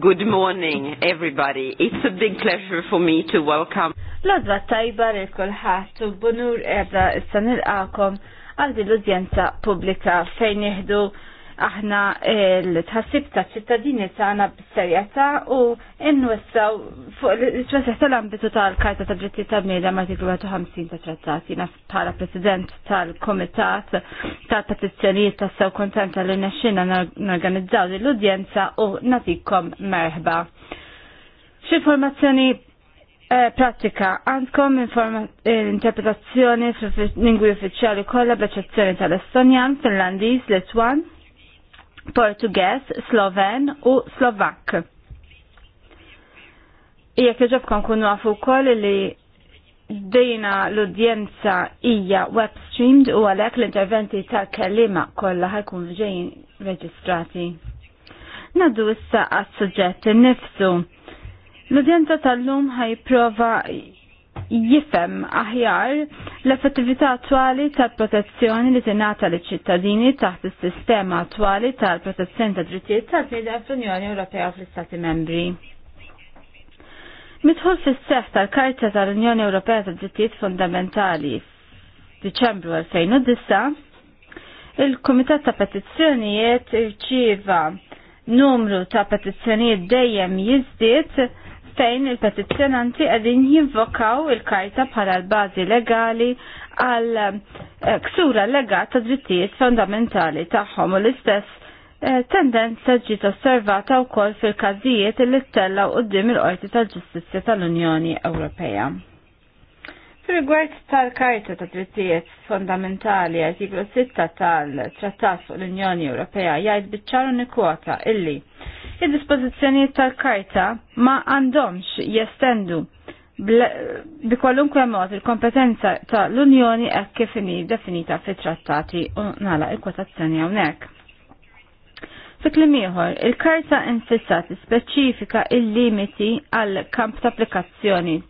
Good morning, everybody. It's a big pleasure for me to welcome. L-għadba tajba lil to bunur Erda issa Sanil għal din l-udjenza pubblika fejn aħna eh, l-tħassib ta' ċittadini tagħna b'serjetà u nwessaw fuq l-twessaħ tal-ambitu tal-Karta ta' Dritti ta' Bnieda artiklu 50 ta' Trattat Jina bħala President tal-Komitat tal-Petizzjonijiet ta' sew kontenta li nexxina norganizzaw l-udjenza u natikkom merħba. X'informazzjoni eh, pratika, għandkom eh, interpretazzjoni fil-lingwi uffiċjali kollha b'eċezzjoni tal-Estonjan, Finlandiż, Litwan, Portugues, Sloven u Slovak. Jekk iġobkom kunu għafu kol li dejna l-udjenza hija web streamed u għalhekk l-interventi tal-kellima kollha ħajkun ġejjin reġistrati. Naddu issa għas-suġġett nifsu. L-udjenza tal-lum prova jifhem aħjar l-effettività attwali tal-protezzjoni li tingħata liċ ċittadini taħt is-sistema attwali tal-protezzjoni tad drittijiet tal-bniedem fl-Unjoni Ewropea fl-Istati Membri. Mitħol fis seħ tal-Karta tal-Unjoni Ewropea tad-Drittijiet Fundamentali f'Diċembru 2009, il komitat ta' Petizzjonijiet irċieva numru ta' petizzjonijiet dejjem jizdiet fejn il-petizzjonanti għedin jinvokaw il-karta bħala l-bazi legali għal eh, ksura legat ta' drittijiet fondamentali tagħhom u l-istess eh, tendenza ġiet osservata wkoll fil-każijiet li ttellaw quddiem il-Qorti tal-Ġustizzja tal-Unjoni Ewropea. Fil-rigward tal-Karta ta' Drittijiet Fondamentali artiklu 6 tal-Trattat fuq l-Unjoni Ewropea jgħid biċċar unikwota illi id-dispożizzjonijiet tal-karta ma għandhomx jestendu bi kwalunkwe mod il-kompetenza tal-Unjoni hekk kif definita fit-trattati u nala il-kwotazzjoni hawnhekk. Fi klim il-karta infissa tispeċifika il-limiti għal kamp ta' applikazzjoni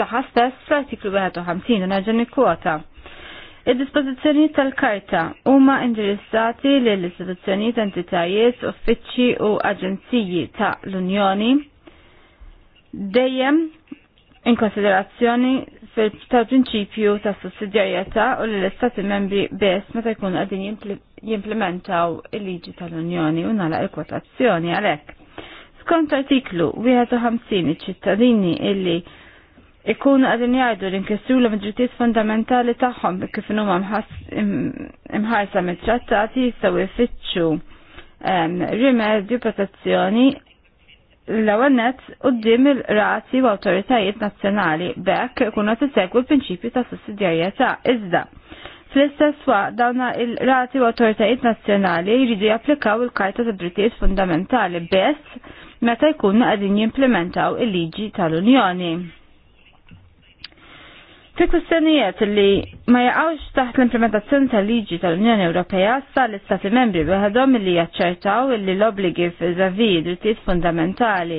taħħa stess fl-artiklu 51 naġen kwota Id-dispożizzjonijiet tal-karta huma indirizzati lill istituzzjonijiet entitajiet, uffiċċji u aġenziji ta' l-Unjoni dejjem in konsiderazzjoni tal-prinċipju ta' sussidjarjetà u l istati membri biss meta jkunu qegħdin jimplementaw il-liġi tal-Unjoni u nagħlaq il-kwotazzjoni għalhekk. Skont artiklu 51 iċ-ċittadini illi ikunu għadin jgħidu li nkissru l drittijiet fundamentali tagħhom kif huma imħarsa mit-trattati jistgħu jfittxu rimedju protezzjoni l u d quddiem il-rati u awtoritajiet nazzjonali bekk ikunu t-segwu l-prinċipju ta' sussidjarjetà iżda. Fl-istess wa dawna il-rati u awtoritajiet nazzjonali jridu japplikaw il-Karta ta' Drittijiet Fundamentali biss meta jkunu għadin jimplementaw il-liġi tal-Unjoni. Fi kwistjonijiet li ma jaqgħux taħt l-implementazzjoni tal-liġi tal-Unjoni Ewropea sa l-Istati membri bieħadhom li jaċċertaw li l-obligi fiżavi drittijiet fundamentali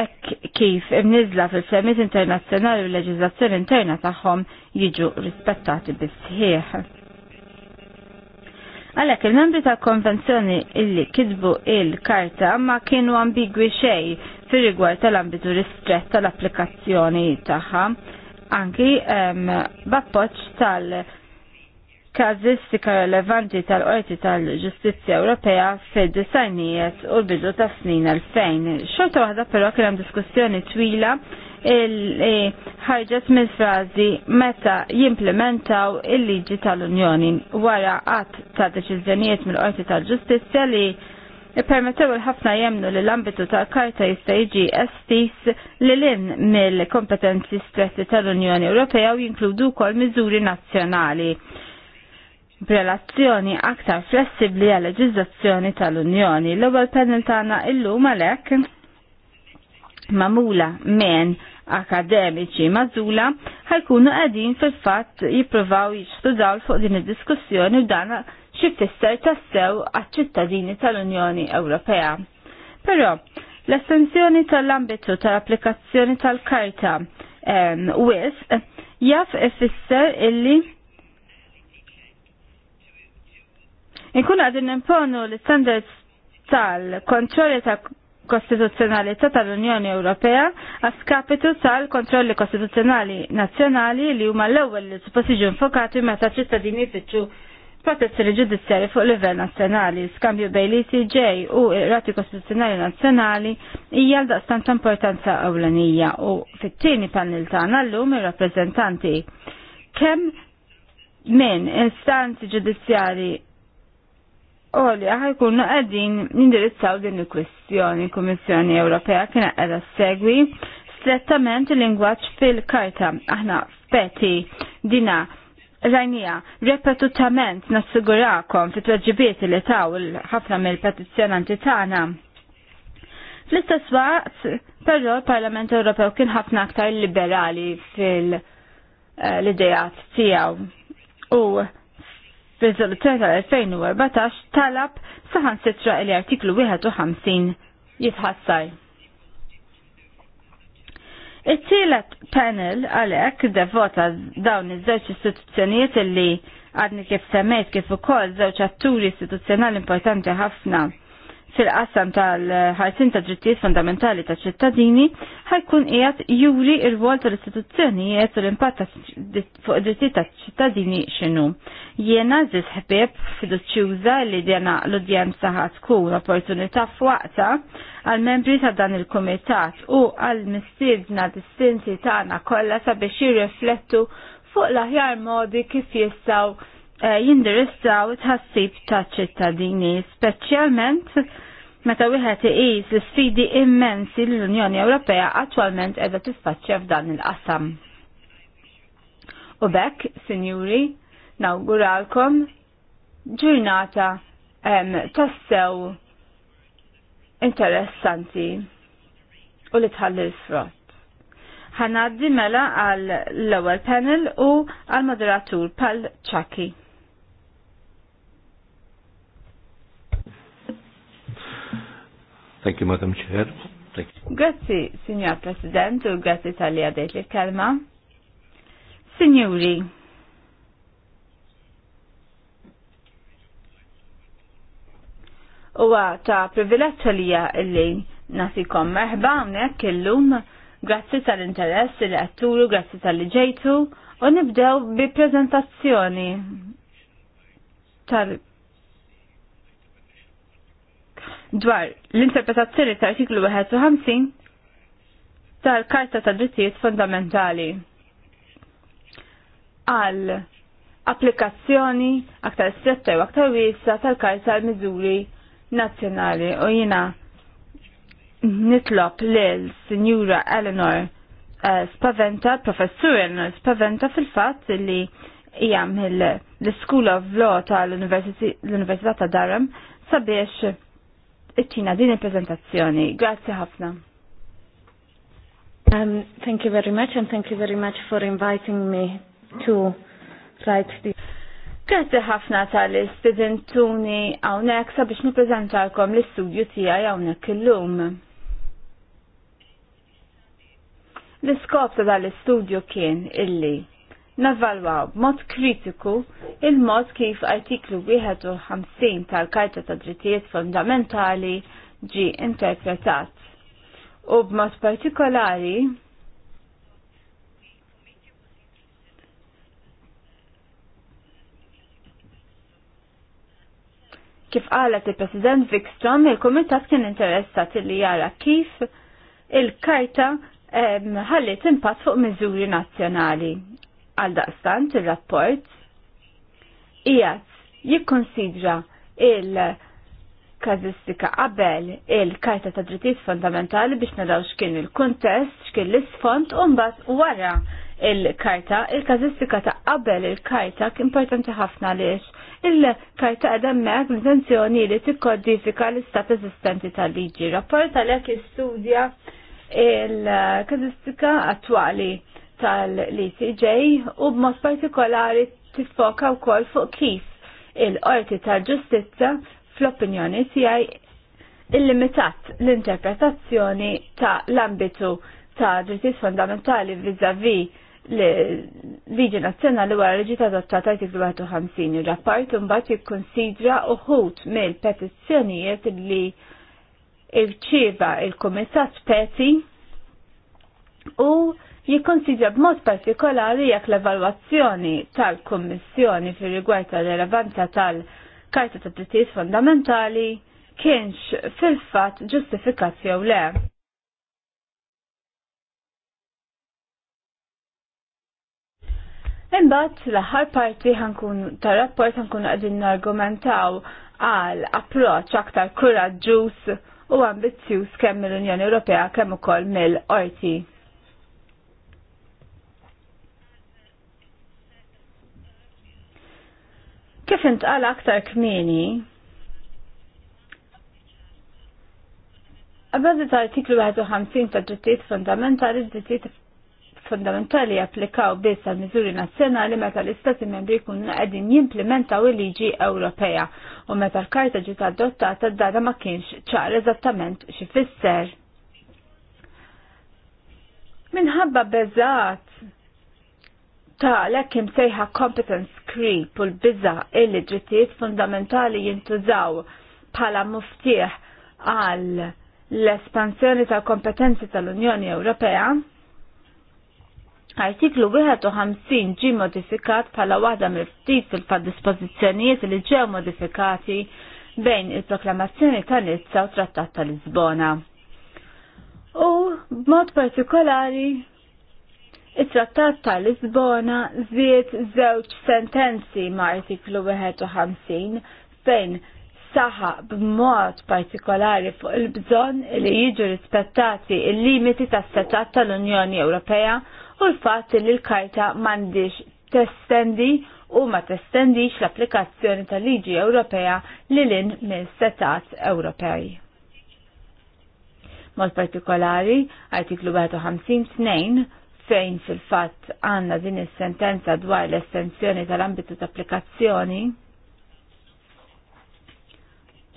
hekk kif imnizla fil-femiet internazzjonali u l-leġiżlazzjoni interna tagħhom jiġu rispettati bis-sħiħ. Għalhekk il-membri tal-konvenzjoni illi kitbu il-karta ma kienu ambigwi xej fir rigward tal-ambitu ristret tal-applikazzjoni tagħha anki b'appoġġ tal- kazistika relevanti tal-qorti tal-ġustizja Ewropea fid disajnijiet u l-bidu ta' snin 2000. Xorta waħda però kien hemm diskussjoni twila e ħarġet mill frażi meta jimplementaw il-liġi tal-Unjoni wara qatt ta' deċiżjonijiet mill-qorti tal-ġustizja li Permettew ħafna jemnu li l-ambitu tal-karta jista' jiġi estis li l-in mill-kompetenzi stretti tal-Unjoni Ewropea u jinkludu wkoll miżuri nazzjonali b'relazzjoni aktar flessibbli għal leġiżlazzjoni tal-Unjoni. L-ewwel panel tagħna illum għalhekk mamula minn akademiċi mażula ħajkunu qegħdin fil-fatt jippruvaw jistudaw fuq din id-diskussjoni u dan xi fisser tassew għaċ-ċittadini tal-Unjoni Ewropea. Però, l-estensjoni tal-ambitu tal-applikazzjoni tal-karta WIS jaf ifisser illi Inkun għadin imponu l-standards tal-kontrolli ta' kostituzzjonalità tal-Unjoni Ewropea għaskapitu tal-kontrolli kostituzzjonali nazzjonali li huma l-ewwel li suppost jiġu infokati meta ċittadini jfittxu protezzjoni ġudizzjari fuq livell nazzjonali, skambju bej l-ICJ u rati Kostituzzjonali Nazzjonali hija l-daqstan importanza ewlenija u fit-tieni panel tagħna llum ir-rappreżentanti kemm minn instanzi ġudizzjari Oli, kunna għedin indirizzaw din il-kwestjoni Kummissjoni Ewropea kiena għedha segwi strettament il-lingwaċ fil-karta. Aħna peti dina rajnija, repetutament nassigurakom fit tweġibiet li taw ħafna mill-petizzjonanti tagħna. Fl-istess waqt, però l-Parlament Ewropew kien ħafna aktar liberali fil-idejat eh, tiegħu. U fil-riżoluzzjoni tal-2014 talab saħan sitra l-artiklu 51 jitħassar. It-tielet panel għalhekk devota dawn iż-żewġ istituzzjonijiet illi għadni kif semmejt kif ukoll żewġ atturi istituzzjonali importanti ħafna fil-qassam tal-ħarsin ta' drittijiet fundamentali ta' ċittadini ħajkun qiegħed juri r-rwol tal-istituzzjonijiet u l-impatt fuq drittijiet ta' ċittadini x'inhu. Jiena żis ħbieb fiduċjuża li dena l-udjenza ħatkun opportunità f'waqta għal membri ta' dan il-kumitat u għal mistiedna distinti tagħna kollha sabiex jirriflettu fuq l-aħjar modi kif jistgħu eh, jindirizzaw tħassib ta' ċittadini, speċjalment meta wieħed iqis l-sfidi immensi li l-Unjoni Ewropea attwalment qiegħda tiffaċċja f'dan il-qasam. U bekk, sinjuri, nawguralkom ġurnata tassew interessanti u li tħalli l-frott. Ħanaddi mela għal l-ewwel panel u għal moderatur pal ċaki. Thank you, Madam Chair. Grazzi, Signor President, u grazzi grazie li għadejt kelma. Signori, huwa ta' privileġġ li li nasikom merħba hawnhekk illum grazzi tal-interess li għatturu, grazzi tal-li ġejtu u nibdew bi prezentazzjoni tal-, dwar l-interpretazzjoni ta' artiklu 51 tal-Karta ta' Drittijiet Fundamentali għal applikazzjoni aktar stretta u aktar wiesa tal-Karta tal miżuri nazzjonali u jina nitlob lil Sinjura Eleanor eh, Spaventa, professur Eleanor Spaventa fil-fat li hija l school of Law tal-Università ta' Durham sabiex iċċina din il-prezentazzjoni. Grazzi ħafna. Um, thank you very much and thank you very much for inviting me to write this. Grazie ħafna tal-istudentuni għawnek sabiex niprezentarkom l-istudju tijaj għawnek il-lum. L-iskop ta' dal-istudju kien illi Navvalwaw mod kritiku il-mod kif artiklu 51 tal-Karta ta' Drittijiet Fundamentali ġi interpretat. U b'mod partikolari kif qalet il-President Vikstrom, il-Komitat kien interessat li jara kif il-karta ehm, ħallit impatt fuq miżuri nazzjonali Għal daqstant il-rapport ijat jikkonsidra il-kazistika qabel il-Karta ta' Drittijiet Fundamentali biex nadaw x'kien il-kuntest, x'kien l-isfond u mbagħad wara il-karta, il-kazistika ta' qabel il-karta importanti ħafna għaliex il-karta għademmek l-intenzjoni li t-kodifika l-istat esistenti tal-liġi. Rapport għalek istudja il-kazistika attuali tal-ECJ u b'mod partikolari tifoka wkoll fuq kif il-qorti tal-ġustizza fl-opinjoni tiegħi illimitat l-interpretazzjoni ta' l-ambitu ta' drittijiet fondamentali vizavi l-Liġi Nazzjonali wara liġi ta' dottat artiklu 51. Il-rapport imbagħad jikkonsidra uħut mill-petizzjonijiet li irċieva il-Kumitat Peti u jikkonsidra b'mod partikolari jekk l-evalwazzjoni tal-Kummissjoni fir rigward tal-relevanza tal-Karta ta' Drittijiet Fundamentali kienx fil-fatt ġustifikat jew le. Imbagħad l-aħħar parti ħankun tar-rapport ħankun qegħdin nargumentaw għal approċċ aktar kuraġġuż u ambizzjuż kemm mill-Unjoni Ewropea kemm ukoll mill-Qorti Kif intqal aktar kmieni, Għabbażi artiklu 51 ta' drittijiet fundamentali, drittijiet fundamentali applikaw biss għal miżuri nazzjonali meta l-Istati membri kun qegħdin jimplementaw il-liġi Ewropea u meta l-karta ġiet adottata d dada ma kienx ċar eżattament x'ifisser Minħabba bezzat ta' l sejħa competence creep u l biza illi drittijiet fundamentali jintużaw bħala muftieħ għal l-espansjoni tal kompetenzi tal-Unjoni Ewropea. Artiklu 51 ġi modifikat bħala waħda mill-ftit fad dispożizzjonijiet li ġew modifikati bejn il-proklamazzjoni ta' Nizza u Trattat ta' Lisbona. U b'mod partikolari it-trattat tal-Lisbona ziet żewġ sentenzi ma' artiklu 51 fejn saħa b'mod partikolari fuq il-bżonn li jiġu rispettati il-limiti tas-setat tal-Unjoni Ewropea u l-fatt li l-karta m'għandix testendi u ma testendix l-applikazzjoni tal-liġi Ewropea li l-in minn setat Ewropej. Mod partikolari, artiklu 52 fejn fil-fatt għanna din is-sentenza dwar l-estensjoni tal-ambitu ta' applikazzjoni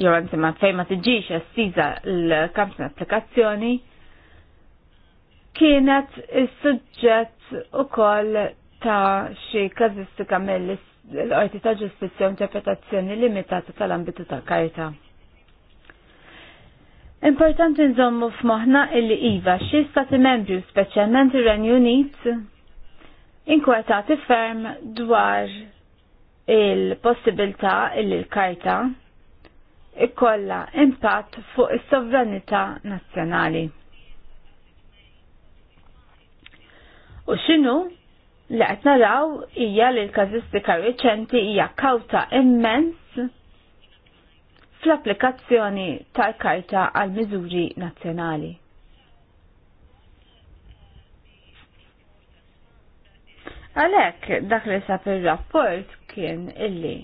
jew anzi ma fejn ma tiġix estiża l-kamp ta' applikazzjoni kienet is-suġġett ukoll ta' xi kazistika mill-Qorti ta' Ġustizzja interpretazzjoni limitata tal-ambitu ta' karta. Importanti nżommu f'moħna illi Iva xi stati membri speċjalment ir-Renju Unit inkwetati ferm dwar il-possibilità illi l-karta ikkolla impatt fuq is-sovranità nazzjonali. U x'inhu li qed naraw hija li l-każistika riċenti hija kawta immens fl-applikazzjoni tal-Karta għal miżuri nazzjonali. Għalek, dak li sab il-rapport kien illi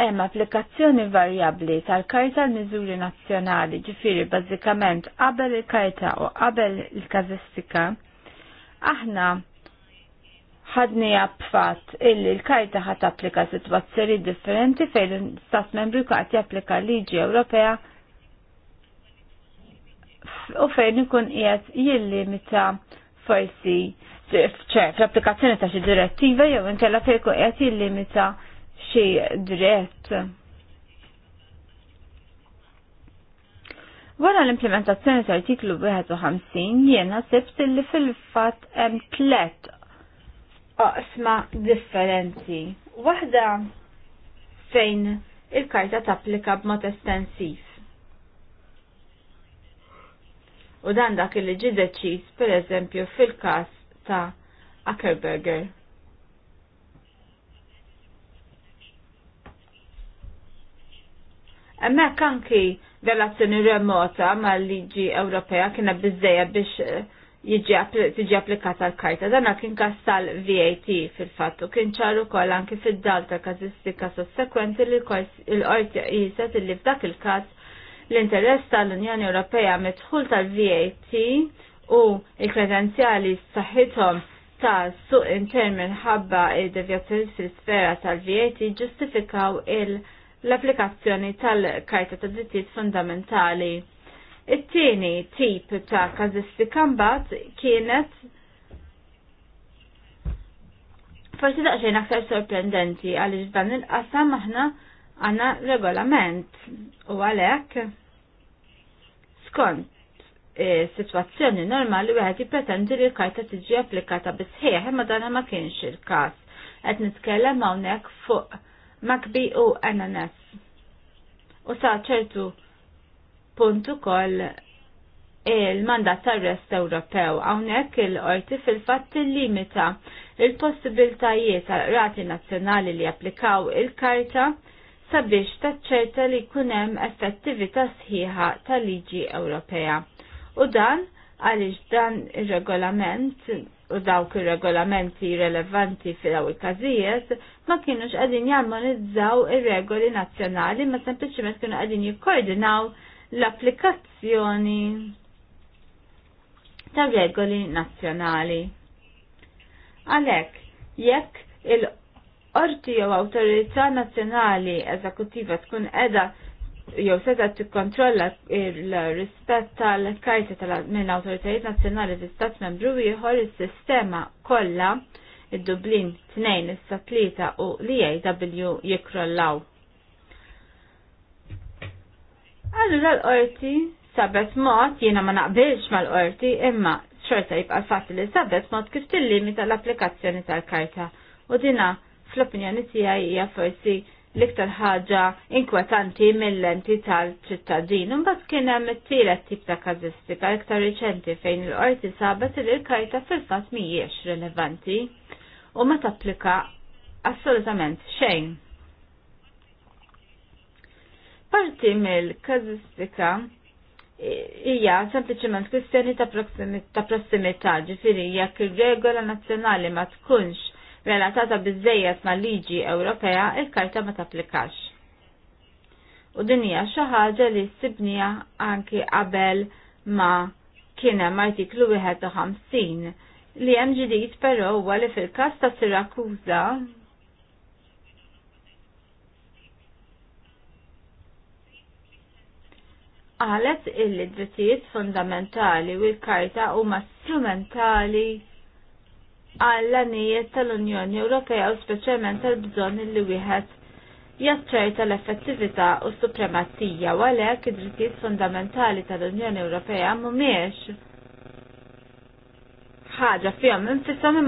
hemm applikazzjoni varjabli tal-Karta l-Miżuri Nazzjonali ġifiri bażikament qabel il-Karta u qabel il-Kazistika, aħna ħadni għabfat illi l-karta ħat applika situazzjoni differenti fejn l-Stat membru kħat japplika liġi Ewropea u fejn ikun qiegħed jillimita forsi ċe fl-applikazzjoni ta' xi direttiva jew inkella fejn ikun qiegħed mita xi dirett. Wara l-implementazzjoni tal-artiklu 51 jiena sibt illi fil-fatt hemm tlet oqsma differenti. Waħda fejn il-karta tapplika b'mod estensiv. U dan dak li ġi deċiż pereżempju fil-każ ta' Ackerberger. Emmek anki relazzjoni remota mal-liġi Ewropea kiena bizzejja biex eh, tiġi applikata l-karta. Dana kien kas tal-VAT fil-fattu, kien ċarru kol anki fil-dal ta' kazistika sossekwenti li l-qorti jiset li f'dak il-kas l-interess tal-Unjoni Ewropea mitħul tal-VAT u il-kredenzjali saħħithom ta' suq intern minħabba id-devjazzjoni fil-sfera tal-VAT ġustifikaw l-applikazzjoni tal-Karta ta' Drittijiet Fundamentali It-tieni tip ta' kazistika mbagħad kienet forsi daqsxejn aktar sorprendenti għaliex dan il-qasam aħna għandna regolament u għalhekk skont e, sitwazzjoni situazzjoni normali wieħed jippretendi li l-karta tiġi applikata bisħieħ imma dan ma kienx il-każ. Qed nitkellem hawnhekk fuq Macbi u NNS. U sa ċertu punt ukoll il-mandat tar-rest Ewropew hawnhekk il-qorti fil-fatt illimita il-possibiltajiet tal rati nazzjonali li applikaw il-karta sabiex taċċerta li jkun hemm effettività sħiħa tal-liġi Ewropea. U dan għaliex dan ir-regolament u dawk ir-regolamenti relevanti fil-daw il-każijiet ma kienux qegħdin jarmonizzaw ir-regoli nazzjonali ma sempliċiment kienu qegħdin jikkoordinaw l-applikazzjoni ta' regoli nazzjonali. Għalek, jekk il-orti jew autorità nazzjonali eżekutiva tkun edha jew seta tikkontrolla l rispett tal-karti minn autoritajiet nazzjonali fi stat membru ieħor is-sistema kollha id-Dublin 2 is-satlita u l-EAW jikrollaw. Allura l-qorti sabet mod, jiena ma naqbilx mal-qorti, imma xorta jibqa fatt li sabet mod kif tillimi tal applikazzjoni tal-karta. U dina fl-opinjoni tiegħi hija forsi l-iktar ħaġa inkwetanti mill-lenti tal-ċittadin. imbagħad kien hemm it-tielet tip ta' każistika iktar riċenti fejn il-qorti sabet li l-karta fil-fatt mhijiex rilevanti u ma tapplika assolutament xejn. Parti mill-kazistika hija sempliċement kwistjoni ta' prossimità, ġifieri jekk ir-regola nazzjonali ma tkunx relatata biżejjed ma' liġi Ewropea, il-karta ma tapplikax. U din hija xi ħaġa li ssibnija anki qabel ma kien hemm artiklu 51 li hemm ġdid però huwa li fil-każ ta' Sirakuża qalet illi drittijiet fundamentali u l-karta huma strumentali għall-anijiet tal-Unjoni Ewropea u speċjalment tal-bżonn li wieħed jaċċerta l-effettività u supremazzija u għalhekk id-drittijiet fundamentali tal-Unjoni Ewropea mhumiex ħaġa fihom infisom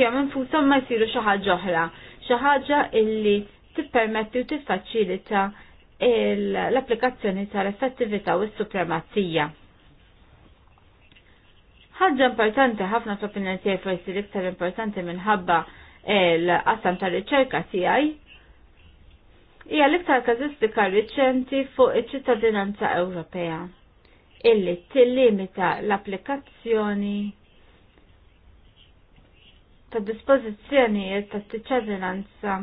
fihom infushom ma jsiru xi ħaġa oħra, xi ħaġa illi tippermetti u tiffaċilita l-applikazzjoni tal-effettività u s-supremazija. Ħaġa importanti ħafna fl-opinjoni tiegħi forsi l-iktar importanti minħabba l-qasam tar-riċerka tiegħi hija l-iktar każistika riċenti fuq iċ-ċittadinanza Ewropea illi tillimita l-applikazzjoni ta' dispożizzjonijiet ta' ċittadinanza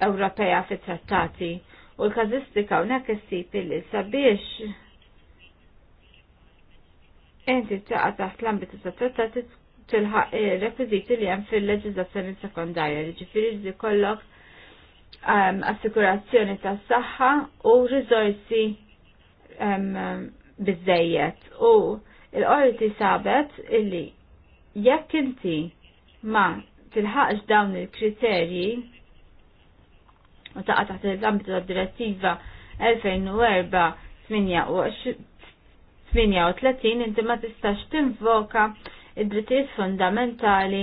Ewropea fit trattati u l-kazistika u issib li sabiex inti taqa taħt l-ambitu ta' trattati tilħaq rekwiziti li hemm fil-leġiżlazzjoni sekondarja, ġifieri li kollok ehm, assikurazzjoni tas saħħa u riżorsi ehm, biżejjed u l-qorti sabet illi jekk inti ma tilħaqx dawn il-kriterji u taqa taħt l-ambitu ta' direttiva 2004-38 inti ma tistax tinvoka id-drittijiet fundamentali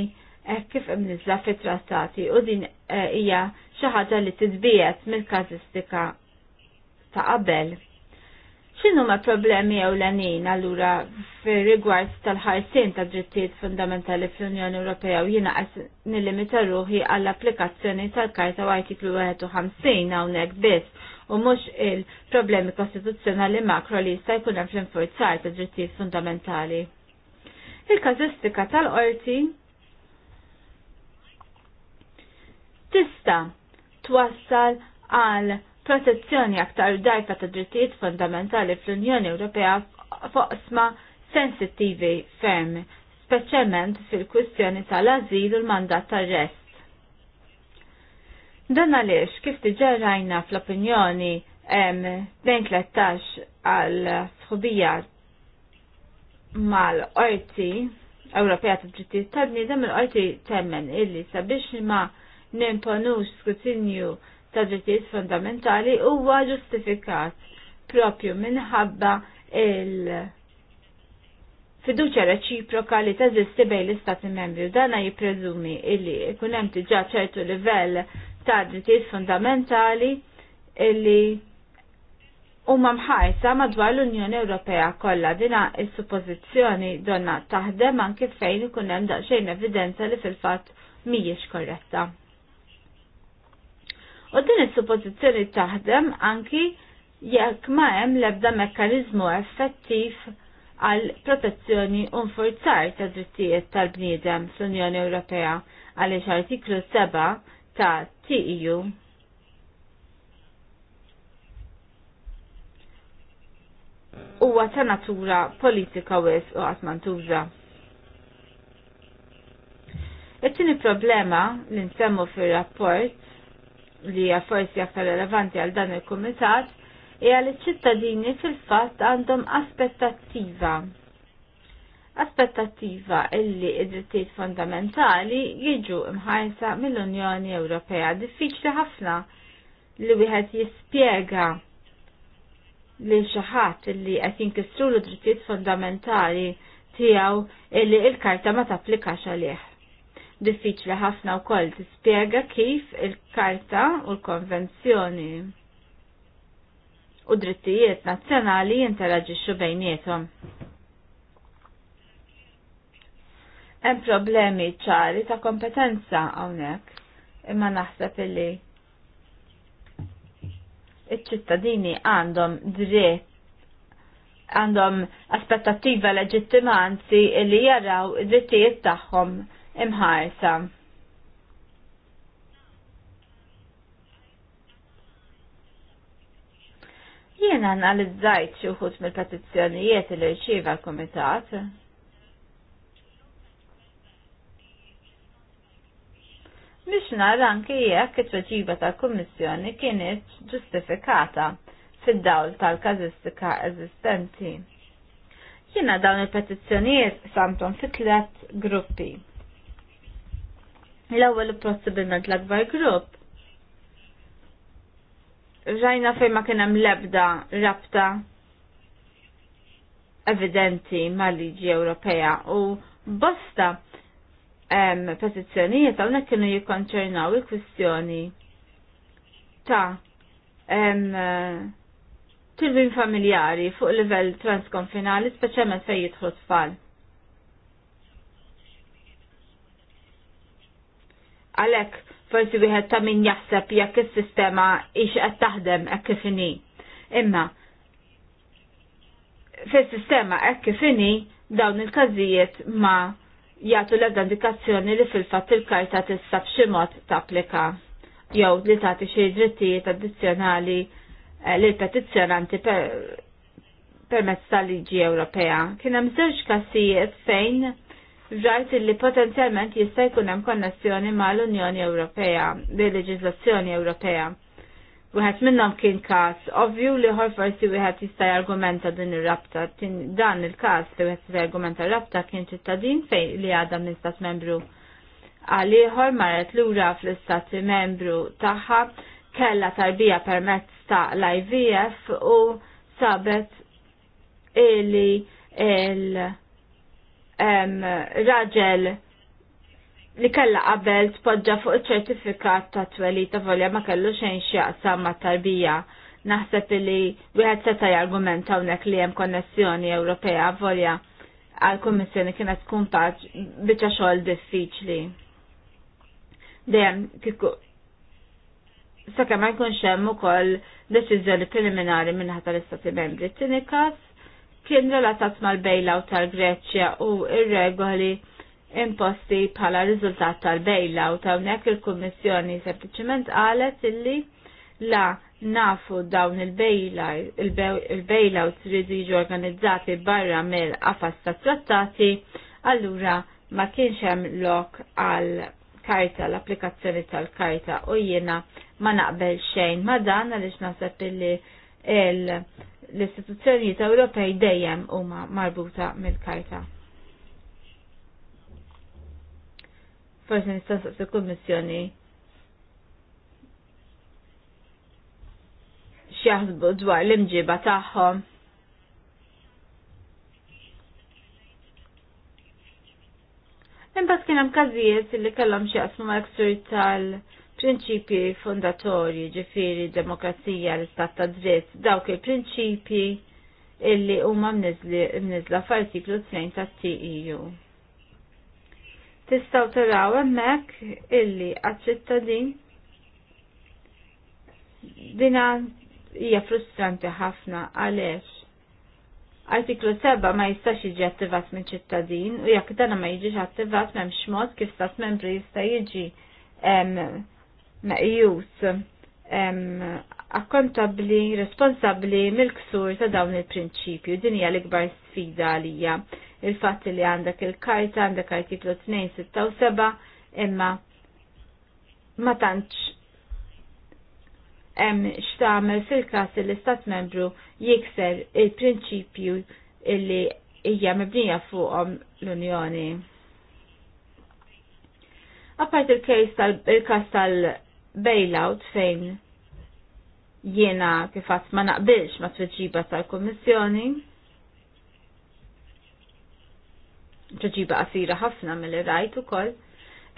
kif imnizla fit-trattati u din eh, hija xi ħaġa li titbiet mill-kazistika ta' qabel xinu ma' problemi ewlenin allura fir-rigward tal-ħarsien ta' drittijiet fundamentali fl-Unjoni Ewropea u għas nil-limita ruħi għall-applikazzjoni tal-Karta u artiklu 51 hawnhekk biss u mhux il-problemi kostituzzjonali makro li jista' jkun hemm fl-infurzar ta' drittijiet fundamentali. Il-każistika tal-qorti tista' twassal għal protezzjoni aktar dajfa ta' drittijiet fundamentali fl-Unjoni Ewropea fuq sma sensittivi ferm, speċjalment fil-kwistjoni tal-azil u l-mandat tar-rest. Dan għaliex kif tiġerajna fl-opinjoni 213 għal sħubija mal-orti Ewropea ta' drittijiet tal-bniedem il-orti temmen illi sabiex ma nimponux skrutinju ta' drittijiet fundamentali huwa ġustifikat propju minħabba il- fiduċa reċiproka li teżisti bejn l-istati membri u dana jiprezumi illi ikun hemm diġà ċertu livell ta' drittijiet fundamentali illi huma mħajsa madwar l-Unjoni Ewropea kollha dina s suppożizzjoni donna taħdem anke fejn ikun hemm daqsxejn evidenza li fil-fatt mhijiex korretta. U din is-suppożizzjoni taħdem anki jekk ma hemm l-ebda mekkaniżmu effettiv għal protezzjoni u nfurzar ta' drittijiet tal-bniedem fl-Unjoni Ewropea għaliex artiklu 7 ta' TEU huwa ta' natura politika wis u għatmantuża. It-tieni problema li nsemmu fir-rapport li hija forsi aktar relevanti għal dan il-kumitat hija li ċ-ċittadini fil-fatt għandhom aspettattiva. Aspettattiva illi id-drittijiet fondamentali jiġu imħajsa mill-Unjoni Ewropea. Diffiċli ħafna li wieħed jispjega li xaħat illi qed jinkistru l-drittijiet fondamentali tiegħu illi il-karta ma tapplikax għalih diffiċli ħafna wkoll tispjega kif il-karta u l-konvenzjoni u drittijiet nazzjonali jinteraġixxu bejniethom. Hemm problemi ċari ta' kompetenza hawnhekk, imma naħseb illi iċ-ċittadini għandhom dritt għandhom aspettattiva leġittimanzi li jaraw id-drittijiet tagħhom imħarsa. Jiena analizzajt xi wħud mill-petizzjonijiet li rċieva l-Kumitat. Biex nara anke jekk it-tweġiba tal-Kummissjoni kienet ġustifikata fid-dawl tal-każistika eżistenti. Jiena dawn il-petizzjonijiet samtom fi tliet gruppi. L-ewwel possibilment l-akbar grupp. Rajna fejn ma kien hemm lebda rabta evidenti mal-liġi Ewropea u bosta petizzjonijiet hawnhekk kienu jikkonċernaw il-kwistjoni ta' tilbin familjari fuq livell transkonfinali speċjalment fejn jidħlu tfal. Għalek, forsi wieħed ta' min jaħseb jekk is-sistema ix qed taħdem hekk kif inhi. Imma fis-sistema hekk kif inhi dawn il-każijiet ma jagħtu l-ebda indikazzjoni li fil-fatt il-karta tista' b'xi mod tapplika jew li tagħti xi drittijiet addizzjonali eh, li petizzjonanti permezz tal-liġi Ewropea. Kien hemm żewġ każijiet fejn rajt li potenzjalment jista' jkun hemm konnessjoni mal-Unjoni Ewropea, bil-leġiżlazzjoni Ewropea. Wieħed minnhom kien każ ovvju li ħor forsi wieħed jista' jargumenta din ir-rabta. Dan il-każ li wieħed jista' jargumenta r-rabta kien ċittadin fejn li għadha minn stat membru għal ieħor marret lura fl-istati membru tagħha kellha tarbija permezz ta' l-IVF u sabet illi il-, il raġel li kalla qabel tpoġġa fuq iċ-ċertifikat ta' twelli ta' volja ma kellu xejn x'jaqsam ma' tarbija. Naħseb li wieħed seta' jargumenta hawnhekk li hemm konnessjoni Ewropea volja għal-Kummissjoni kienet tkun paġ biċċa xogħol diffiċli. Dejjem kieku sakemm ma jkunx hemm ukoll deċiżjoni preliminari minħata l-Istati Membri. Tieni każ kien relatat mal bejlaw tal-Greċja u ir-regoli imposti bħala riżultat tal-bailout hawnhekk il-Kummissjoni sempliċement qalet illi la nafu dawn il-bailout ridu jiġu organizzati barra mill-qafas ta' trattati, allura ma kienx hemm lok għal karta l-applikazzjoni tal-karta u jiena ma naqbel xejn ma dan għaliex naħseb illi l-istituzzjonijiet Ewropej dejjem huma marbuta mill-karta. Forse nista' saqsi kummissjoni x'jaħsbu dwar l-imġiba tagħhom. Imbagħad kien hemm każijiet li kellhom xi qasmu mal-ksur tal- prinċipji fondatorji ġifiri demokrazija l-istat ta' dritt dawk il-prinċipji illi huma mniżla f'artiklu 2 tat-TEU. Tistgħu taraw hemmhekk illi għaċ-ċittadin dina hija frustranti ħafna għaliex Artiklu 7 ma jistax jiġi attivat minn ċittadin u jekk dan ma jiġix attivat m'hemmx mod kif stat membri jista' jiġi meqjus akkontabli, responsabli mill-ksur ta' dawn il-prinċipju. Din hija l-ikbar sfida għalija. il fat li għandek il-karta, għandek artiklu 267, imma ma tantx hemm x'tagħmel fil-każ li l-Istat Membru jikser il-prinċipju illi hija mibnija fuqhom l-Unjoni. Apart il-każ tal-Unjoni il każ tal bailout fejn jiena kifat ma naqbilx ma tweġiba tal-Kommissjoni. Tweġiba qasira ħafna mill-rajt ukoll.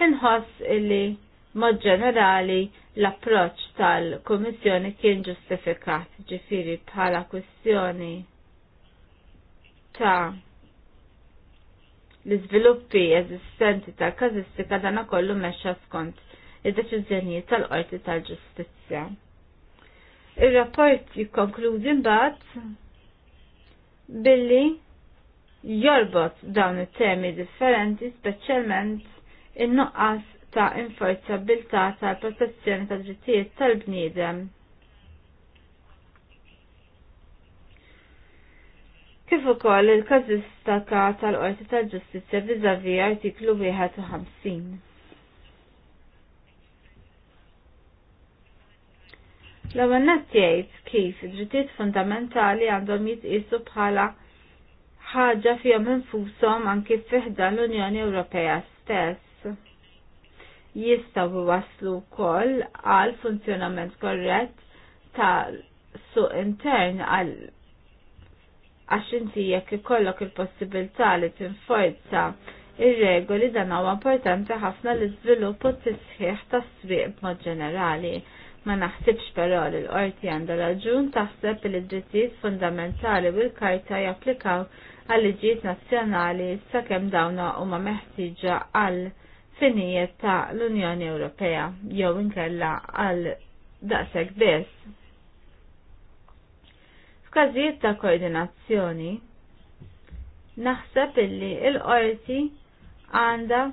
Inħoss illi mod ġenerali l-approċ tal-Kommissjoni kien ġustifikat ġifiri bħala kwestjoni ta' l-izviluppi eżistenti tal-kazistika dana kollu meċċa skont id-deċiżjonijiet tal-Qorti tal-Ġustizzja. Ir-rapport jikkonkludi mbagħad billi jorbot dawn it-temi differenti speċjalment in-nuqqas ta' inforzabilità tal-protezzjoni tad drittijiet tal-bniedem. Kif ukoll il każista tal-Qorti tal-Ġustizzja viżavi artiklu 51. L-ewwel nett jgħid kif id-drittijiet fundamentali għandhom jitqisu bħala ħaġa fihom infushom anke fiħda l-Unjoni Ewropea stess jistaw waslu wkoll għal funzjonament korrett ta' suq intern għal għax inti jekk ikollok il-possibilità li tinforza ir-regoli dan huwa importanti ħafna l iżvilupp u tisħiħ tas-swieq b'mod ġenerali. Ma naħsibx però li l-qorti għandha raġun taħseb li d-drittijiet fundamentali u l-karta japplikaw għal liġijiet nazzjonali sakemm dawna huma meħtieġa għal finijiet ta' l-Unjoni Ewropea jew inkella għal daqshekk biss. F'każijiet ta' koordinazzjoni, naħseb illi l-qorti għandha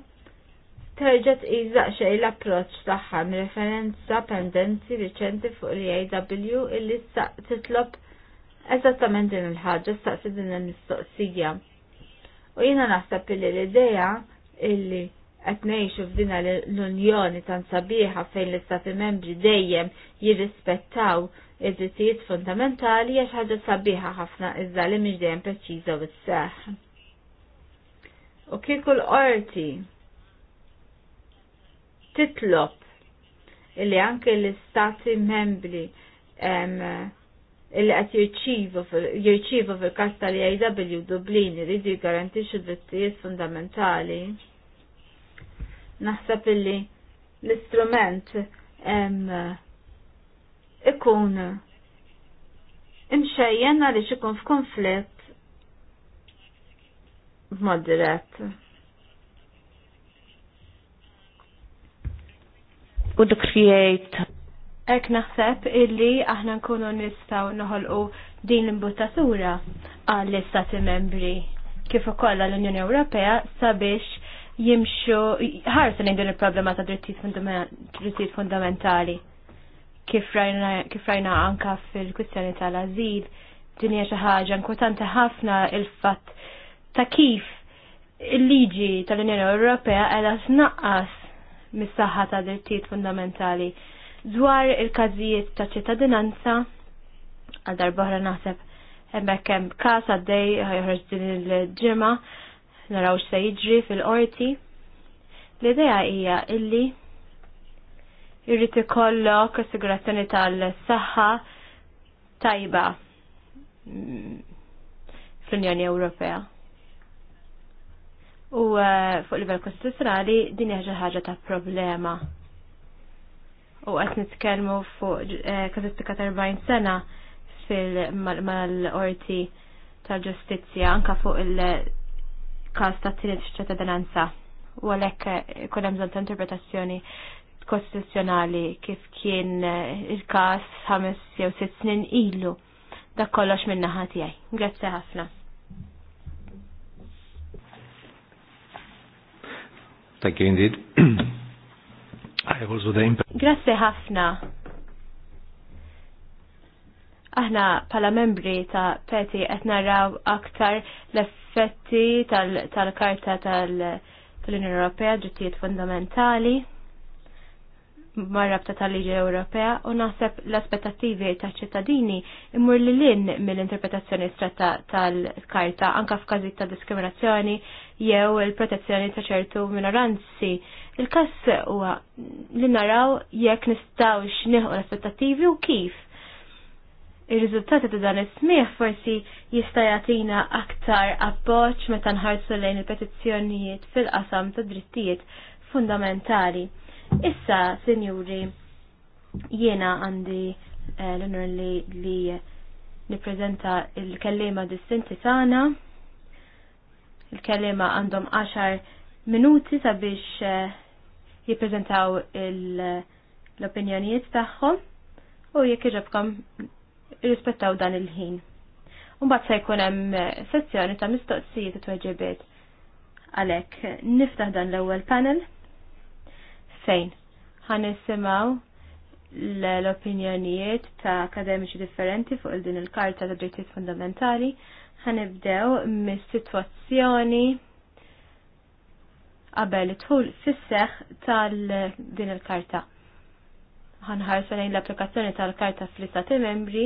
terġa' iżaq xej l-approċċ tagħha referenza pendenzi riċenti fuq l-AW illi titlob eżattament din il ħagġa staqsi din il-mistoqsija. U jiena naħseb illi l-idea illi qed ngħixu f'dina l-Unjoni tan sabiħa fejn l-Istati Membri dejjem jirrispettaw id-drittijiet fundamentali għax ħaġa sabiħa ħafna iżda li mhix dejjem preċiża u s U kieku l-qorti titlob illi anke l-istati membri illi qed jirċivu fil-każ tal-EIW Dublin iridu jgarantixxu drittijiet fundamentali. Naħseb illi l-istrument ikun imxejjen għaliex ikun f'konflitt b'mod dirett. u to create. Ek naħseb illi aħna nkunu nistaw noħolqu din l-imbutatura għall-istati membri kif ukoll l-Unjoni Ewropea sabiex jimxu ħarsu din il-problema ta' drittijiet fundamentali kif rajna anka fil-kwistjoni tal-azil din hija xi ħaġa inkwetanti ħafna il-fatt ta' kif il-liġi tal-Unjoni Ewropea qiegħda tnaqqas mis-saħħa ta' drittijiet fundamentali. Dwar il-każijiet ta' ċittadinanza, għal darbohra naħseb hemmhekk hemm każ għaddej ħajħroġ din il-ġimgħa naraw se jiġri fil-qorti. L-idea hija illi irrid ikollok assigurazzjoni tal-saħħa tajba mm, fl-Unjoni Ewropea u eh, fuq livell kostituzzjonali din hija ħaġa ta' problema. U qed nitkellmu fuq eh, kazistika ta' 40 sena fil-orti tal-ġustizzja anka fuq il-każ ta' tielet ċittadinanza u għalhekk eh, ikun hemm bżonn ta' interpretazzjoni kostituzzjonali kif kien il-kas ħames jew sitt snin ilu. Dak kollox min-naħa tiegħi. Grazzi ħafna. Thank you indeed. I also the impact. Grazie ħafna. Aħna pala membri ta' Peti qed naraw aktar l-effetti tal-Karta tal-Unjoni Ewropea ġittijiet fundamentali marrabta tal-liġi Ewropea u naħseb l-aspettattivi ta' ċittadini immur li l-in mill-interpretazzjoni stretta tal-karta anka f'każijiet ta' diskriminazzjoni, jew il-protezzjoni ta' ċertu minoranzi. il kas huwa li naraw jekk nistgħux nieħu l-aspettattivi u kif. Ir-riżultati ta' dan is-smieħ forsi jista' jagħtina aktar appoġġ meta nħarsu lejn il-petizzjonijiet fil-qasam ta' drittijiet fundamentali. Issa, sinjuri, jiena għandi eh, l-onor li, li nipprezenta il-kellima distinti tagħna il kelima għandhom 10 minuti sabiex eh, jippreżentaw l-opinjonijiet tagħhom u jekk iġabkom irrispettaw dan il-ħin. Mbagħad se jkun hemm eh, sezzjoni ta' mistoqsijiet u tweġibiet. Għalhekk niftaħ dan l-ewwel panel fejn nisimgħu l-opinjonijiet ta' akademiċi differenti fuq il din il-Karta ta' Drittijiet Fundamentali ħanibdew mis-sitwazzjoni qabel tħul fis-seħ tal-din il-karta. Ħanħarsu lejn l-applikazzjoni tal-karta fl-istati membri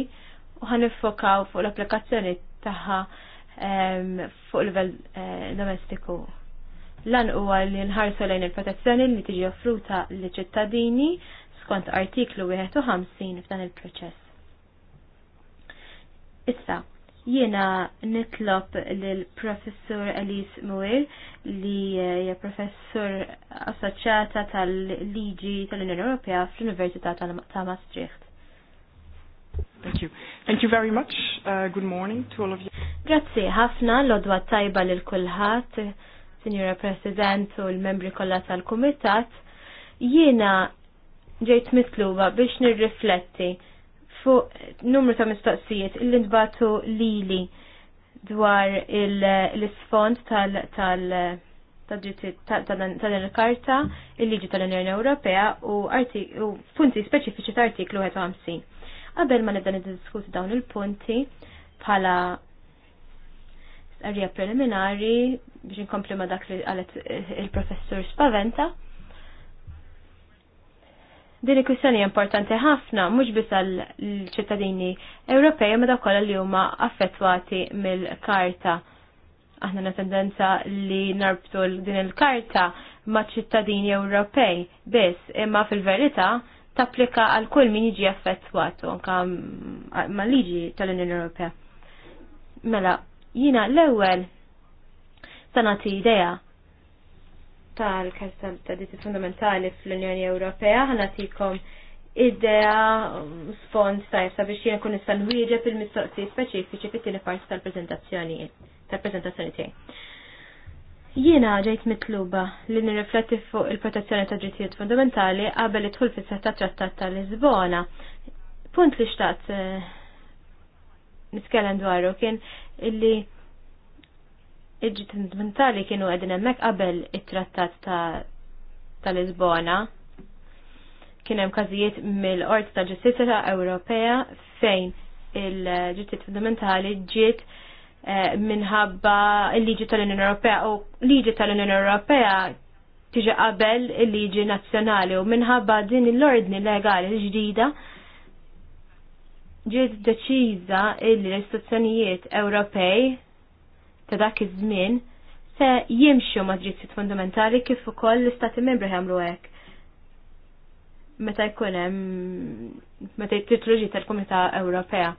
u ħanifokaw fuq l-applikazzjoni tagħha fuq livell eh, domestiku. Lan huwa li nħarsu lejn il-protezzjoni li tiġi offruta li ċittadini skont artiklu 51 f'dan il-proċess. Issa, Jiena nitlob l-professur Alice Muir li eh, hija professur assoċjata tal-liġi tal-Unjoni Ewropea fl-Università ta' Maastricht. Thank you. Thank you very much. Uh, good morning to all of you. Grazzi ħafna l-odwa tajba lil kulħadd, Signora President u l-membri kollha tal-Kumitat. Jiena ġejt mitluba biex nirrifletti fuq numru ta' mistoqsijiet illi nbatu lili dwar l-isfond tal- tal- tal-karta il-liġi tal-Unjoni Ewropea u punti speċifiċi ta' artiklu 51. Qabel ma nibda niddiskuti dawn il-punti bħala arrija preliminari biex nkompli ma dak li għalet il-professur Spaventa Din il-kwistjoni importanti ħafna mhux biss għall-ċittadini Ewropej ma dawk kollha li huma affettwati mill-karta. Aħna na tendenza li narbtu din il-karta ma' ċittadini Ewropej biss, imma fil-verità tapplika għal kull min jiġi affettwat anka ma' liġi tal-Unjoni Ewropea. Mela, jina l-ewwel sanati idea tal-karta ta' diritti fundamentali fl-Unjoni Ewropea tikom idea sfond jessa biex jien kun nistan nwieġeb il-mistoqsijiet speċifiċi fit-tieni parti tal-preżentazzjoni tal-preżentazzjoni tiegħi. Jiena ġejt mitluba li nirrifletti fuq il-protezzjoni ta' drittijiet fundamentali qabel idħul fis ta' Trattat ta' Lisbona. Punt li xtaqt eh, nitkellem dwaru kien illi il mentali kienu għedin emmek qabel it-trattat ta' tal-Lisbona. Kienem kazijiet mill-Ort ta' Ġustizja Ewropea fejn il-ġitit fundamentali ġiet eh, minħabba il-liġi tal-Unjoni Ewropea u liġi tal-Unjoni Ewropea tiġi qabel il-liġi nazzjonali u minħabba din l-ordni legali ġdida ġiet deċiża il-istituzzjonijiet Ewropej ta' dak iż-żmien se jimxu ma' drittijiet fundamentali kif ukoll l-istati membri jagħmlu hekk. Meta jkun hemm meta titluġi tal-Kumità Ewropea.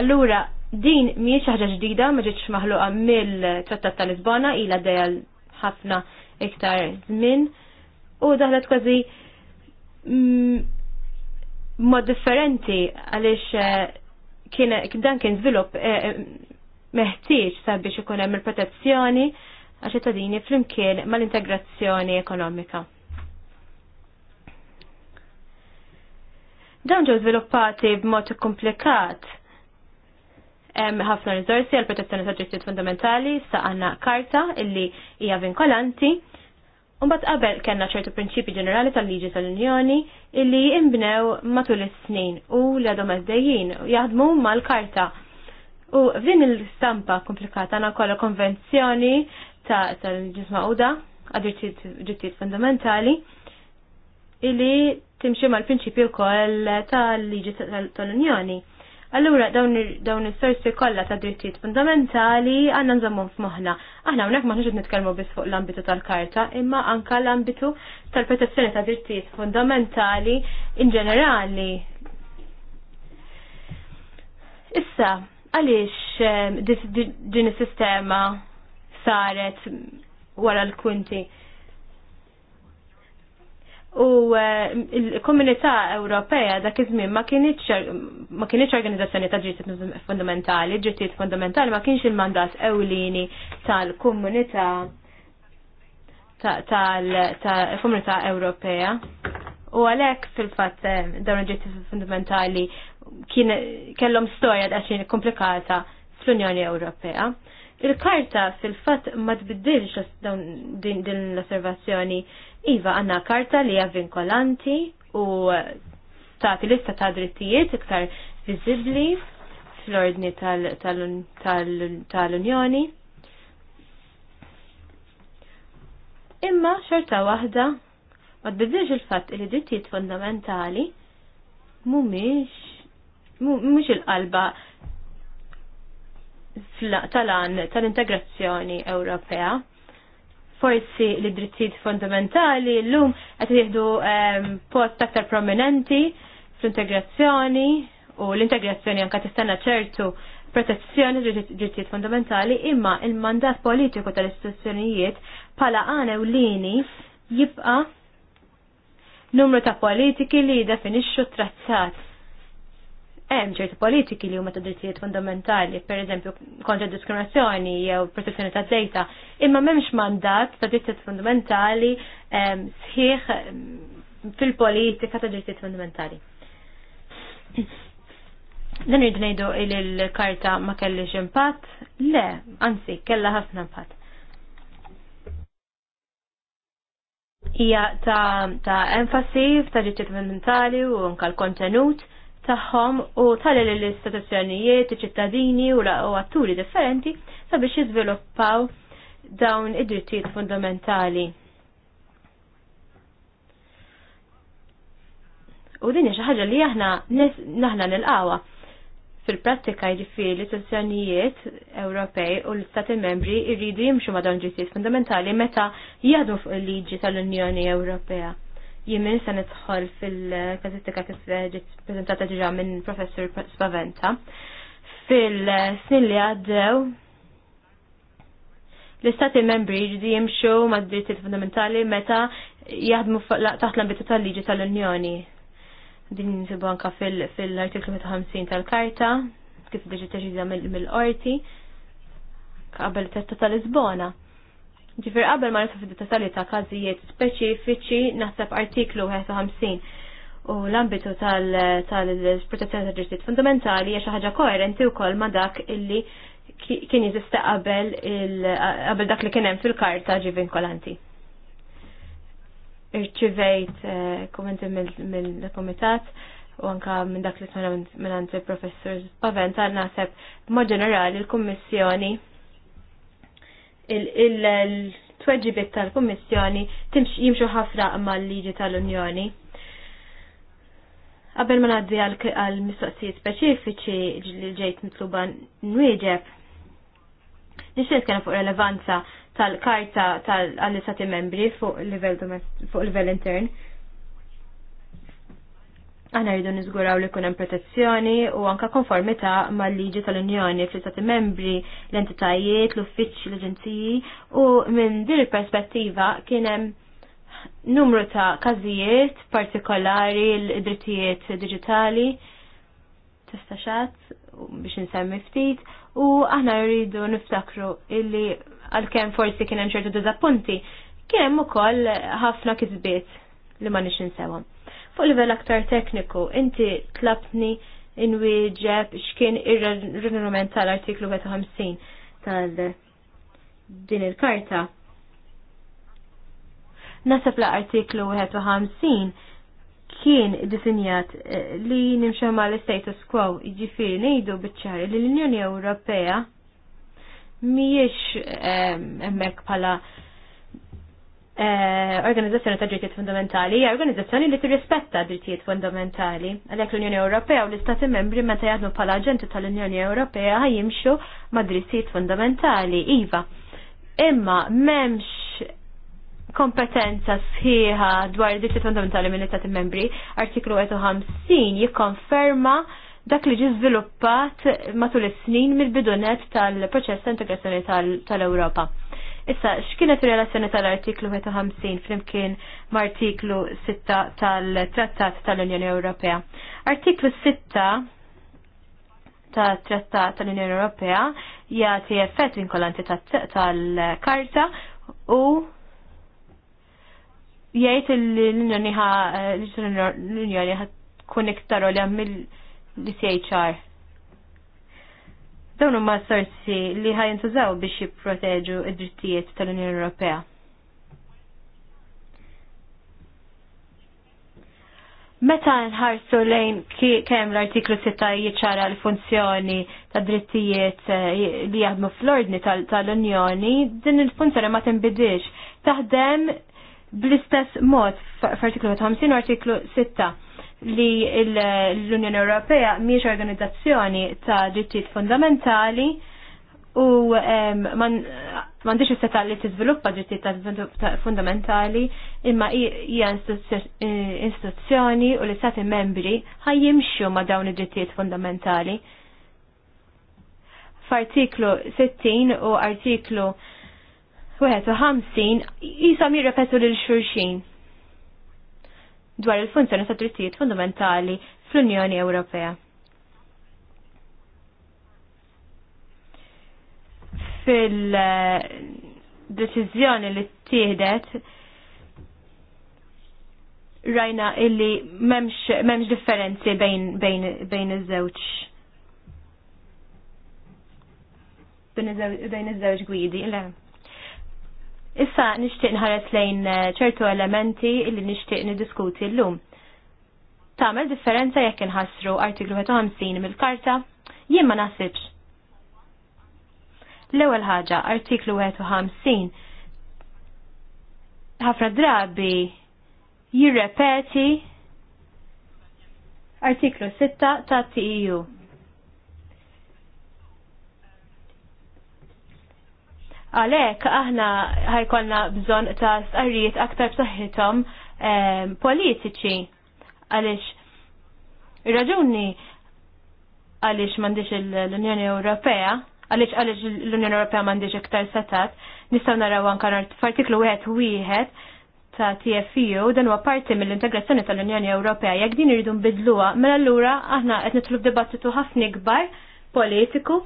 Allura din mhijiex ħaġa ġdida ma ġietx maħluqa mill-Trattat tal-Lisbona ilha dejjal ħafna iktar żmien u daħlet kważi mm, mod differenti għaliex eh, kien dan kien żvilupp eh, eh, meħtieġ sabiex ikun hemm il-protezzjoni għal ċittadini flimkien mal-integrazzjoni ekonomika. Dawn ġew żviluppati b'mod komplikat hemm ħafna riżorsi għal protezzjoni ta' drittijiet fundamentali sa għandna karta illi hija vinkolanti. Mbagħad qabel kellna ċertu prinċipi ġenerali tal-liġi tal-Unjoni illi imbnew matul is-snin u li għadhom għaddejjin jaħdmu mal-karta U din il-stampa komplikata għana kolla konvenzjoni ta' tal-ġisma uda, għadġittijiet fundamentali, illi timxie mal prinċipju kol tal-liġi tal-Unjoni. Allura, dawn il-sorsi kolla ta' drittijiet fundamentali għanna nżammum f'moħna. Aħna unnek maħnġu ġed nitkelmu bis fuq l-ambitu tal-karta, imma anka l-ambitu tal-protezzjoni ta' drittijiet fundamentali in ġenerali. Issa, għaliex ehm, din is-sistema saret wara l kunti U ehm, l komunità Ewropea dak iż-żmien ma kienx organizzazzjoni ta' ġrittijiet fundamentali, ġrittijiet fundamentali ma kienx il-mandat ewlieni tal-komunità tal-komunità Ewropea. U għalek fil-fat eh, dawn il-ġitti fundamentali kien kellhom storja daċin komplikata fl-Unjoni Ewropea. Il-karta fil-fat ma tbiddilx din l-osservazzjoni iva għanna karta li għavinkolanti u eh, tagħti lista ta' drittijiet iktar viżibbli fl-ordni tal-Unjoni. Imma xorta waħda Ma tbiddilx il-fatt li drittijiet fondamentali mhumiex mhumiex il-qalba tal-an tal-integrazzjoni Ewropea. Forsi li drittijiet fondamentali llum qed jieħdu ehm, post aktar prominenti fl-integrazzjoni u l-integrazzjoni anka tistenna ċertu protezzjoni drittijiet fundamentali imma il-mandat politiku tal-istituzzjonijiet pala għana u lini jibqa' numru ta' politiki li jiddefinixxu trazzat. Hemm ċerti politiki li huma ta' drittijiet fundamentali, pereżempju kontra diskriminazzjoni jew protezzjoni ta' dejta, imma m'hemmx mandat ta' drittijiet fundamentali sħiħ fil-politika ta' drittijiet fundamentali. Dan irid ngħidu il-karta ma kellix impatt? Le, anzi, kellha ħafna impatt hija ta', ta enfasi ta' ġittiet mentali u anka l-kontenut tagħhom u tal l-istituzzjonijiet, iċ-ċittadini u atturi differenti sabiex jiżviluppaw dawn id-drittijiet fundamentali. U din xi ħaġa li aħna naħna nilqawha Fil-prattika jġifiri l-istituzzjonijiet Ewropej u l-Stati membri irridu jimxu ma dawn fundamentali meta jgħadu fuq il-liġi tal-Unjoni Ewropea. Jimin se nidħol fil-kazistika kif ġiet prezentata ġiġa minn Professur Spaventa. Fil-snin li għaddew, l-istati membri ġdi jimxu mad drittijiet fundamentali meta jaħdmu taħt l-ambitu tal-liġi tal-Unjoni. Din nsibu anka fil-artiklu 50 tal-karta, kif diġi teġiżja mill-qorti, qabel testa tal-Lisbona. Ġifir qabel ma nitfa fid-dettalji ta' każijiet speċifiċi naħseb artiklu 51 u l-ambitu tal-protezzjoni tal ġurtijiet fundamentali hija xi ħaġa koerenti wkoll ma' dak illi kien jeżista qabel dak li kien hemm fil-karta ġi vinkolanti irċivejt eh, kommenti mill-komitat u anka minn dak li smena minn il-professor Paventa naħseb mod ġenerali l-Kummissjoni il-tweġibiet tal-Kummissjoni jimxu ħafna ma' l-liġi tal-Unjoni. Qabel ma ngħaddi għal mistoqsijiet speċifiċi li ġejt mitluba nwieġeb, nixtieq kena fuq relevanza tal-karta għal istati membri fuq livell fuq livell intern. Aħna rridu niżguraw li kunem protezzjoni u anka konformità mal-liġi tal-Unjoni fl-Istati membri, l-entitajiet, l-uffiċċji, l-aġenziji u minn din il-perspettiva kien hemm numru ta' każijiet partikolari l-drittijiet Digitali, tista' biex insemmi ftit u aħna rridu niftakru illi għalkemm forsi kien hemm ċertu diżappunti, kien hemm ukoll ħafna kisbiet li ma nix insewhom. Fuq livell aktar tekniku, inti tlabtni inwieġeb x'kien ir-renoment tal-artiklu 51 tal din il-karta. Nasab l artiklu 51 kien disinjat eh, li nimxu ma l-status quo, iġifiri nejdu bitċar li l-Unjoni Ewropea miex emmek pala eh, organizzazzjoni ta' drittijiet fundamentali hija organizzazzjoni li tirrispetta drittijiet fundamentali. Għalhekk l-Unjoni Ewropea u l-Istati Membri meta jaħdmu bħala aġenti tal-Unjoni Ewropea ħajjimxu ma' drittijiet fundamentali, iva. Imma m'hemmx kompetenza sħiħa dwar drittijiet fundamentali mill-Istati Membri, artiklu 51 jikkonferma dak li ġi żviluppat matul is-snin mill-bidunet tal-proċess ta' integrazzjoni tal-Ewropa. Issa, x'kienet ir-relazzjoni tal-artiklu 51 flimkien mal-artiklu 6 tal-Trattat tal-Unjoni Ewropea? Artiklu 6 ta' trattat tal-Unjoni Ewropea jagħti effett vinkolanti tal-karta u jgħid li l-Unjoni l-Unjoni tkun iktar olja mill l-CHR. Dawn huma sorsi li intużaw biex jipproteġu id-drittijiet tal-Unjoni Ewropea. Meta nħarsu lejn kemm l-artiklu 6 jiċara l-funzjoni ta' drittijiet eh, li jaħdmu fl-ordni tal-Unjoni, din il-funzjoni ma tinbidix. Taħdem bl-istess mod f'artiklu 50 u artiklu 6 li l-Unjoni Ewropea miex organizzazzjoni ta' drittijiet fundamentali u is seta li t-izviluppa drittijiet fundamentali imma hija eh, istituzzjoni u li stati membri ħajjimxu ma' dawn id-drittijiet fundamentali. F'artiklu 60 u artiklu 51 jisam jirrepetu lil xurxin dwar il-funzjoni ta' drittijiet fundamentali fl-Unjoni Ewropea. Fil-deċiżjoni li tieħdet rajna illi memx, memx differenzi bejn, bejn, bejn iż-żewġ bejn iż-żewġ gwidi, le. Issa nixtieq nħares lejn eh, ċertu elementi illi nixtieq niddiskuti llum. Tagħmel differenza jekk inħassru artiklu 50 mill-karta jien ma naħsibx. L-ewwel ħaġa artiklu 51 ħafna drabi jirrepeti artiklu 6 ta' teu Għalek, aħna ħajkonna bżon ta' sqarrijiet aktar b'saħħithom ehm, politiċi. Għalix, raġuni għalix mandiġ l-Unjoni Ewropea, għalix għalix l-Unjoni Ewropea mandiġ iktar setat, nistaw naraw anka f'artiklu wieħed wieħed ta' TFU dan huwa parti mill-integrazzjoni tal-Unjoni Ewropea jekk din iridu nbidluha mela allura aħna qed nitlu dibattitu ħafna ikbar politiku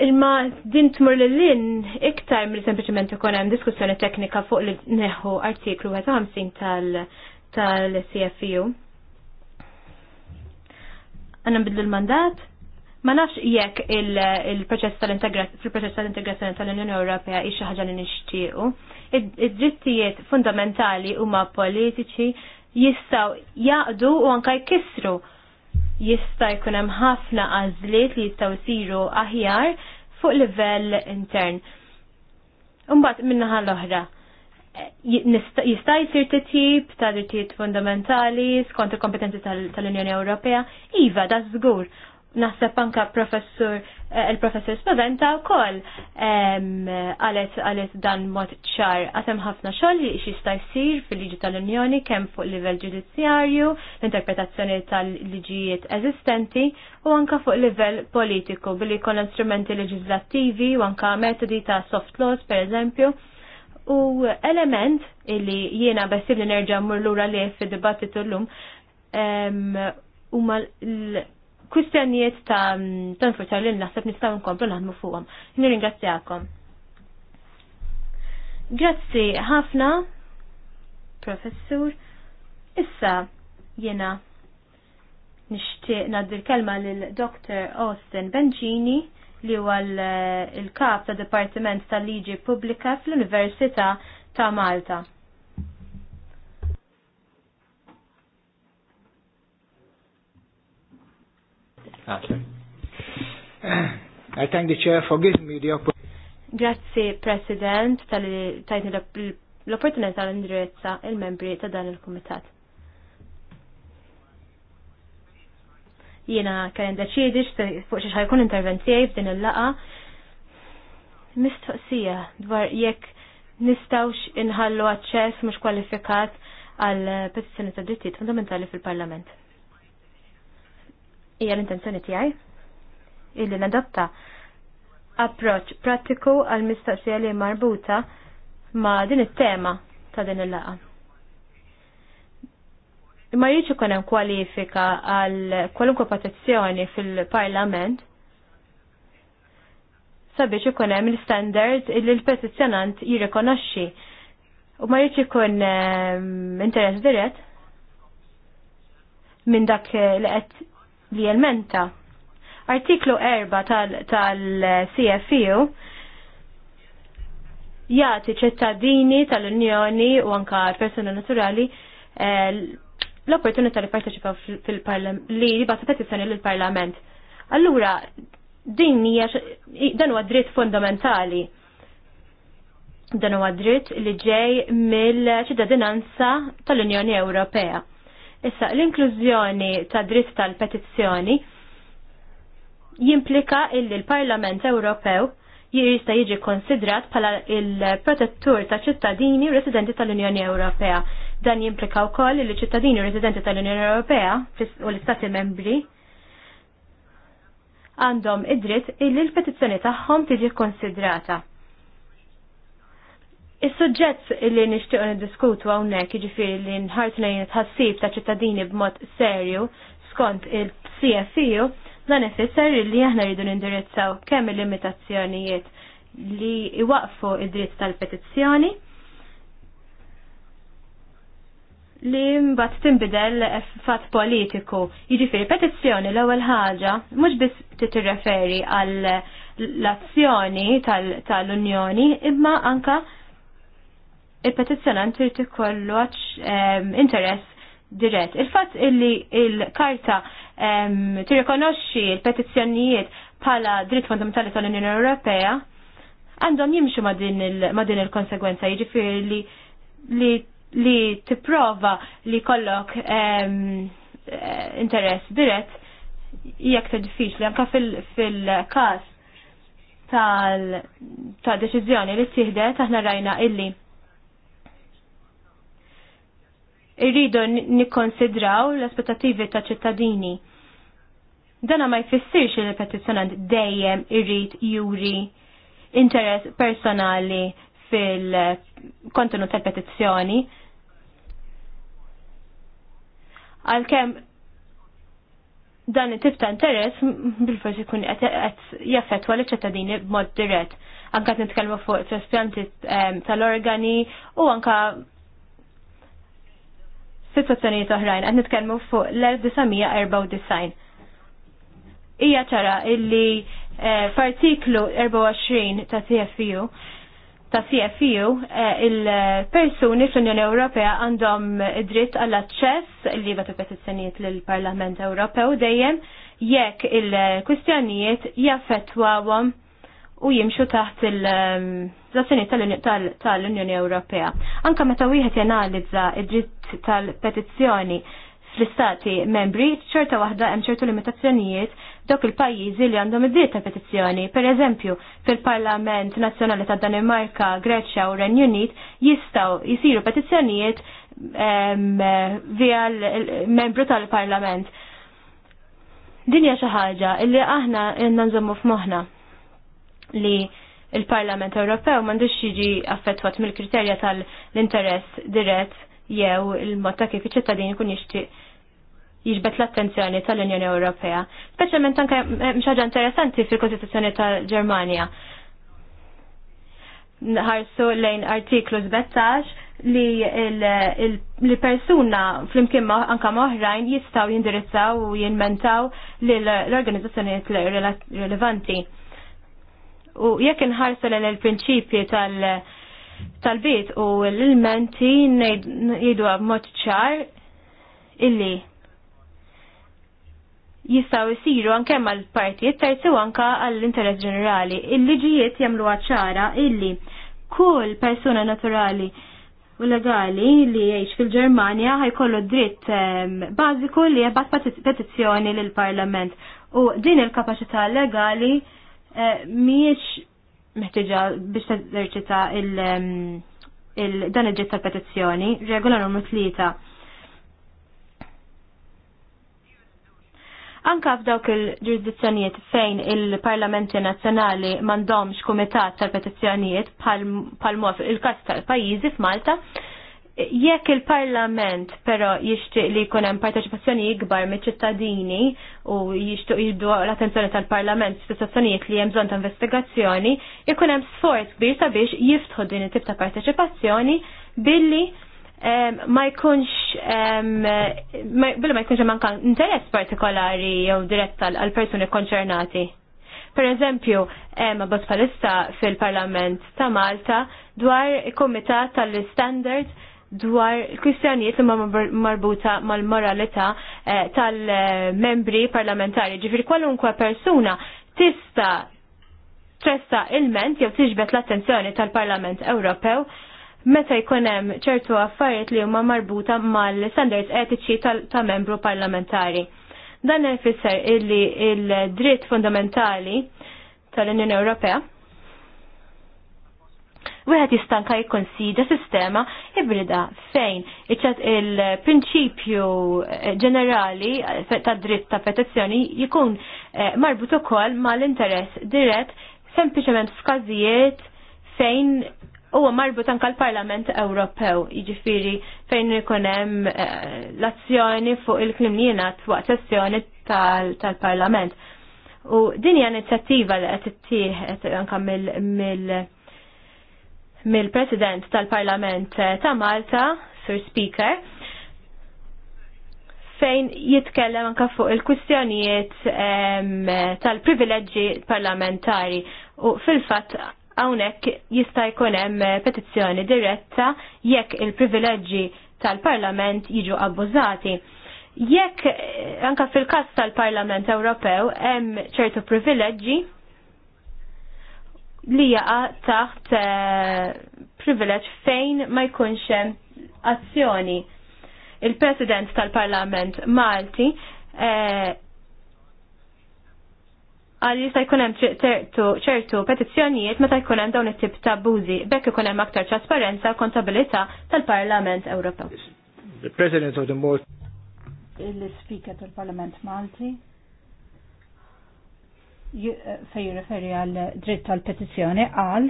Imma din tmur l-lin iktar mill sempliciment ikun hemm diskussjoni teknika fuq li neħu artiklu 50 tal tal-CFU. Għanna bidlu l-mandat? Ma nafx jekk il-proċess tal-integrazzjoni tal-integrazzjoni tal-Unjoni Ewropea hi xi ħaġa li nixtiequ. Id-drittijiet fundamentali huma politiċi jistgħu jaqdu u anke jkissru jista' jkun hemm ħafna għażliet li jistgħu jsiru aħjar fuq livell intern. Imbagħad minnaħa l-oħra eh, jista' jsir titjib ta' drittijiet fundamentali skont il-kompetenzi tal-Unjoni Ewropea, iva da żgur naħseb anka professur eh, il-professur Spaventa wkoll għalet għalet dan mod ċar għatem ħafna xogħol li sta jsir fil-liġi tal-Unjoni kemm fuq livell ġudizzjarju, l-interpretazzjoni tal-liġijiet eżistenti u anka fuq livell politiku billi kon strumenti leġislattivi u anka metodi ta' soft laws pereżempju. U element illi jiena bessib li nerġa' mmur lura li fid-dibattitu llum huma kwistjonijiet ta' tanfurċar li naħseb nistgħu nkomplu naħdmu fuqhom. Nirringrazzjakom. Grazzi ħafna, professur. Issa jena nixtieq naddi l-kelma lil Dr. Austin Benġini li huwa l-kap ta' Dipartiment tal-Liġi Pubblika fl-Università ta' Malta. I thank the chair for giving me the opportunity. Grazzi President tal tajni l-opportunità l-indirizza il-membri ta' dan il-Kumitat. Jiena kien deċidi fuq xi ħajkun interventijaj f'din il-laqa. Mistoqsija dwar jekk nistawx inħallu aċċess mhux kwalifikat għal petizzjoni ta' drittijiet fundamentali fil-Parlament hija l-intenzjoni tiegħi illi nadotta approċċ pratiku għal mistoqsija li marbuta ma' din it-tema ta' din il-laqa. Ma jridx ikun hemm kwalifika għal kwalunkwe protezzjoni fil-Parlament sabiex ikun hemm il-standard li l-petizzjonant jirrikonoxxi. U ma jridx ikun ehm, interess dirett minn dak li qed li jelmenta. Artiklu 4 tal-CFU tal jagħti ċittadini tal-Unjoni u anka persuna naturali eh, l-opportunità li parteċipa fil-parlament li jibgħatu petizzjoni lill-Parlament. Allura din hija dan huwa dritt fundamentali, Dan huwa dritt li ġej mill-ċittadinanza tal-Unjoni Ewropea. Issa, l-inklużjoni ta' dritt tal-petizzjoni jimplika illi l-Parlament Ewropew jista jiġi konsidrat pala il-protettur ta' ċittadini residenti tal-Unjoni Ewropea. Dan jimplika wkoll li ċittadini residenti tal-Unjoni Ewropea u l-Istati membri għandhom id-dritt illi l-petizzjoni tagħhom tiġi konsidrata. Is-suġġett li nixtieq niddiskutu hawnhekk jiġifieri li nħarsu lejn tħassib ta' ċittadini b'mod serju skont il-CFU e dan ifisser li aħna rridu nindirizzaw kemm il-limitazzjonijiet li iwaqfu id-dritt tal-petizzjoni li mbagħad tinbidel fatt politiku. Jiġifieri petizzjoni l-ewwel ħaġa mhux biss titirreferi għall l-azzjoni tal-Unjoni imma anka il-petizzjonant trid ikollu ehm, interess dirett. Il-fatt illi il-karta ehm, tirrikonoxxi l petizzjonijiet bħala dritt fundamentali tal-Unjoni Ewropea għandhom jimxu ma' din il-konsegwenza jiġifieri li li li tipprova li kollok ehm, eh, interess dirett jekk ta' diffiċli Anke fil-każ tal ta' deċiżjoni li tieħdet aħna rajna illi irridu nikkonsidraw l-aspettativi ta' ċittadini. Dana ma jfissirx li l petizzjonant dejjem irrid juri interess personali fil-kontenut tal-petizzjoni. Għalkemm dan it-tip ta' interess bil-forsi kun qed jaffettwa l ċittadini b'mod dirett. Anka nitkellmu fuq trasplanti ehm, tal-organi u anka situazzjonijiet oħrajn, għad nitkellmu fuq l-1994. Ija ċara illi eh, f'artiklu 24 ta' CFU ta' CFU eh, il-persuni fl-Unjoni Ewropea għandhom dritt għall aċċess li batu petizzjonijiet lill-Parlament Ewropew dejjem jekk il-kwistjonijiet jaffettwawhom u jimxu taħt il-żazzjoni ehm, tal-Unjoni Ewropea. Anka meta wieħed jenalizza id-dritt tal-petizzjoni fl-istati membri, ċerta waħda hemm ċertu limitazzjonijiet dok il-pajjiżi li għandhom id-dritt ta' petizzjoni. Per eżempju, fil-Parlament Nazzjonali ta' Danimarka, Greċja u Renju Unit jistgħu jisiru petizzjonijiet ehm, via l-membru tal-Parlament. Dinja xi ħaġa illi aħna nżommu f'moħħna li il-Parlament Ewropew m'għandux jiġi affettwat mill-kriterja tal-interess dirett jew il-mod ta' kif iċ ċittadini kun jixtieq jiġbet l-attenzjoni tal-Unjoni Ewropea. Speċjalment anke ħaġa interessanti fil-Kostituzzjoni tal-Ġermanja. Ħarsu lejn artiklu 17 li l-persuna fl-imkien anka oħrajn jistgħu jindirizzaw u jinmentaw l-organizzazzjoni relevanti. U jekk inħarsu l il-prinċipji tal- tal-bit u l-ilmenti jidu għabmot ċar illi jistaw jisiru anke mal partijiet terzi u anka għall-interess ġenerali. Il-liġijiet jamlu ċara illi kull persuna naturali u legali li jgħix fil ġermania ħajkollu dritt ehm, bażiku li jabbat petizzjoni lill-Parlament. U din il-kapacità legali Eh, miex meħtieġa biex teżerċita dan il-ġiet tal-petizzjoni, regola numru tlieta. Anka f'dawk il-ġurisdizzjonijiet fejn il-parlamenti nazzjonali mandomx kumitat tal-petizzjonijiet pal mof il-kas tal-pajjiżi f'Malta, Jekk il-Parlament però jixtieq li jkun hemm parteċipazzjoni ikbar miċ-ċittadini u jixtieq jibdu l-attenzjoni tal-Parlament f'sitwazzjonijiet li hemm bżonn ta' investigazzjoni, ikun hemm sforz kbir sabiex jiftħu din it-tip ta' parteċipazzjoni billi ma jkunx billi ma jkunx manka interess partikolari jew dirett għal persuni konċernati. Per eżempju, hemm bosfalista fil-Parlament ta' Malta dwar il-Kumitat tal-Standards dwar kwistjonijiet li marbuta mal-moralità eh, tal-membri parlamentari. Ġifir kwalunkwe persuna tista tressa il-ment jew tiġbet l-attenzjoni tal-Parlament Ewropew meta jkun hemm ċertu affarijiet li huma marbuta mal-standards etiċi ta' membru parlamentari. Dan ifisser illi il-dritt fundamentali tal-Unjoni Ewropea wieħed jistanka jikkonsidja sistema ibrida fejn il-prinċipju eh, ġenerali eh, ta' dritt ta' petizzjoni jikun eh, marbut ukoll mal-interess dirett sempliċement f'każijiet fejn huwa marbut anka l-Parlament Ewropew, jiġifieri fejn ikun hemm l-azzjoni fuq il-klimnina waqt sessjoni tal-Parlament. U din hija inizjattiva li qed ittieħed anke mill mill-President tal-Parlament eh, ta' Malta, Sir Speaker, fejn jitkellem anka fuq il-kwistjonijiet tal-privileġġi parlamentari u fil-fatt hawnhekk jista' jkun hemm eh, petizzjoni diretta jekk il-privileġġi tal-Parlament jiġu abbużati. Jekk eh, anka fil-każ tal-Parlament Ewropew hemm ċertu privileġġi li jaqa taħt eh, privileġġ fejn ma jkunx hemm azzjoni. Il-President tal-Parlament Malti eh, għal jista' jkunem ċertu petizzjonijiet meta jkun hemm dawn it-tip ta' abużi bekk ikun hemm aktar trasparenza u kontabilità tal-Parlament Ewropew. Il-President of the il-Speaker tal-Parlament Malti fej referi għal dritt tal petizzjoni għal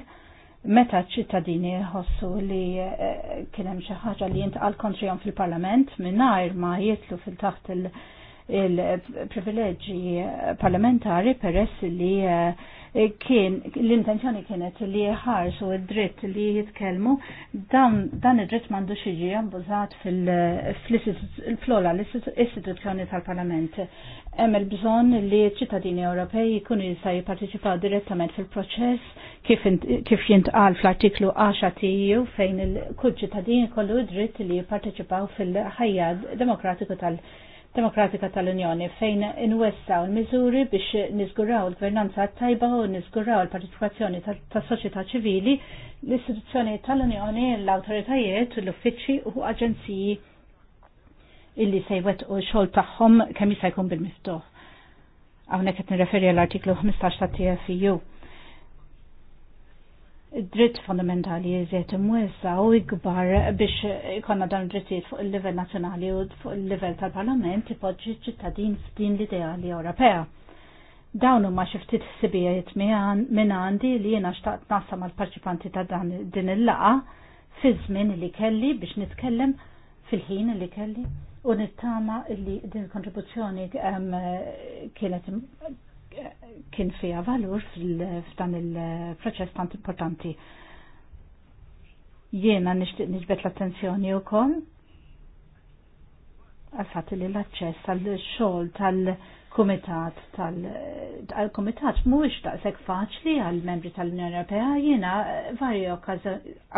meta ċittadini ħossu li eh, kienem xi ħaġa li jintqal kontrijon fil-Parlament minnajr ma jitlu fil-taħt il-privileġġi parlamentari peress li eh, kien l-intenzjoni kienet li ħarsu id-dritt li jitkellmu dan id-dritt m'għandux jiġi ambużat fil-flola l-istituzzjoni tal-Parlament. Hemm il-bżonn li ċittadini Ewropej jkunu jista' jipparteċipaw direttament fil-proċess kif jintqal fl-artiklu 10 tiju e fejn kull ċittadin kollu id-dritt li jipparteċipaw fil-ħajja demokratiku tal-Parlament Demokratika tal-Unjoni fejn inwessaw il-miżuri biex niżguraw l-gvernanza tajba u niżguraw l-partiċipazzjoni tas-soċjetà ċivili, l-istituzzjoni tal-Unjoni, l-awtoritajiet, l-uffiċċji u aġenziji illi se jwettqu xogħol tagħhom kemm jista' jkun bil-miftuħ. Hawnhekk qed nirreferi għall-artiklu 15 tat-TFU e dritt fondamentali jizet imwessa u ikbar biex ikonna dan drittijiet fuq il-level nazjonali u fuq il-level tal-parlament ipoġġi ċittadin f'din l-ideali Ewropea. Dawn huma xi ftit ħsibijiet minn għandi li jiena xtaqt nasa mal-parċipanti ta' dan din il-laqa fi żmien li kelli biex nitkellem fil-ħin li kelli u nittama li din kontribuzzjoni ehm, kienet kien fija valur f'dan il-proċess tant importanti. Jiena nixbet l-attenzjoni u kon għasat li l-access tal-xol tal-komitat tal-komitat mux sekk faċli għal-membri tal-Unjoni Ewropea jiena varji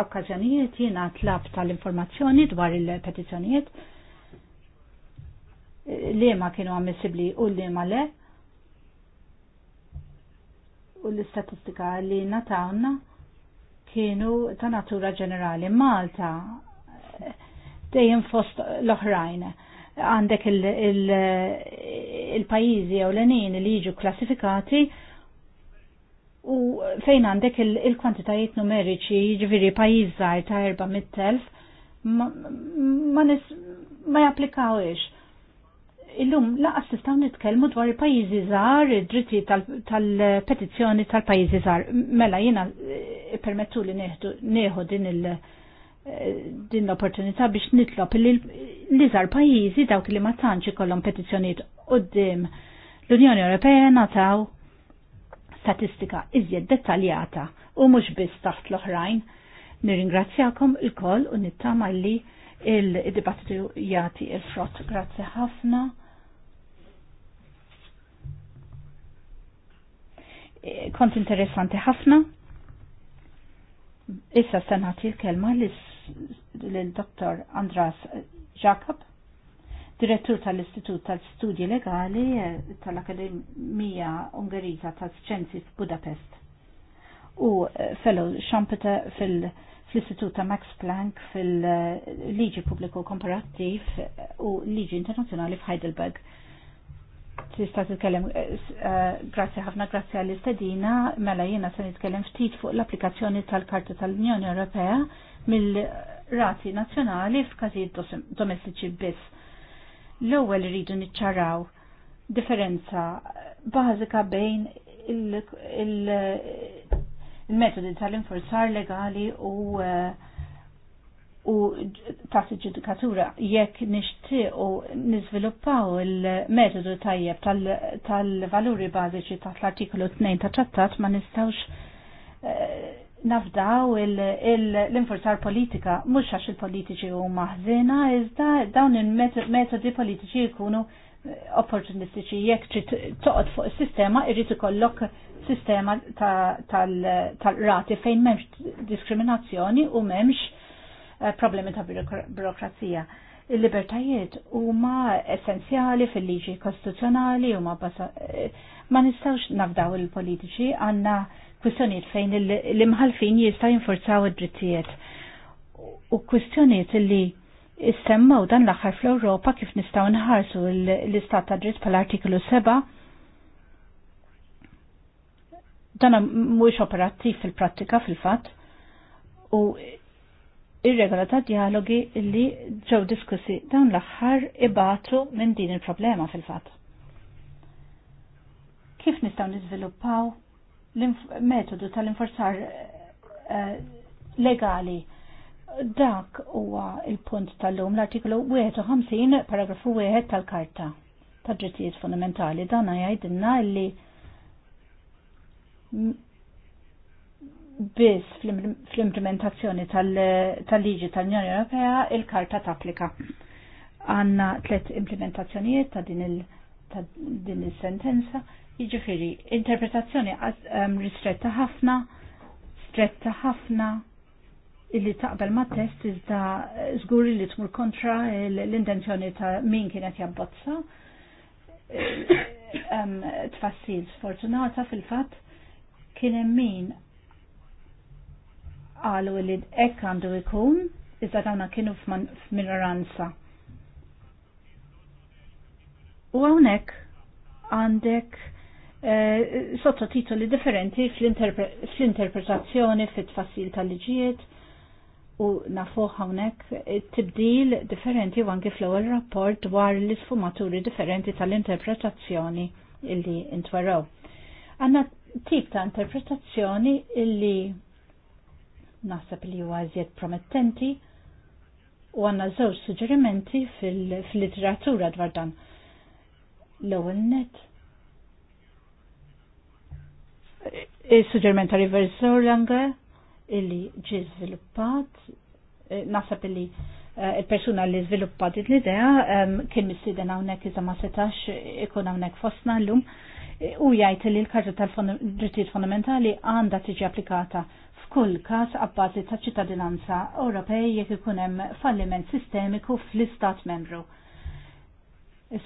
okkazjonijiet jiena tlab tal-informazzjoni dwar il-petizjonijiet li ma kienu ammissibli u li ma le u l-istatistika li natawna kienu ta' natura ġenerali. Malta eh, dejjem fost l-oħrajn. Għandek il-pajizi u l-enin li jiġu klassifikati u fejn għandek il-kwantitajiet numeriċi jiġviri pajizzar ta' 400.000 ma, ma, ma japplikawiex illum laqas tistaw nitkellmu dwar il-pajjiżi żgħar, id-dritti tal-petizzjoni tal-pajjiżi żgħar. Mela jiena eh, permettu li neħu din il- eh, din l-opportunità biex nitlob li l pajjiżi dawk li ma tantx ikollhom petizzjonijiet qudiem l-Unjoni Ewropea nataw statistika iżjed dettaljata u mhux biss taħt l-oħrajn. Nirringrazzjakom il-koll u nittama li il-dibattitu jagħti il-frott. Grazzi ħafna. kont interessanti ħafna. Issa stanati l-kelma l-dottor Andras Jacob, direttur tal-Istitut tal-Studji Legali eh, tal-Akademija Ungerita tal-Scienzi f'Budapest u eh, fellow xampeta fil-Istitut ta' Max Planck fil-Liġi eh, Pubbliku Komparattiv u Liġi Internazzjonali f'Heidelberg tista' titkellem eh, eh, grazzi ħafna grazzi għall istedina mela jiena se nitkellem ftit fuq l-applikazzjoni tal-Karta tal-Unjoni Ewropea mill-rati nazzjonali f'każijiet domestiċi biss. L-ewwel iridu niċċaraw differenza bażika bejn il-metodi tal-infurzar legali u uh, u ta' ġudikatura jekk nixtiequ niżviluppaw il-metodu tajjeb tal-valuri bażiċi tal artiklu 2 ta' trattat ma nistawx eh, nafdaw l-infurzar politika mhux għax il-politiċi u maħzina iżda dawn il-metodi politiċi jkunu eh, opportunistiċi jekk trid toqgħod fuq is-sistema irrid ikollok sistema tal-rati fejn m'hemmx diskriminazzjoni u m'hemmx Eh, problemi ta' burokrazija. Il-libertajiet huma essenzjali fil-liġi kostituzzjonali huma eh, ma nistawx nafdaw il-politiċi għandna kwistjonijiet fejn l-imħalfin jistgħu jinforzaw id-drittijiet. U kwistjonijiet li issemmaw dan l-aħħar fl-Ewropa kif nistgħu nħarsu l-istat ta' dritt bħall-artiklu 7 dan mhuwiex operattiv fil-prattika fil-fatt u ir-regola ta' dialogi li ġew diskussi dawn l-aħħar ibatu minn din il-problema fil-fatt. Kif nistgħu niżviluppaw l-metodu tal-inforzar uh, legali dak huwa il-punt tal-lum l-artiklu 51 paragrafu 1 tal-Karta tad ġittijiet fundamentali dan jgħidilna li biss fl-implementazzjoni tal-liġi tal-Unjoni Ewropea il-karta tapplika. Għanna tlet implementazzjonijiet ta' din il-sentenza, jiġifieri interpretazzjoni ehm, ristretta ħafna, stretta ħafna, illi taqbel ma' test iżda żguri li tmur kontra l-intenzjoni ta' min kienet jabbozza. Ehm, tfassil sfortunata fil-fatt kien hemm min għalu li ekk għandu ikun, iżda dawna kienu f'minoranza. U għonek għandek eh, sottotitoli differenti fl-interpretazzjoni fit-tfassil tal-liġijiet u nafu hawnhekk tibdil differenti u anke fl-ewwel rapport dwar l-isfumaturi differenti tal-interpretazzjoni illi intwaraw. Għanna tip ta' interpretazzjoni illi naħseb li huwa iżjed promettenti u għanna żewġ suġġerimenti fil-literatura dwar dan. L-ewwel net. Il-suġġeriment ta' River Zorlanger illi ġi żviluppat, eh, naħseb illi eh, il-persuna li żviluppat l-idea kien mistieden hawnhekk iżda ma setax ikun hawnhekk fostna llum eh, u jgħid li l-karta tal-drittijiet fondamentali għandha tiġi applikata f'kull każ abbażi ta' ċittadinanza Ewropej jekk ikun hemm falliment sistemiku fl-istat membru.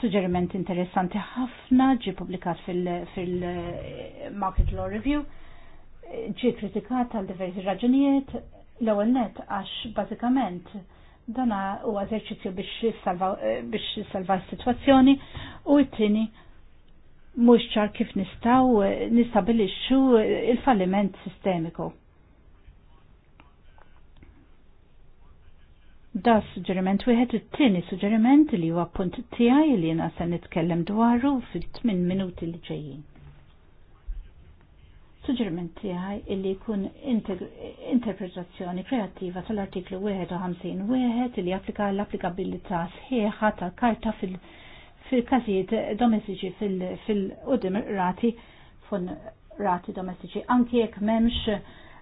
Suġġeriment interessanti ħafna ġi publikat fil-Market fil Law Review ġi kritikat għal diversi raġunijiet l-ewwel net għax bażikament dana huwa eżerċizzju biex salva s-sitwazzjoni u t-tieni mhux ċar kif nistgħu nistabilixxu il-falliment sistemiku. Da suġġeriment wieħed it-tieni suġġeriment li huwa punt tiegħi li jiena se nitkellem dwaru fit tmien minuti li ġejjin. Suġġeriment tiegħi li jkun interpretazzjoni kreattiva tal-artiklu 51 li applika l-applikabilità sħiħa tal-karta fil-każijiet domestiċi fil qudiem rati fun rati domestiċi anki jekk m'hemmx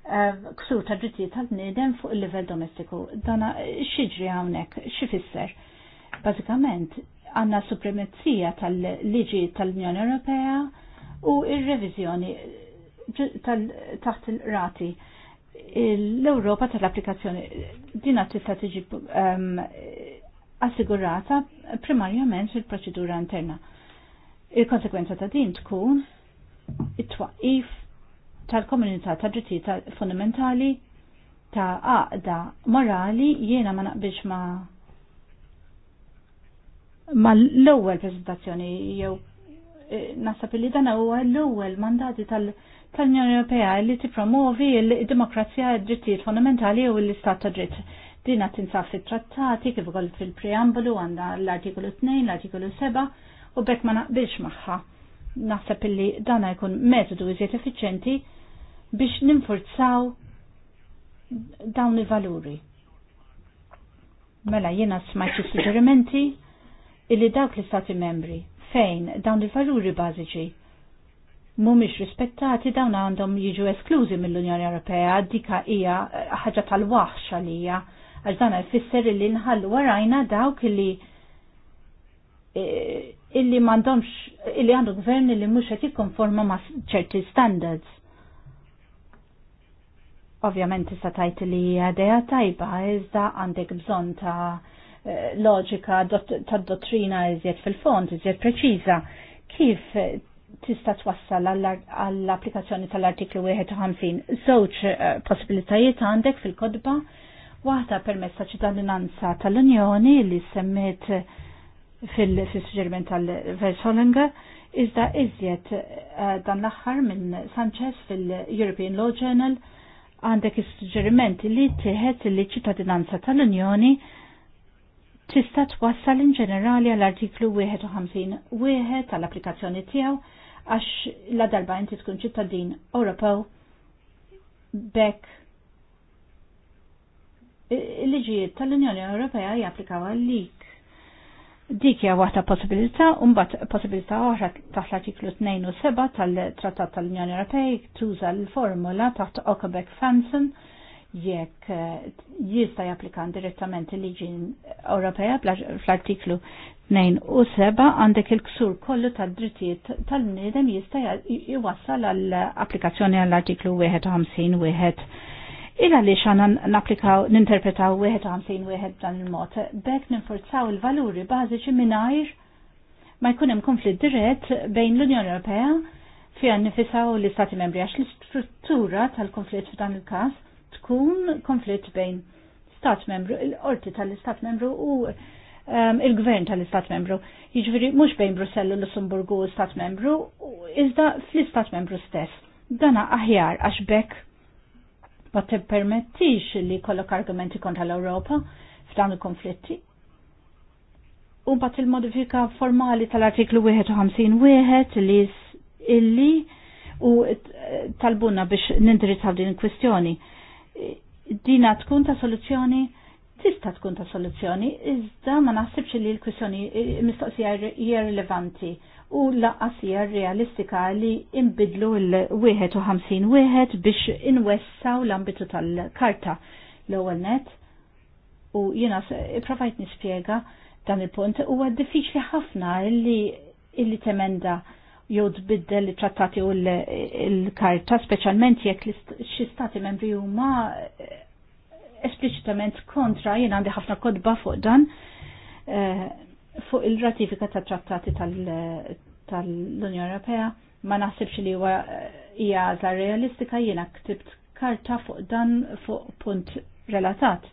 Eh, ksur ta' ġitti tal-bniedem fuq il-livell domestiku. Dana xiġri hawnhekk xifisser. Bażikament għandna supremezija tal-liġi tal-Unjoni Ewropea u il reviżjoni taħt il-rati l-Europa tal-applikazzjoni dina tista' tiġi ehm, assigurata primarjament fil-proċedura interna. Il-konsekwenza ta' din tkun it-twaqif tal-komunità ta' ġittijiet fundamentali ta' għaqda morali jiena ma naqbilx ma ma l-ewwel preżentazzjoni jew eh, nasab li dan huwa l-ewwel mandati tal-Unjoni Ewropea li tippromovi l-demokrazija d-drittijiet fondamentali u l-istat ta' dritt. Dina tinsab fit-trattati kif ukoll fil preambulu għandha l-artikolu 2, l-artikolu 7 u bekk ma naqbilx magħha. Naħseb illi dan jkun metodu iżjed effiċenti biex ninforzaw dawn il-valuri. Mela jiena smajt suġġerimenti illi dawk l-istati membri fejn dawn il-valuri bażiċi mumiex rispettati dawn għandhom jiġu esklużi mill-Unjoni Ewropea dika hija ħaġa tal-waħx għalija għax dan jfisser li nħallu warajna dawk illi e, illi m'għandhomx illi għandu gvern li mhux qed jikkonforma ma' ċerti standards. Ovvjament tista' tajt li għadeja tajba iżda għandek bżonn ta' eh, loġika ta' dottrina iżjed fil-fond, iżjed preċiża. Kif tista' twassal għall-applikazzjoni tal-artiklu 51 żewġ eh, possibilitajiet għandek fil-kodba waħda permezz ta' ċittadinanza tal-Unjoni li semmet fil-suġġeriment tal versolinga iżda iżjed eh, dan l-aħħar minn Sanchez fil-European Law Journal għandek is-suġġerimenti li tieħed li ċittadinanza tal-Unjoni tista' twassal in ġenerali għall-artiklu 51 wieħed tal-applikazzjoni tiegħu għax la darba inti tkun ċittadin Ewropew bekk il-liġijiet tal-Unjoni Ewropea japplikaw għalik. Dik hija waħda possibilità, u mbagħad possibilità oħra taħt l-artiklu 2 tal-Trattat tal-Unjoni Ewropej tuża l-formula taħt Okabek Fansen jekk eh, jista' japplika direttament il-liġi Ewropea fl-artiklu 2 għandek il-ksur kollu tad-drittijiet tal-bniedem jista' jwassal għall-applikazzjoni għall-artiklu 51 wieħed il għaliex għana naplikaw, ninterpretaw wieħed għamsin wieħed dan il mot Bekk ninforzaw il-valuri bażiċi mingħajr ma jkun hemm konflitt dirett bejn l-Unjoni Ewropea fiha nifisa nifisaw l-Istati Membri għax l-istruttura tal-konflitt f'dan il-każ tkun konflitt bejn Stat Membru, il-qorti tal-Istat Membru u um, il-gvern tal-Istat Membru. Jiġifieri mhux bejn Brussellu, Lussemburgu u Stat Membru, iżda fl-Istat Membru stess. Dana aħjar għax bekk ma tippermettix li kollok argumenti kontra l-Ewropa f'dan il-konflitti. U bat il-modifika formali tal-artiklu 51 li illi u talbuna biex nindirizzaw din il-kwistjoni. Dina tkun ta' soluzzjoni tista' tkun ta' soluzzjoni, iżda ma naħsibx li l-kwistjoni mistoqsija jirrelevanti u laqa's hija realistika li imbidlu l-51 wieħed biex inwessaw l-ambitu tal-karta l-ewwel net u jiena provajt nispjega dan il-punt huwa diffiċli ħafna illi illi temenda jew tbiddel it-trattati u l-karta, speċjalment jekk xi stati membri huma eh, espliċitament kontra jien għandi ħafna kodba fuq dan. Uh, fuq il-ratifika ta' trattati tal-Unjoni Ewropea ma naħsibx li huwa eh, hija għażla realistika jiena ktibt karta fuq dan fuq punt relatat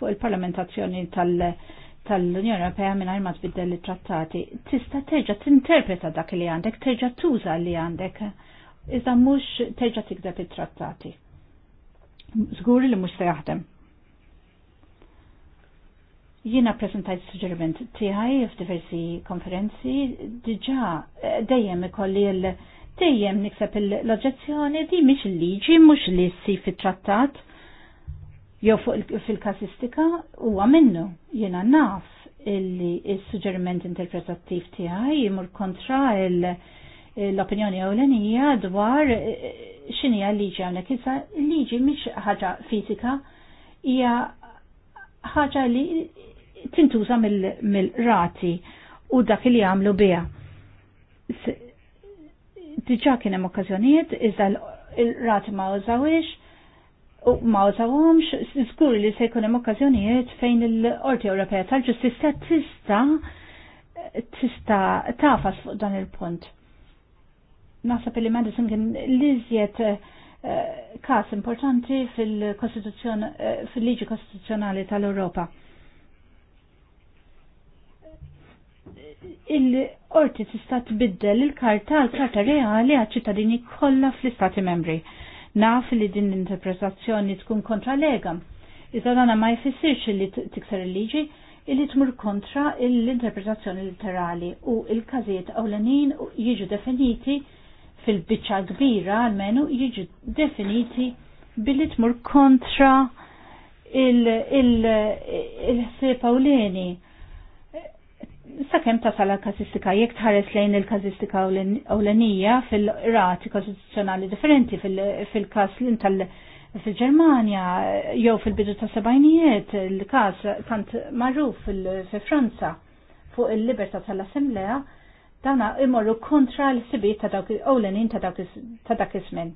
fuq il-parlamentazzjoni tal-Unjoni Ewropea mingħajr ma tbiddel it-trattati. Tista' terġa' tinterpreta dak li għandek, terġa' tuża li għandek, iżda mhux terġa' tikdeb it-trattati. Żgur li mhux se jaħdem. Jina prezentajt suġġeriment tiegħi f'diversi konferenzi diġà eh, dejjem ikolli l dejjem nikseb l-oġġezzjoni di mhix il-liġi mhux li si fit-trattat jew fuq fil-kasistika huwa minnu jiena naf illi il-suġġeriment interpretattiv tiegħi jimur kontra l-opinjoni ewlenija dwar l eh, liġi hawnhekk issa liġi mhix ħaġa fizika hija ħaġa li tintuża mill-rati u dak li għamlu biha. Diġà kien hemm okkażjonijiet iżda l-rati ma użawix u ma użawhomx, żgur li se jkun hemm okkażjonijiet fejn il-Qorti Ewropea tal-Ġustizzja tista' tista' tafas fuq dan il-punt. Nasab li Madison kien liżjed uh, Eh, kas importanti eh, fil-liġi kostituzzjonali tal-Europa. Il-orti tista' tbiddel il-karta l-karta reali għal ċittadini kollha fl-Istati membri. Naf li din l-interpretazzjoni tkun kontra legam. Iżda dana ma jfissirx li tikser il-liġi illi tmur kontra l-interpretazzjoni literali u il-każijiet ewlenin jiġu definiti fil-biċċa kbira għalmenu jiġu definiti billi tmur kontra il ħsieb Il, Sakemm tasal Sa kem tasal kazistika jek tħares lejn il-kazistika ewlenija fil-rati kostituzzjonali differenti fil-kas tal- fil-Germania jew fil-bidu ta' sebajnijiet il-kas tant marruf fil-Franza fuq il-libertà tal-Assemblea Dawna imorru kontra l-sibiet ta' dawk il għolenin ta' dak iż-żmien.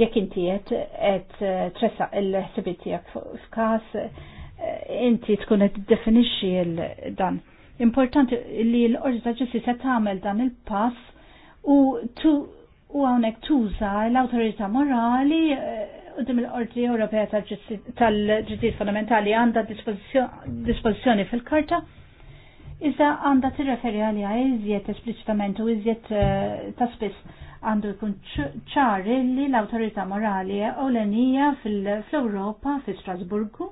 Jekk inti qed eh, tressaq il-sibiet tiegħek f'każ eh, inti tkun qed tiddefinixxi dan. Importanti li l-Orġi ġessi se tagħmel dan il-pass u tu u hawnhekk tuża l-awtorità morali eh, dim il-Qorti Ewropea tal-Ġittijiet Fundamentali għandha dispożizzjoni fil-Karta Iżda għanda t-referi għalija iżjed esplicitament u iżjed eh, ta' spiss għandu jkun ċar li l-autorita morali ewlenija fil-Europa, fil Strasburgu,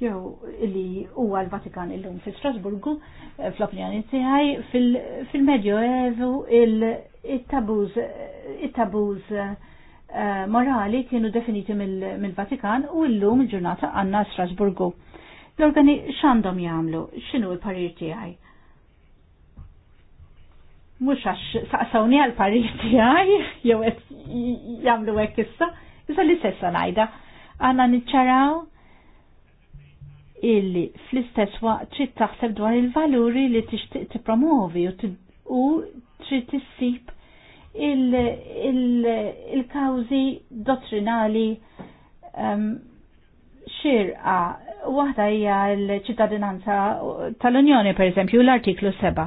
jew li huwa l-Vatikan illum fil Strasburgu, eh, fl-opinjoni tiegħi fil Evu il-tabuż eh, morali kienu definiti mill-Vatikan u llum il-ġurnata għandna Strasburgu l-organi xandom jamlu, xinu l-parir tijaj? Mux għax saqsawni għal-parir tijaj, jew jamlu għek issa, issa li sessa najda. Għanna nċaraw illi fl-istess waqt trid taħseb dwar il-valuri li tixtieq tippromovi u trid tissib il-kawżi dottrinali ehm, xirqa waħda hija l-ċittadinanza tal-Unjoni pereżempju l-artiklu 7.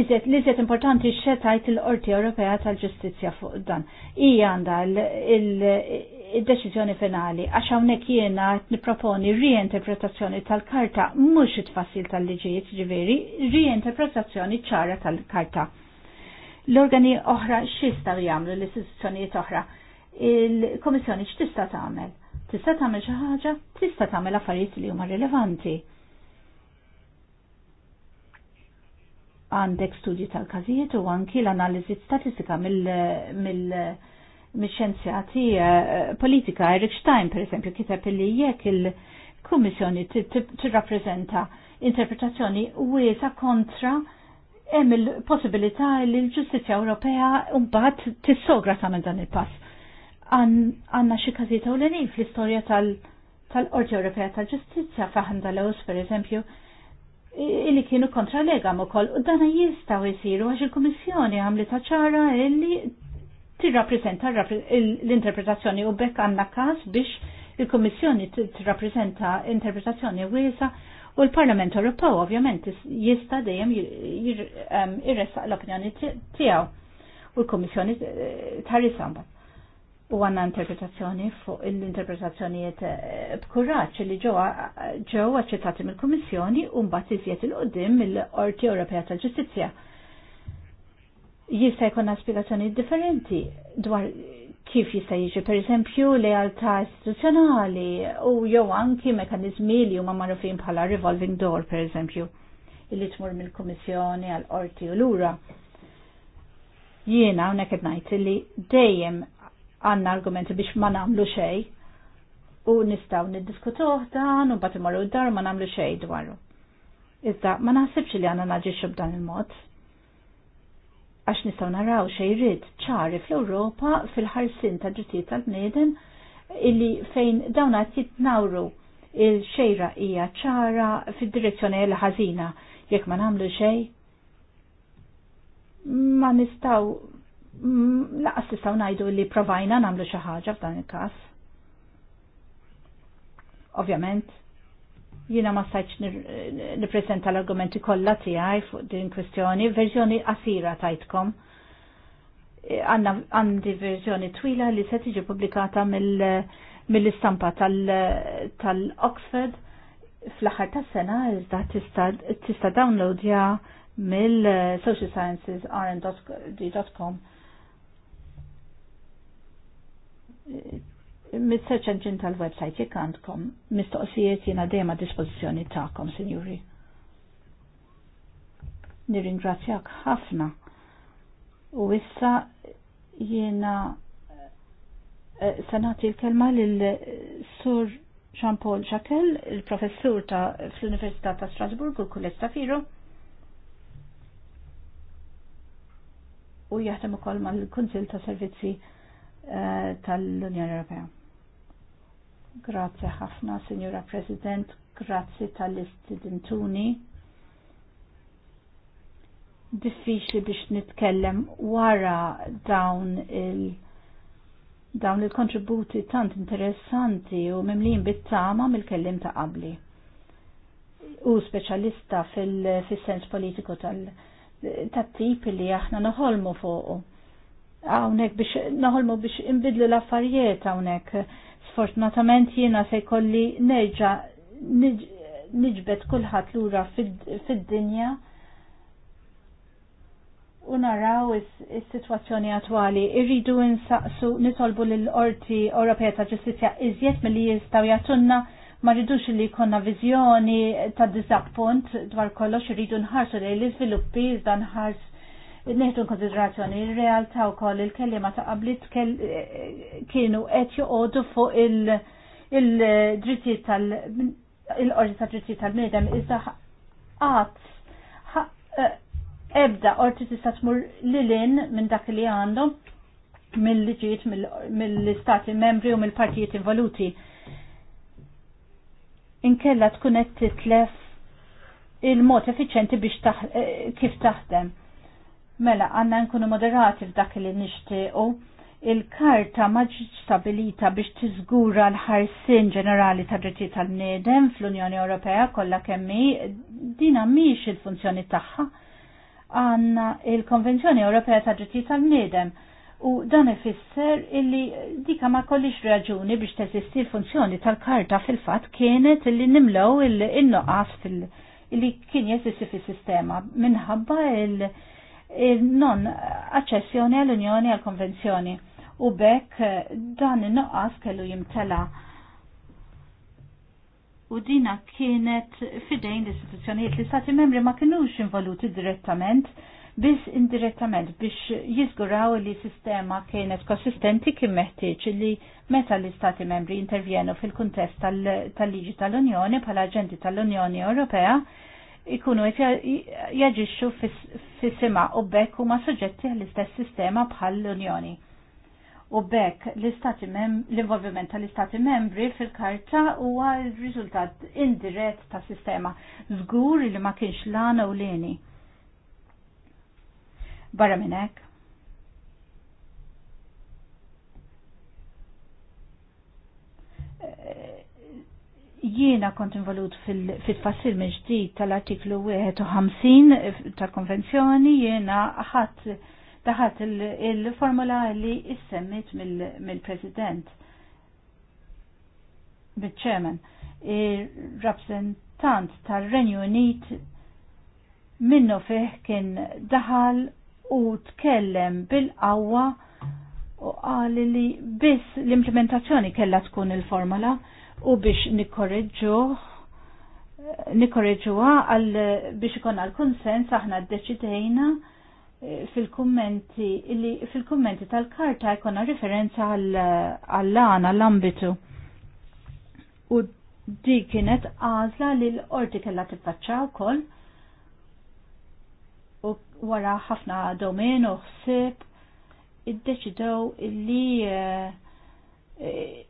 Iżet li iżet importanti xetajt il-Qorti Ewropea tal-Ġustizzja fuq dan. Hija għandha il-deċiżjoni finali għax hawnhekk jiena qed nipproponi riinterpretazzjoni tal-karta mhux it-tfassil tal-liġijiet ġifieri, riinterpretazzjoni ċara tal-karta. L-organi oħra x'jistgħu jagħmlu l-istituzzjonijiet oħra il-Komissjoni x'tista' tagħmel? Tista' tagħmel xi ħaġa, tista' tagħmel affarijiet li huma rilevanti. Għandek studji tal-każijiet u anki l-analiżi statistika mill-xjenzjati eh, politika. Eric Stein, per esempio, kiteb li jekk il-Kummissjoni tirrappreżenta interpretazzjoni wiesa kontra hemm il-possibilità li l-ġustizja Ewropea mbagħad tissogra tagħmel dan il-pass għanna xi każijiet ewlenin fl-istorja tal-Qorti Ewropea tal-Ġustizzja faħan dal pereżempju illi kienu kontra legam ukoll u dana jistgħu jsiru għax il-Kummissjoni għamlet ċara illi tirrappreżenta l-interpretazzjoni u bekk għandna każ biex il-Kummissjoni tirrappreżenta interpretazzjoni wiesa' U l-Parlament Ewropew ovvjament jista' dejjem jirressaq l-opinjoni tiegħu u l-Kummissjoni eh, tħarrisamba u għanna interpretazzjoni fuq l-interpretazzjonijiet eh, b'kuraċ li ġew aċċettati mill-Kummissjoni u mbagħad iżjed il qudiem mill-Qorti Ewropea tal-Ġustizzja. Jista' jkun aspirazzjoni differenti dwar kif jista' jiġi pereżempju lealtà istituzzjonali u jew anki mekanizmi li huma magħrufin bħala revolving door pereżempju li tmur mill-Kummissjoni għall qorti u lura jiena qed ngħid li dejjem għanna argumenti biex ma namlu xej u nistaw niddiskutuh dan u bat imorru dar ma namlu xej dwaru. Iżda ma naħsibx li għanna naġiċu b'dan il-mod. Għax nistaw naraw xej rrid ċari fl-Europa fil-ħarsin ta' ġitiet tal-bnedem illi fejn dawna jitnawru il-xejra hija ċara fid-direzzjoni l-ħażina jekk ma nagħmlu xejn ma nistaw Mm, laqas tistaw najdu li provajna namlu xi ħaġa f'dan il-każ. Ovvjament, jina ma saċ niprezenta l-argumenti kollha tiegħi fuq din kwestjoni, verżjoni qasira tajtkom. Eh, għanna għandi verżjoni twila li se tiġi publikata mill-istampa tal-Oxford fl-aħħar tas-sena iżda tista' downloadja mill-socialsciences.rn.com eh, mis-search engine tal-website jekk għandkom mistoqsijiet jiena dejjem a dispożizzjoni tagħkom, sinjuri. Nirringrazzjak ħafna. U issa jiena eh, se nagħti l-kelma lil Sur Jean-Paul Jacquel, il-professur ta' fl-Università ta' Strasburg u kullet ta' firu. U jaħdem ukoll mal-Kunsil ta' Servizzi Eh, tal-Unjoni Ewropea. Grazie ħafna, Signora President, grazie tal istidentuni Diffiċli biex nitkellem wara dawn il- dawn il-kontributi tant interessanti u mimlin bit-tama mill-kellim ta' qabli. U speċjalista fil-sens politiku tal tattip li aħna noħolmu fuqu hawnhekk biex naħolmu biex inbidlu l-affarijiet hawnhekk. Sfortunatament jiena se jkolli nerġa' kullħat kulħadd lura fid-dinja u naraw is-sitwazzjoni attwali. Irridu insaqsu nitolbu lill-Qorti Ewropea ta' Ġustizzja iżjed milli jistgħu jagħtunna ma rridux li konna viżjoni ta' dizappunt dwar kollox irridu nħarsu li l izviluppi iżda ħarsu neħdu konsiderazzjoni il-realtà wkoll il-kelliema ta' qablit kienu qed joqogħdu fuq il-drittijiet tal il ta' drittijiet tal-bniedem iżda qatt eh, ebda qorti tista' tmur lilin minn dak li għandhom mill-liġijiet mill-istati membri u mill-partijiet involuti. Inkella tkun qed titlef il-mod effiċjenti biex eh, kif taħdem Mela, għanna nkunu moderati f'dak li nishtiqu. Il-karta ġietx stabilita biex tiżgura l-ħarsin ġenerali ta' drittijiet tal-bniedem fl-Unjoni Ewropea kollha kemmi dina mhix il-funzjoni tagħha. Għanna il-Konvenzjoni Ewropea ta' drittijiet tal-bniedem u dan ifisser illi dika ma kollix raġuni biex teżisti l-funzjoni tal-karta fil-fatt kienet illi nimlew il-noqas fil- illi kien jeżisti fis-sistema minħabba il-, il non aċċessjoni għall-Unjoni għall-Konvenzjoni e u bekk eh, dan in-nuqqas kellu jimtela u dina kienet fidejn l-istituzzjonijiet li stati membri ma kienux involuti direttament biss indirettament biex jizguraw li sistema kienet konsistenti kien meħtieġ li meta l-istati membri intervjenu fil-kuntest tal-liġi tal-Unjoni bħala aġenti tal-Unjoni Ewropea ikunu jaġixxu fis-sima u bekk huma suġġetti għall-istess sistema bħal l-Unjoni. U bekk l-istati l-involviment tal-istati membri fil-karta huwa r-riżultat indirett ta' sistema żgur li ma kienx lana u leni. Barra minn hekk. Jiena kont involut fil-fassil fil ġdid tal-artiklu 51 tal-konvenzjoni jiena ħadd daħat il-formula li issemmit mill-president bil chairman il-rappresentant tal-Renju Unit minnu fih kien daħal u tkellem bil-qawwa u qal li biss l-implementazzjoni kella tkun il-formula u biex nikorreġġu nikorreġuha għal biex ikon għal konsens aħna ddeċidejna eh, fil-kummenti illi fil-kummenti tal-karta jkun referenza għall-għana l-ambitu. U di kienet għażla li l-qorti kellha tiffaċċa wkoll u wara ħafna domen u ħsieb iddeċidew illi eh, eh,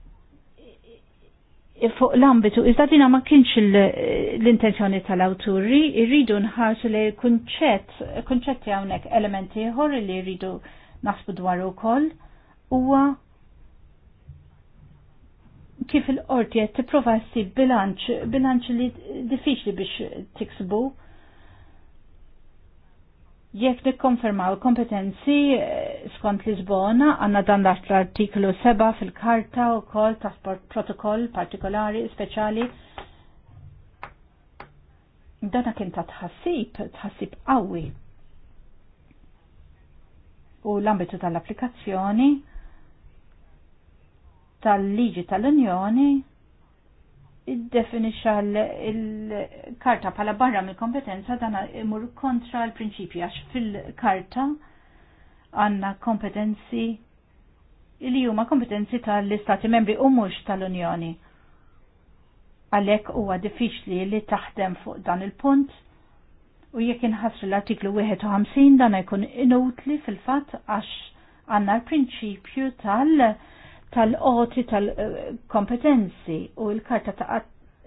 fuq l-ambitu, iżda dina ma kienx l-intenzjoni tal-awturi, irridu nħarsu li kunċett, kunċetti għawnek elementi ħor li irridu nasbu dwar u koll, u kif il-qorti jett t-prova bilanċ, bilanċ li diffiċli biex t-iksbu, Jekk nikkonfermaw kompetenzi eh, skont Lisbona għanna dan l-artiklu 7 fil-karta u kol tasport protokoll partikolari speċjali. Dana kien ta' tħassib, tħassib qawwi. U l-ambitu tal-applikazzjoni tal-liġi tal-Unjoni iddefinixxa l-karta bħala barra mill-kompetenza dan imur kontra l-prinċipji għax fil-karta għandna kompetenzi li huma kompetenzi tal-Istati membri u mhux tal-Unjoni. Għalhekk huwa diffiċli li taħdem fuq dan il-punt u jekk inħassru l-artiklu 51 dan jkun inutli fil-fatt għax għandna l-prinċipju tal- tal-qoti tal-kompetenzi u l-karta ta'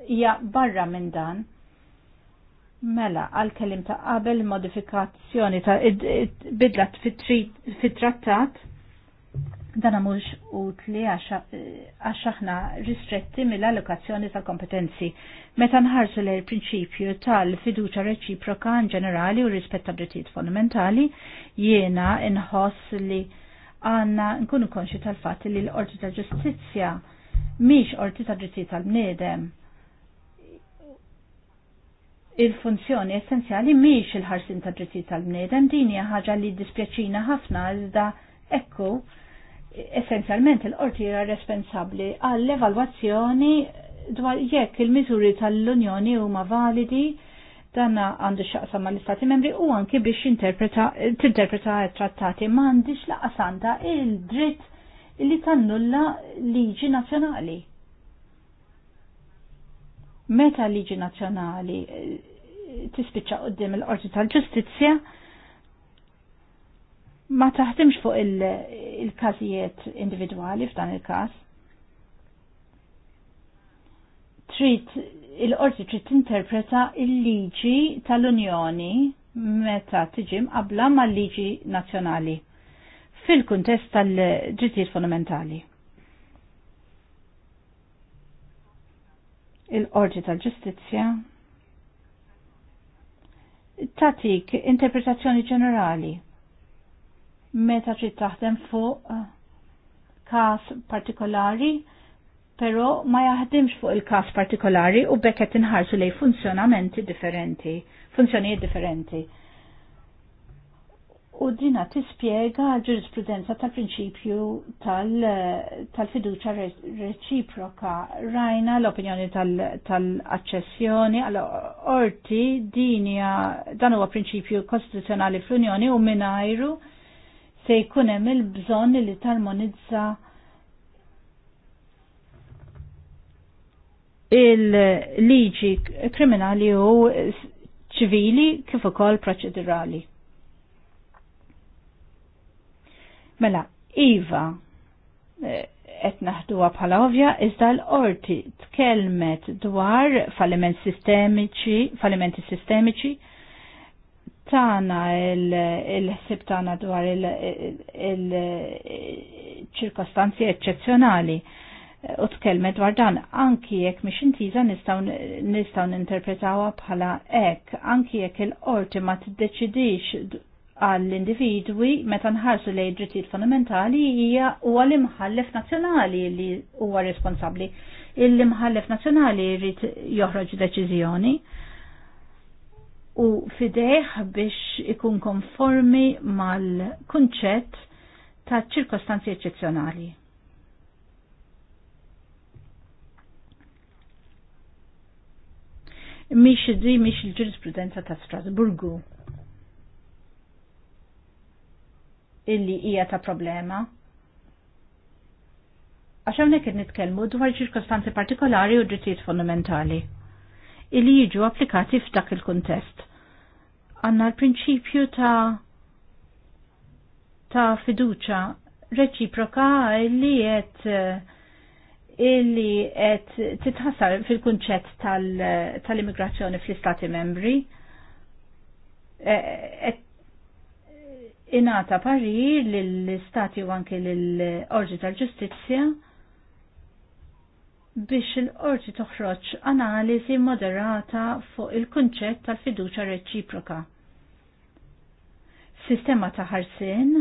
hija barra minn dan. Mela, għal kelim ta' qabel modifikazzjoni ta' bidlat fit-trattat, dan mhux utli għax aħna ristretti mill-allokazzjoni ta' kompetenzi. Meta nħarsu lejn prinċipju tal-fiduċa reċiproka in ġenerali u rispett ta' drittijiet fondamentali, jiena inħoss li għanna nkunu konxi tal-fat li l-Orti ta' Ġustizzja miex Orti ta' ġustizja tal-bnedem il-funzjoni essenzjali miex il-ħarsin ta' ġustizja tal-bnedem din hija ħaġa li dispjaċina ħafna iżda ekku essenzjalment il-qorti hija responsabbli għall-evalwazzjoni dwar jekk il-miżuri tal-Unjoni huma validi Danna għandu xaqsa ma l-istati membri u anki biex tinterpreta trattati ma għandix laqas il-dritt li tannulla liġi nazjonali. Meta liġi nazjonali eh, tispiċċa qoddim il-qorti tal-ġustizzja, ma taħdimx fuq il-każijiet il individwali f'dan il-każ. Trid il-qorti trid tinterpreta il-liġi tal-Unjoni meta tiġi mqabla mal-liġi nazzjonali fil-kuntest tal-drittijiet fondamentali. Il-qorti tal-ġustizzja tatik interpretazzjoni ġenerali meta trid taħdem fuq każ partikolari pero ma jaħdimx fuq il-kas partikolari u bekket inħarsu lej funzjonamenti differenti, funzjonijiet differenti. U dina tispjega ġurisprudenza tal-prinċipju tal-fiduċa reċiproka. Rajna l-opinjoni tal-accessjoni tal accessjoni għal orti dinja dan huwa prinċipju kostituzzjonali fl-Unjoni u minajru se jkunem il-bżon li tarmonizza il-liġi kriminali u ċivili kif ukoll proċedurali. Mela, Iva, eh, qed naħduha bħala ovvja iżda l-qorti tkellmet dwar falliment sistemiċi, fallimenti sistemiċi tana il-ħsib tana dwar il-ċirkostanzi eccezzjonali. Il, il, u tkellmet dwar dan, anki jekk mhix intiża nistgħu ninterpretawha bħala hekk, anki jekk il-qorti ma tiddeċidix għall-individwi meta nħarsu lejn drittijiet fundamentali hija huwa l-imħallef nazzjonali li huwa responsabbli. Il-imħallef nazzjonali jrid joħroġ deċiżjoni u fideħ biex ikun konformi mal-kunċett ta' ċirkostanzi eccezzjonali. miex di miex il-ġurisprudenza ta' Strasburgu illi hija ta' problema. Għax hawnhekk qed nitkellmu dwar ċirkostanzi partikolari u drittijiet fondamentali illi jiġu applikati f'dak il-kuntest. Għanna l-prinċipju ta' ta' fiduċa reċiproka illi qed eh, illi qed titħassar fil-kunċett tal-immigrazzjoni fl-Istati membri qed e, inata parir lill-Istati u anke lill-Orġi tal-Ġustizzja biex il-qorti toħroġ analiżi moderata fuq il-kunċett tal-fiduċa reċiproka. Sistema ta' ħarsien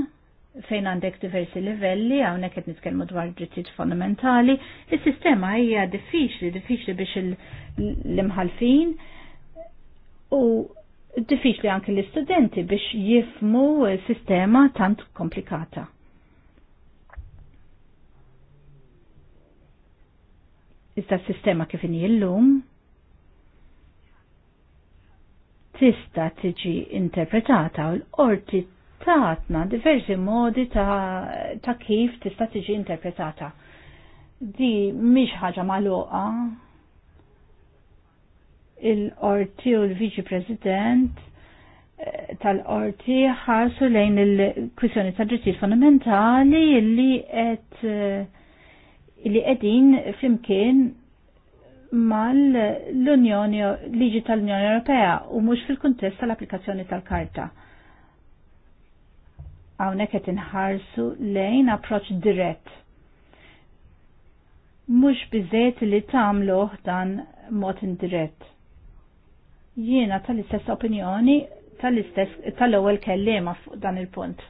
fejn għandek diversi livelli, għawnek qed nitkellmu dwar drittijiet fondamentali, is-sistema hija diffiċli, diffiċli biex l-imħalfin u diffiċli anke l-istudenti biex jifmu sistema tant komplikata. Iżda s-sistema kif inhi llum tista tiġi interpretata u l-qorti tatna diversi modi ta', ta kif tista' tiġi interpretata. Di mhix ħaġa magħluqa il-qorti u l-viċi president eh, tal-qorti ħarsu lejn il-kwissjoni ta' drittijiet fondamentali li qed eh, li qegħdin flimkien mal-Unjoni liġi tal-Unjoni Ewropea u mhux fil-kuntest tal-applikazzjoni tal-Karta. tal applikazzjoni tal karta Hawnhekk qed inħarsu lejn approċ dirett. Mhux biżejt li tagħmluh dan mod indirett. Jiena tal-istess opinjoni tal-istess tal-ewwel kellima fuq dan il-punt.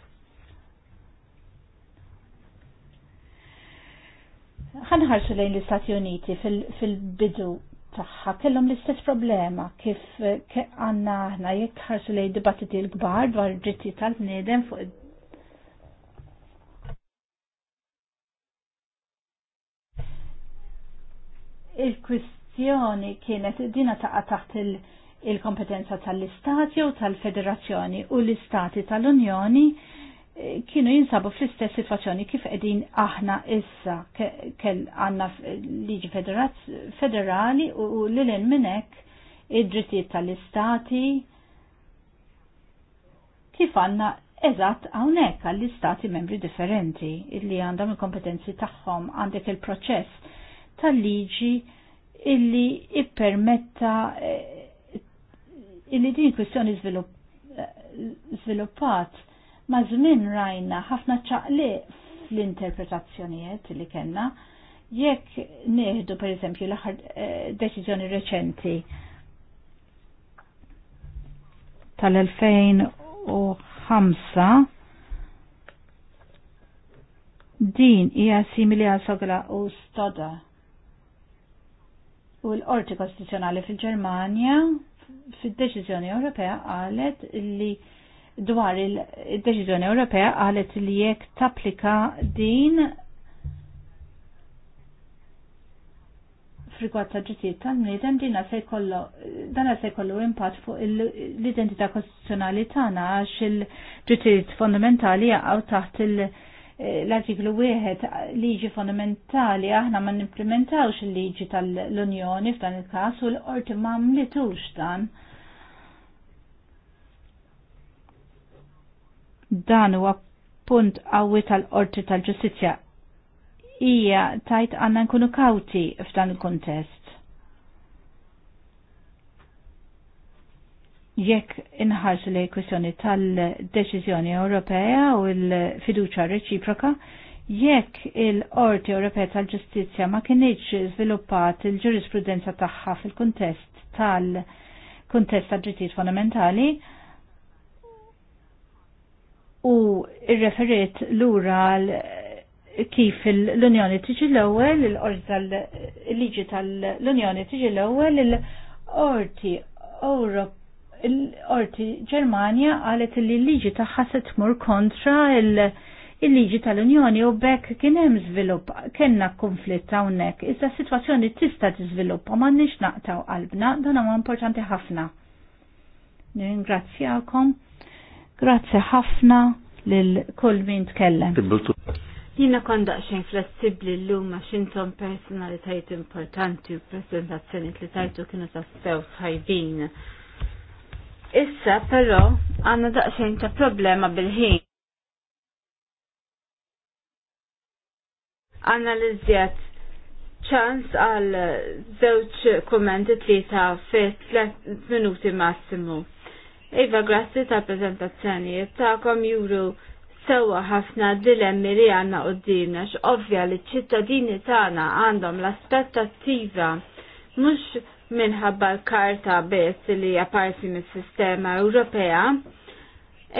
ħanħarsu lejn l-Istati Uniti fil-bidu tagħha kellhom l-istess problema kif għandna aħna jekk ħarsu lejn dibattiti l-kbar dwar id-dritti tal-bniedem fuq il-kwistjoni kienet dina taqa taħt il-kompetenza tal-istati u tal-federazzjoni u l-istati tal-unjoni eh, kienu jinsabu fl-istess situazzjoni kif edin aħna issa kell għanna liġi federali u l-lin minnek id-drittijiet tal-istati kif għanna eżatt għawnek għall-istati membri differenti li għandhom il-kompetenzi tagħhom għandek il-proċess tal-liġi illi ippermetta eh, illi din kwestjoni sviluppat eh, ma' żmien rajna ħafna ċaqli fl-interpretazzjonijiet li kellna jekk nieħdu pereżempju l-aħħar eh, deċiżjoni reċenti tal-2005 din hija simili għal sogla u stoda. U l-Qorti Kostituzzjonali fil-Ġermanja fid-deċiżjoni Ewropea qalet li dwar il-deċiżjoni Ewropea qalet li jekk tapplika din frigwat ta' ġitiet tal-bniedem dina se jkollu dana se impatt fuq l-identità kostituzzjonali tagħna għax il-ġitiet fondamentali jaqgħu taħt il-, -il l-artiklu wieħed liġi fondamentali aħna ma nimplementawx il-liġi tal-Unjoni f'dan il-każ u l-qorti ma mlitux dan. Dan huwa punt qawwi tal-qorti tal-ġustizzja hija tajt għandna nkunu kawti f'dan il-kuntest jekk inħarġ li kwestjoni tal-deċiżjoni Ewropea u l-fiduċa reċiproka, jekk il-Qorti Ewropea tal-Ġustizzja ma kienieċ żviluppat il-ġurisprudenza tagħha fil-kuntest tal-kuntest tad-drittijiet fondamentali u irreferiet lura kif l-Unjoni tiġi l-ewwel, il-Qorti tal-Liġi tal-Unjoni tiġi l-ewwel, il-Qorti Ewropea l-orti Ġermania għalet li l-liġi taħħa se tmur kontra il-liġi tal-Unjoni u bekk kien hemm żvilupp kellna konflitt hawnhekk. Iżda s-sitwazzjoni tista' tiżviluppa m'għandniex naqtaw qalbna, dan huwa importanti ħafna. Ningrazzjakom. Grazzi ħafna lil kull min tkellem. Jina kon daqxen flessibli l-lum għax intom personalitajt importanti u prezentazzjoni li tajtu kienu tassew ħajdin. Issa però għanna daqsxejn ta' problema bil-ħin. Għanna ċans għal żewġ kommenti tlieta fi tliet minuti massimu. Iva, grazzi ta' prezentazzjoni kom juru sewa ħafna dilemmi li għanna u dimna x'ovvja li ċittadini tagħna għandhom l-aspettattiva mhux minħabba l-karta biss li apparti mis-sistema Ewropea.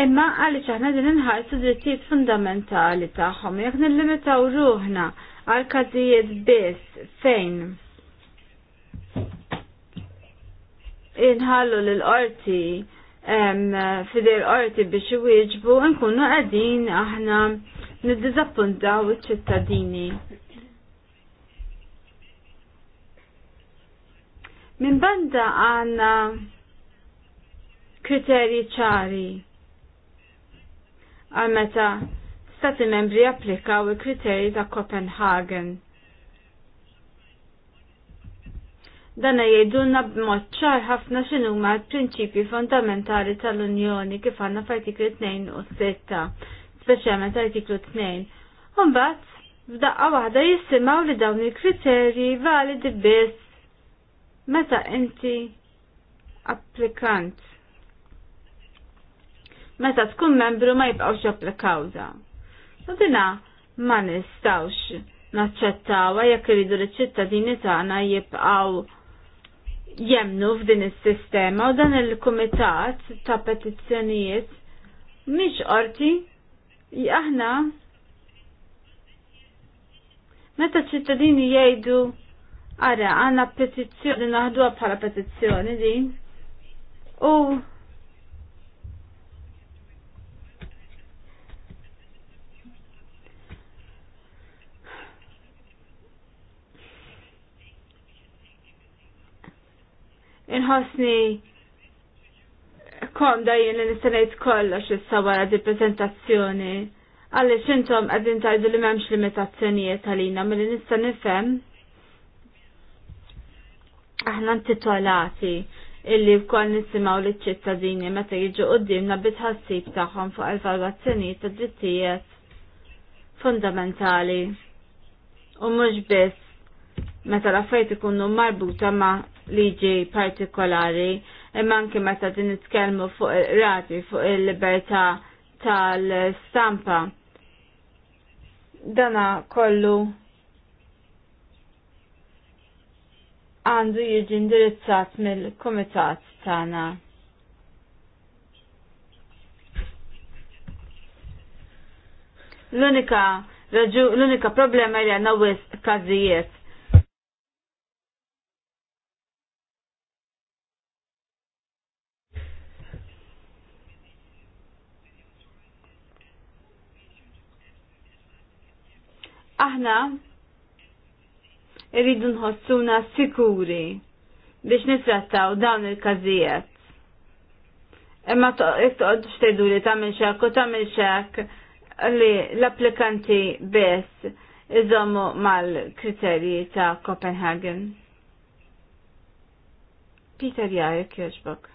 Imma għaliex aħna din inħarsu drittijiet fundamentali tagħhom jekk nillimitaw ruħna għal każijiet biss fejn inħallu l-qorti fidel qorti biex iwieġbu nkunu qegħdin aħna niddizappuntaw iċ-ċittadini Min banda għanna kriterji ċari għal meta stati membri applikaw il-kriterji ta' Copenhagen. Dana jgħidulna b'mod ċar ħafna x'inhuma l-prinċipji fondamentali tal-Unjoni kif għandna f'artiklu 2 u 6, speċjalment artiklu 2. Mbagħad f'daqqa waħda jissimaw li dawn il-kriterji validi biss Meta inti applikant, meta tkun membru ma jibqawx applikaw da. dina ma nistawx naċċettawa jekk iridu li ċittadini tagħna jibqaw jemnu f'din is-sistema u dan il-kumitat ta' petizzjonijiet mhix qorti aħna meta ċittadini jgħidu Ara, għanna petizzjoni, naħduha bħala petizzjoni din. U inħosni kom jien li nistanajt kollox il-sawara di prezentazzjoni għalli xintom għedin tajdu li memx limitazzjonijiet għalina mill-li nistan nifem aħna titolati illi wkoll nisimgħu liċ ċittadini meta jiġu qudiemna bitħassib tagħhom fuq il-valvazzjonijiet ta' drittijiet fundamentali. U mhux biss meta l-affarijiet ikunu marbuta ma' liġi partikolari, imma anke meta din itkellmu fuq il-rati, fuq il-libertà tal-stampa. Dana kollu għandu jiġi indirizzat mill-komitat tagħna. L-unika l-unika problema li għanna wis każijiet. Aħna irridu nħossuna sikuri biex nitrattaw dawn il-każijiet. Imma toqgħod xtejdu li tagħmel xek u tagħmel xek li l-applikanti biss iżommu mal-kriterji ta' Copenhagen. Peter Jajek jogħġbok.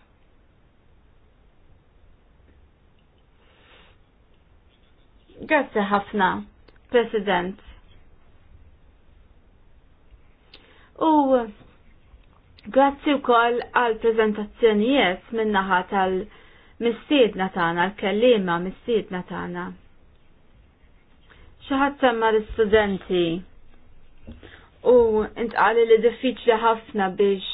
Grazie ħafna, President. U grazzi wkoll għal prezentazzjonijiet minnaħa tal-mistiedna tagħna, l-kellima mistiedna tagħna. Xi ħadd semma l-istudenti u intqali li diffiċli ħafna biex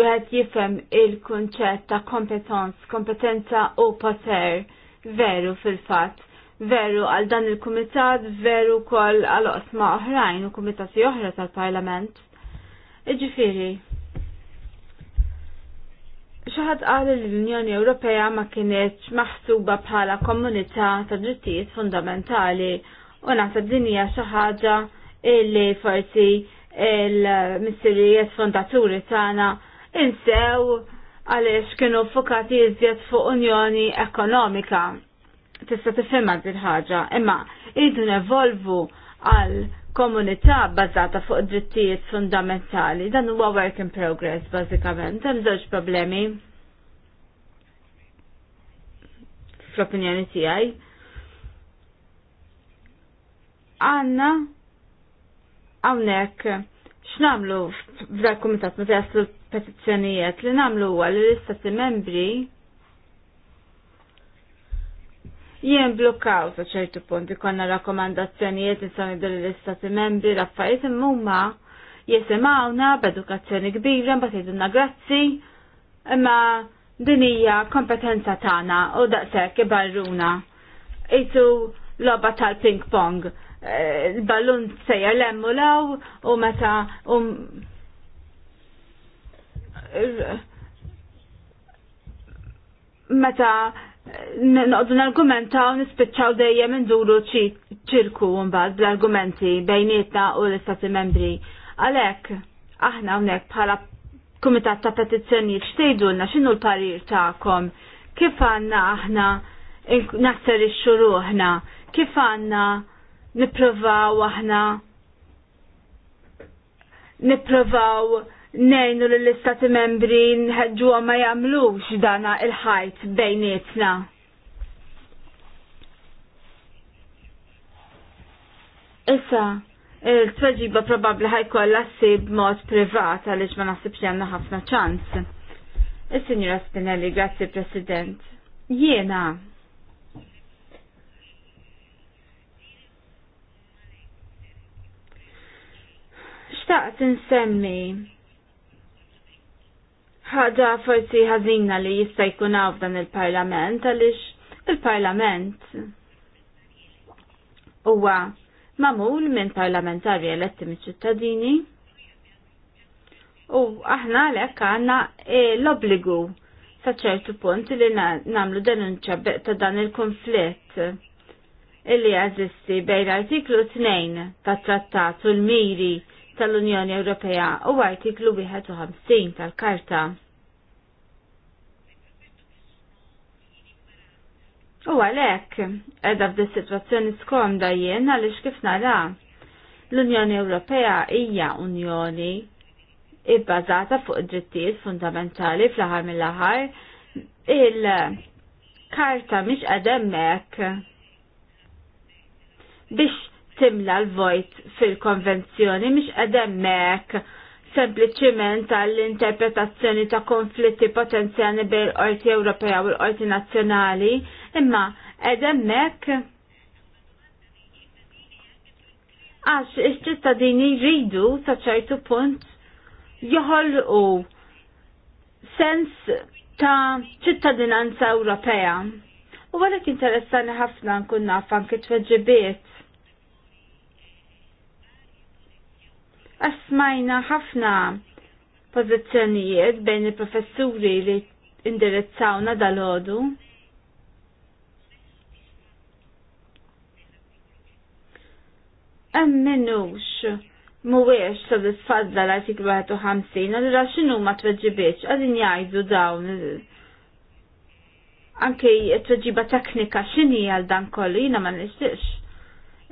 wieħed jifhem il-kunċett ta' kompetenz, kompetenza u poter veru fil-fatt, veru għal dan il-kumitat, veru kol għal osma oħrajn u kumitati oħra tal-Parlament. Iġifiri, xaħat għal l-Unjoni Ewropea ma kienieċ maħsuba bħala komunità ta' drittijiet fundamentali u naħseb din hija xi ħaġa illi forsi il-missirijiet fondaturi tagħna insew għaliex kienu fukati iżjed fuq Unjoni Ekonomika tista' tifhimha din ħaġa, imma idu nevolvu għal komunità bbażata fuq drittijiet fundamentali. Dan huwa work in progress bażikament. Hemm żewġ problemi fl-opinjoni tiegħi. Għanna hawnhekk x'namlu f'dak kumitat meta jaslu petizzjonijiet li namlu huwa li l-istati membri jien blokkaw sa ċertu punt ikonna rakkomandazzjonijiet insani dil l-istati membri l-affarijiet imma jisimawna b'edukazzjoni kbira mbagħad jgħidulna grazzi imma din hija kompetenza tagħna u daqshekk ibarruna. Itu logħba tal-ping pong. Eh, il-ballun sejjer lemmu law u meta um meta noqdu n-argumenta u nispiċċaw dejjem duru ċirku mbagħad bl-argumenti bejnietna u l-istati membri. Għalhekk aħna hawnhekk bħala kumitat ta' petizzjonijiet x'tgħidulna x'inhu l-parir tagħkom, kif għanna aħna naħserixxu ruħna, kif għandna nippruvaw aħna nippruvaw nejnu l istati membri nħedġu ma jamlux dana il-ħajt bejnietna. Issa, il-tweġiba probabli ħajkolla sib mod privat għaliex ma nasib li għandna ħafna ċans. Is-Sinjura Spinelli, grazie President. Jiena, xtaqt insemmi Ħaġa forsi ħażina li jista' jkun hawn f'dan il-Parlament għaliex il-Parlament huwa mamul minn parlamentari eletti mill-ċittadini u aħna għalhekk għandna eh, l-obbligu sa ċertu punt li namlu denunċja ta' dan il-konflitt illi jazisti bejn l-artiklu 2 ta' trattat u l-miri tal-Unjoni Ewropea u artiklu 51 tal-Karta. U għalek, edha f'di situazzjoni skomda jien għalix kif nara. L-Unjoni Ewropea hija Unjoni ibbażata fuq drittijiet fundamentali fl-aħħar mill-aħħar il-karta mhix qed hemmhekk biex timla l-vojt fil-konvenzjoni mhix qedemmek sempliciment għall-interpretazzjoni ta' konflitti potenzjali bejn l-Qorti Ewropea u l-Qorti Nazzjonali, imma edemmek għax iċ-ċittadini jridu sa' ċertu punt joħolqu sens ta' ċittadinanza Ewropea. U għalek interessani ħafna nkun naf anke tweġibiet Asmajna ħafna pożizzjonijiet bejn il-professuri li indirizzawna dal-ħodu. Emminux muwiex sodisfazza l-artiklu 51, għallura xinu ma tweġibiex, għadin jgħidu dawn. Anke tweġiba teknika xini għal dan kollu, jina ma nixtiex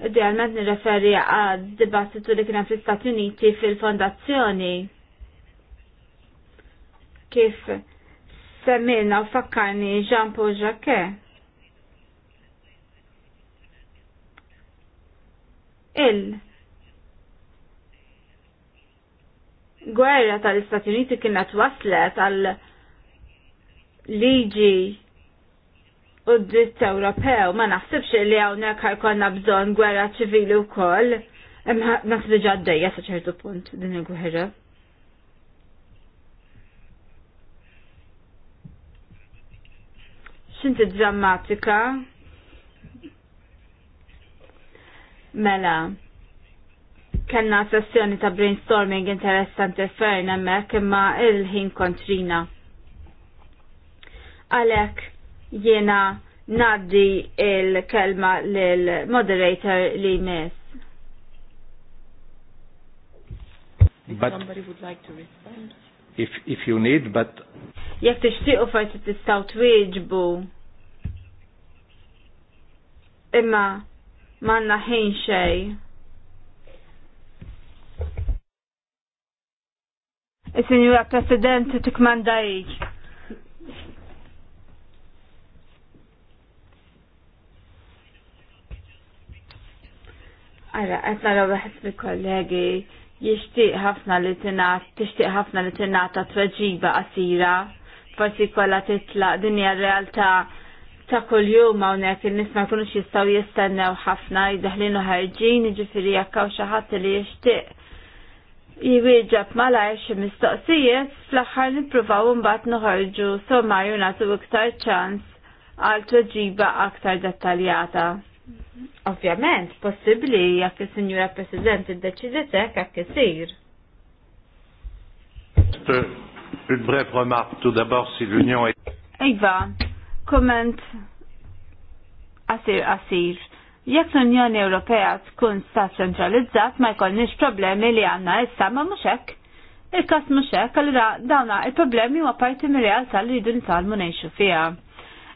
idealment nirreferi għad dibattitu li kienem fl-Stati Uniti fil-fondazzjoni. Kif semmilna u fakkarni Jean-Paul Jacquet. Il gwerra tal-Istati Uniti kienet waslet għal liġi u dritt Ewropew. Ma naħsibx li hawnhekk ħajkonna bżonn gwerra ċivili wkoll. Imma naħseb diġà għaddejja sa ċertu punt din il-gwerra. X'inti drammatika? Mela, kellna sessjoni ta' brainstorming interessanti ferna mek imma il-ħin kontrina. Għalek, Jena naddi il-kelma l-moderator li mis. But somebody would like to respond. If, if you need, but... Jek tixtiqu forsi tistaw twieġbu. Imma manna ħin xej. Is-Sinjura President tikmandajk. Ara, qed naraw waħed mill-kollegi jixtieq ħafna li t-naħt, tixtieq ħafna li tingħata tweġiba qasira, forsi kollha titla' din hija realtà ta' kuljum hawnhekk in-nies ma jkunux jistgħu jistennew ħafna jiddeħlin ħarġin, jiġifieri jekk hawn xi ħadd li jixtieq jwieġab malajr xi mistoqsijiet fl-aħħar nippruvaw imbagħad noħorġu sommarju nagħtu iktar ċans għal t-raġiba aktar dettaljata. Ovvjament, possibbli jekk il-Sinjura President iddeċidiet hekk hekk isir. Une brève remarque tout d'abord si l'Union est... Iva, comment asir asir. Jekk l-Unjoni Ewropea tkun sa ċentralizzat ma jkollniex problemi li għandna issa ma mhux hekk. Il-kas mhux hekk, allura dawna il-problemi huwa parti mir-realtà li jridu nitalmu ngħixu fiha.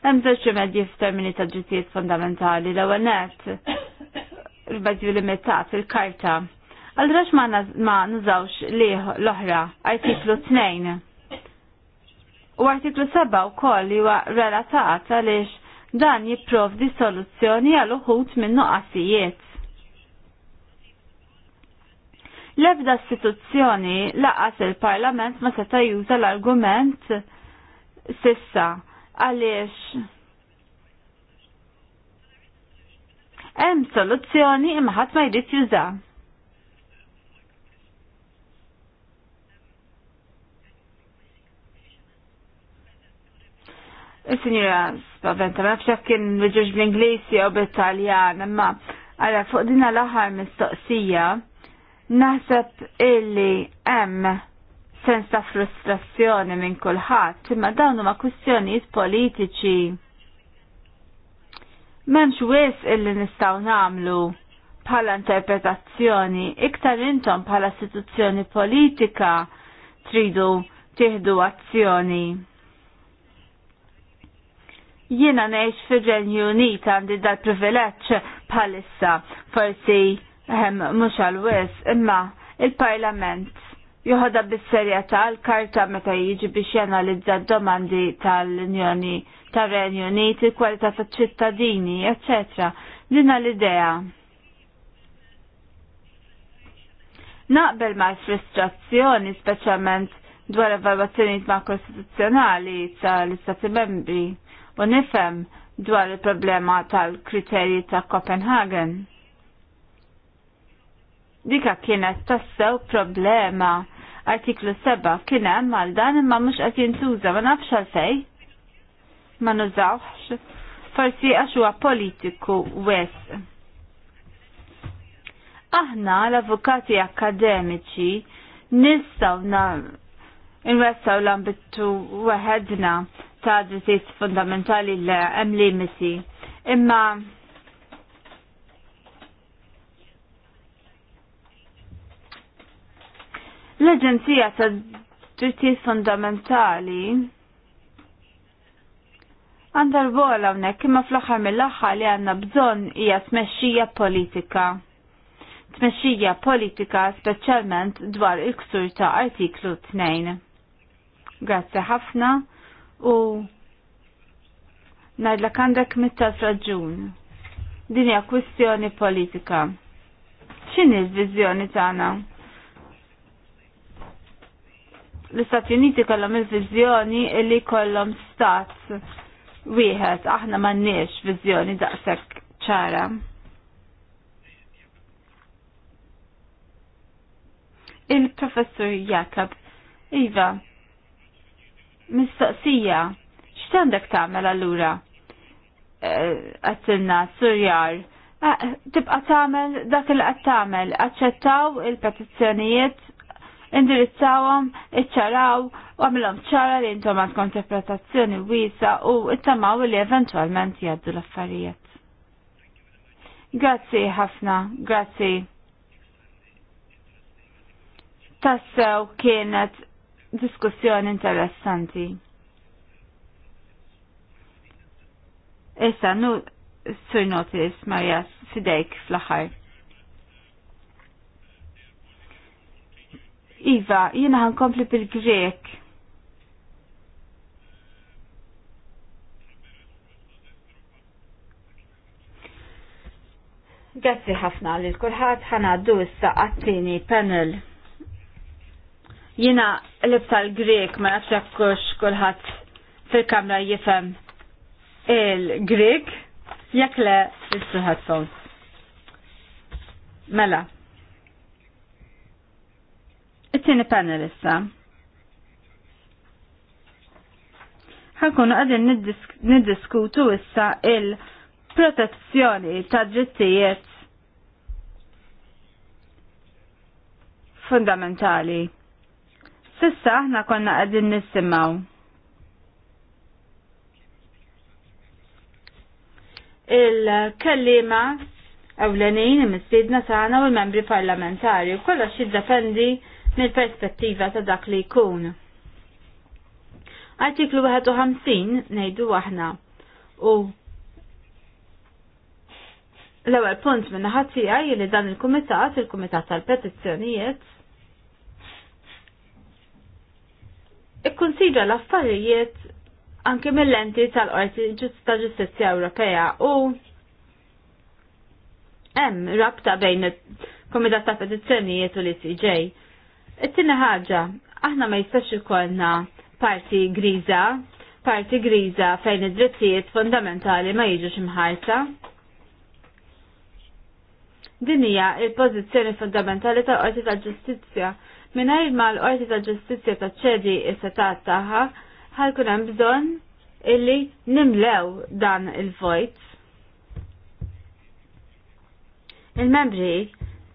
Hemm żewġ rimedji f'termini ta' ġittijiet fundamentali l-ewwel il bazzju limitat il-karta. Għalrax ma nużawx li l-oħra artiklu 2. U artiklu 7 wkoll li huwa relatat għaliex dan jipprovdi soluzzjoni għal uħut minn nuqqasijiet. L-ebda istituzzjoni laqas il-Parlament ma seta juża l-argument sissa għaliex hemm soluzzjoni imma ħadd ma jrid juża. Is-sinjura spaventa, ma nafx kien biġuġ bl-Inglisi jew bit-Taljan, imma għara fuq dina l-aħħar mistoqsija naħseb illi hemm sens ta' frustrazzjoni minn kulħadd, imma dawn huma kwistjonijiet politiċi. M'hemmx wis illi nistgħu nagħmlu bħala interpretazzjoni, iktar intom bħala istituzzjoni politika tridu tieħdu azzjoni. Jiena ngħix fir-Renju Unit għandi dal-privileġġ bħalissa, forsi hemm mhux għal wis, imma il-Parlament joħodha bis-serjetà l-karta meta jiġi biex jenalizza d-domandi tal-Unjoni tar-Renju Unit, il-kwalità tal-ċittadini, eċċetera. Dina l-idea. Naqbel ma' frustrazzjoni speċjalment dwar evalwazzjonijiet ma' kostituzzjonali tal-Istati membri u nifhem dwar il-problema tal-kriterji ta' Copenhagen. Dika kienet tassew problema artiklu 7 kien hemm għal dan imma mhux qed jintuża ma nafx għal fej. Ma nużawx. Forsi għax huwa politiku wes. Aħna l-avukati akademiċi nistgħu na inwessaw l-ambittu weħedna ta' drittijiet fundamentali l hemm limiti. Imma L-Aġenzija ta' Drittijiet Fundamentali għandha l-vola hawnhekk imma fl-aħħar mill-aħħar li għandna bżonn hija tmexxija politika. Tmexxija politika speċjalment dwar il-ksur ta' artiklu 2. Grazzi ħafna u najdlek għandek mittas raġun. Din hija kwistjoni politika. X'inhi l-viżjoni tagħna? l-Istati Uniti kellhom il-viżjoni li kollhom stat wieħed, aħna m'għandniex viżjoni daqshekk ċara. Il-professur Jakab, Iva, mistoqsija, x'tandek tagħmel allura? Eh, għattilna, surjar, eh, tibqa tagħmel dak il qed tagħmel, aċċettaw il-petizzjonijiet indirizzawhom, iċċaraw u għamilhom ċara li intom għandkom interpretazzjoni wiesa u ittamaw li eventwalment jgħaddu l-affarijiet. Grazzi ħafna, grazzi. Tassew kienet diskussjoni interessanti. Issa, nu, sur notis, Marjas, fidejk fl-axar. Iva, jiena kompli bil-Grek. Grazzi ħafna li l-kulħadd għaddu issa għat-tieni panel. Jina l-ibta l-Grek ma nafxakkux kulħadd fil-kamra jifem il-Grek jekk le l-headphones. Mela, It-tieni panel issa. Ħankunu għadin niddiskutu issa il-protezzjoni ta' drittijiet fundamentali. Sissa aħna konna għadin nissimaw. Il-kellima ewlenin imistidna tagħna u l-membri parlamentari. Kollox jiddependi mill-perspettiva ta' dak li jkun. Artiklu 51 ngħidu aħna u l-ewwel punt minn ħaddieħ li dan il-kumitat, il-kumitat tal-petizzjonijiet, ikkunsidra l-affarijiet anke mill-lenti tal-Qorti ta' Ġustizzja Ewropea u hemm rabta bejn il-Kumitat ta' Petizzjonijiet u l-ICJ. It-tina ħaġa, aħna ma jistax ikollna parti griża, parti griża fejn id-drittijiet fondamentali ma jiġux imħarsa. Din hija il-pożizzjoni fundamentali tal-Qorti tal-Ġustizzja. Mingħajr ma l-Qorti tal-Ġustizzja taċċedi s-setat tagħha, ħalkun hemm bżonn illi nimlew dan il-vojt. Il-membri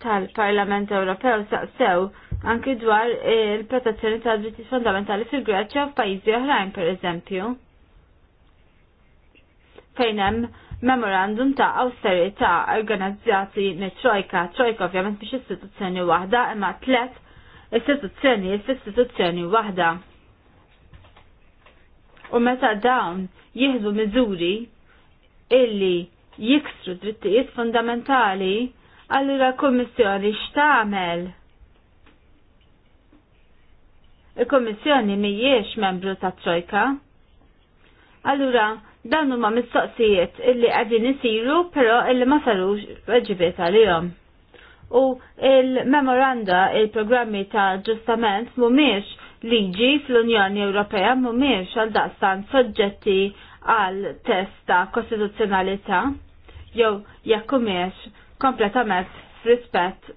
tal-Parlament Ewropew saqsew anki dwar eh, il-protezzjoni ta' drittijiet fundamentali fil-Greċja u f'pajjiżi oħrajn pereżempju. Fejn hemm memorandum ta' austerità organizzati minn trojka, trojka ovvjament biex istituzzjoni waħda imma tlet istituzzjoni f'istituzzjoni waħda. U meta dawn jieħdu miżuri illi jiksru drittijiet fundamentali, allura l-Kommissjoni x'tagħmel? il-Kommissjoni mhijiex membru ta' Trojka. Allura, dan huma mistoqsijiet illi qegħdin isiru però illi ma sarux weġibiet għalihom. U il-memoranda, il-programmi ta' ġustament mhumiex liġi fl-Unjoni Ewropea mhumiex għal daqstan soġġetti għal test ta' kostituzzjonalità jew jekk mhumiex kompletament rispett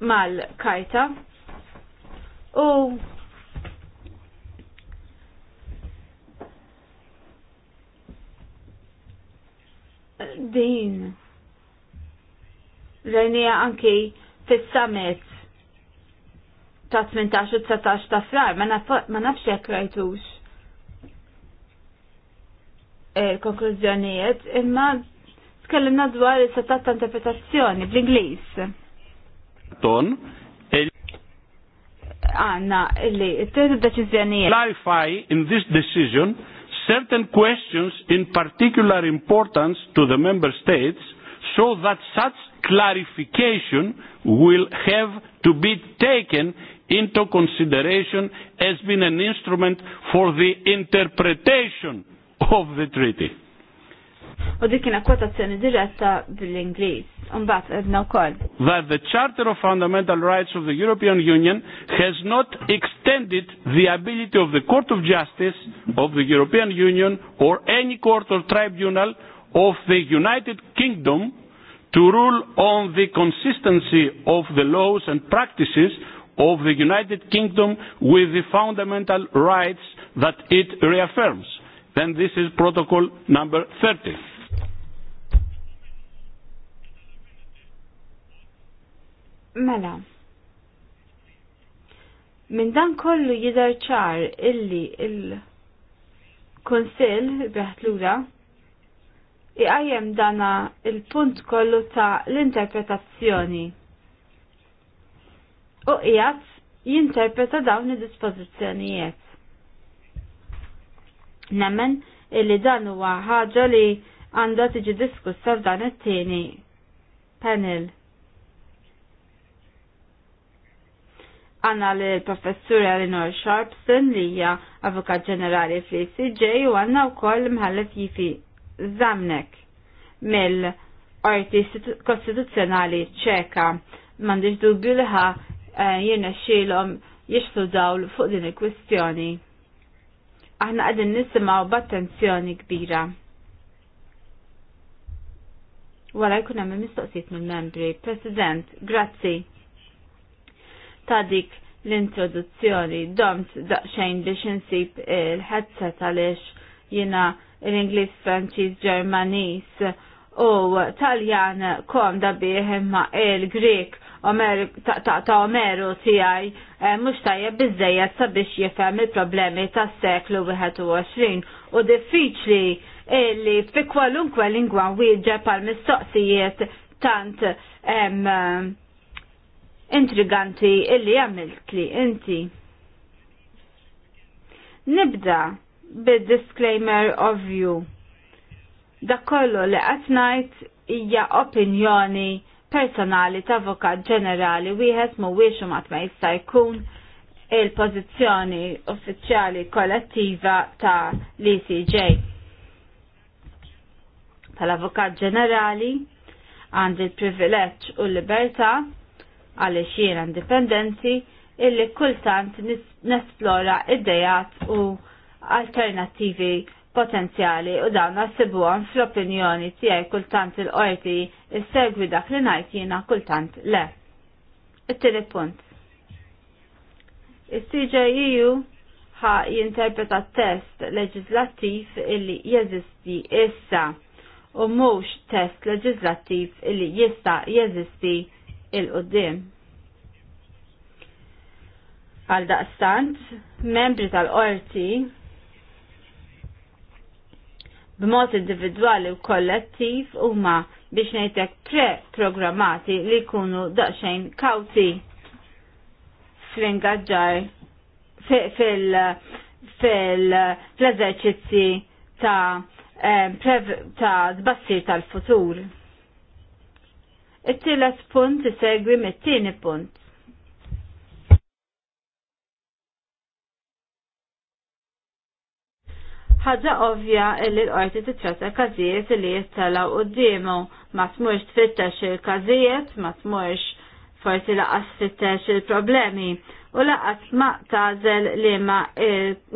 mal-kajta. U din rejnija anki fis-summit ta' 18 u 19 ta' frar, ma nafx jekk rajtux il-konklużjonijiet, imma tkellimna dwar il setat ta' interpretazzjoni bl-Ingliż. Ton, għanna li t-teħdu deċizjonijiet. Clarify in this decision certain questions in particular importance to the member states so that such clarification will have to be taken into consideration as being an instrument for the interpretation of the treaty u dik kienet kwotazzjoni diretta bil-Ingliż. Umbat edna That the Charter of Fundamental Rights of the European Union has not extended the ability of the Court of Justice of the European Union or any court or tribunal of the United Kingdom to rule on the consistency of the laws and practices of the United Kingdom with the fundamental rights that it reaffirms. Then this is protocol number 30. Mela. Minn dan kollu jidher ċar illi il-Konsil Lura iqajjem dana il-punt kollu ta' l-interpretazzjoni. U qiegħed jinterpreta dawn id-dispożizzjonijiet. Nemmen illi dan huwa ħaġa li għandha tiġi diskussa f'dan it-tieni panel. għanna li professur Eleanor Sharpson li hija avukat ġenerali fl ICJ u għanna u koll mħallet jifi zamnek mill orti kostituzzjonali ċeka mandiġ dubju liħa eh, jirna xilom jixtu dawl fuq din il-kwistjoni. Aħna għadin nisimaw b'attenzjoni kbira. Wara jkun hemm mistoqsijiet mill-membri. President, grazzi ta' dik l-introduzzjoni. Domt daqxajn biex insib il-ħadsa tal ex jina l-Inglis, Franċiż, Ġermanis u Taljan kom da biħem ma il-Grek ta' Omeru tijaj eh, mux tajja bizzejet sabiex jifem il-problemi ta' s-seklu 21 u diffiċli li fi kwalunkwe lingwa wieġeb għal mistoqsijiet tant intriganti illi għamilt li inti. Nibda bid-disclaimer of you. Dak kollu li għatnajt hija opinjoni personali ta' avokat ġenerali wieħed mhuwiex u ma jista' jkun il-pożizzjoni uffiċjali kollettiva ta' l-ECJ. Tal-Avokat Ġenerali għandi l-privileġġ u l-libertà għaliex jiena indipendenti illi kultant nesplora id-dejat u alternativi potenzjali u dawn nasibuhom fl-opinjoni tiegħi kultant il-qorti s-segwi dak li najt jiena kultant le. It-tieni punt. Is-CJEU ħa jinterpreta test leġislattiv illi jeżisti issa u mhux test leġislattiv illi jista' jeżisti il-qoddim. Għal daqstant, membri tal-qorti b'mod individwali u kollettiv huma biex ngħidlek pre-programmati li jkunu daqsxejn kawti fl-ingaġġar fil-eżerċizzi ta' eh, ta' tbassir tal-futur. It-tielet punt isegwi mit-tieni punt. ħaġa ovvja li l-qorti titrata każijiet li jittalaw qudiemu ma tmurx tfittex il-każijiet, ma tmurx forsi laqas tfittex il-problemi u laqas ma tażel li ma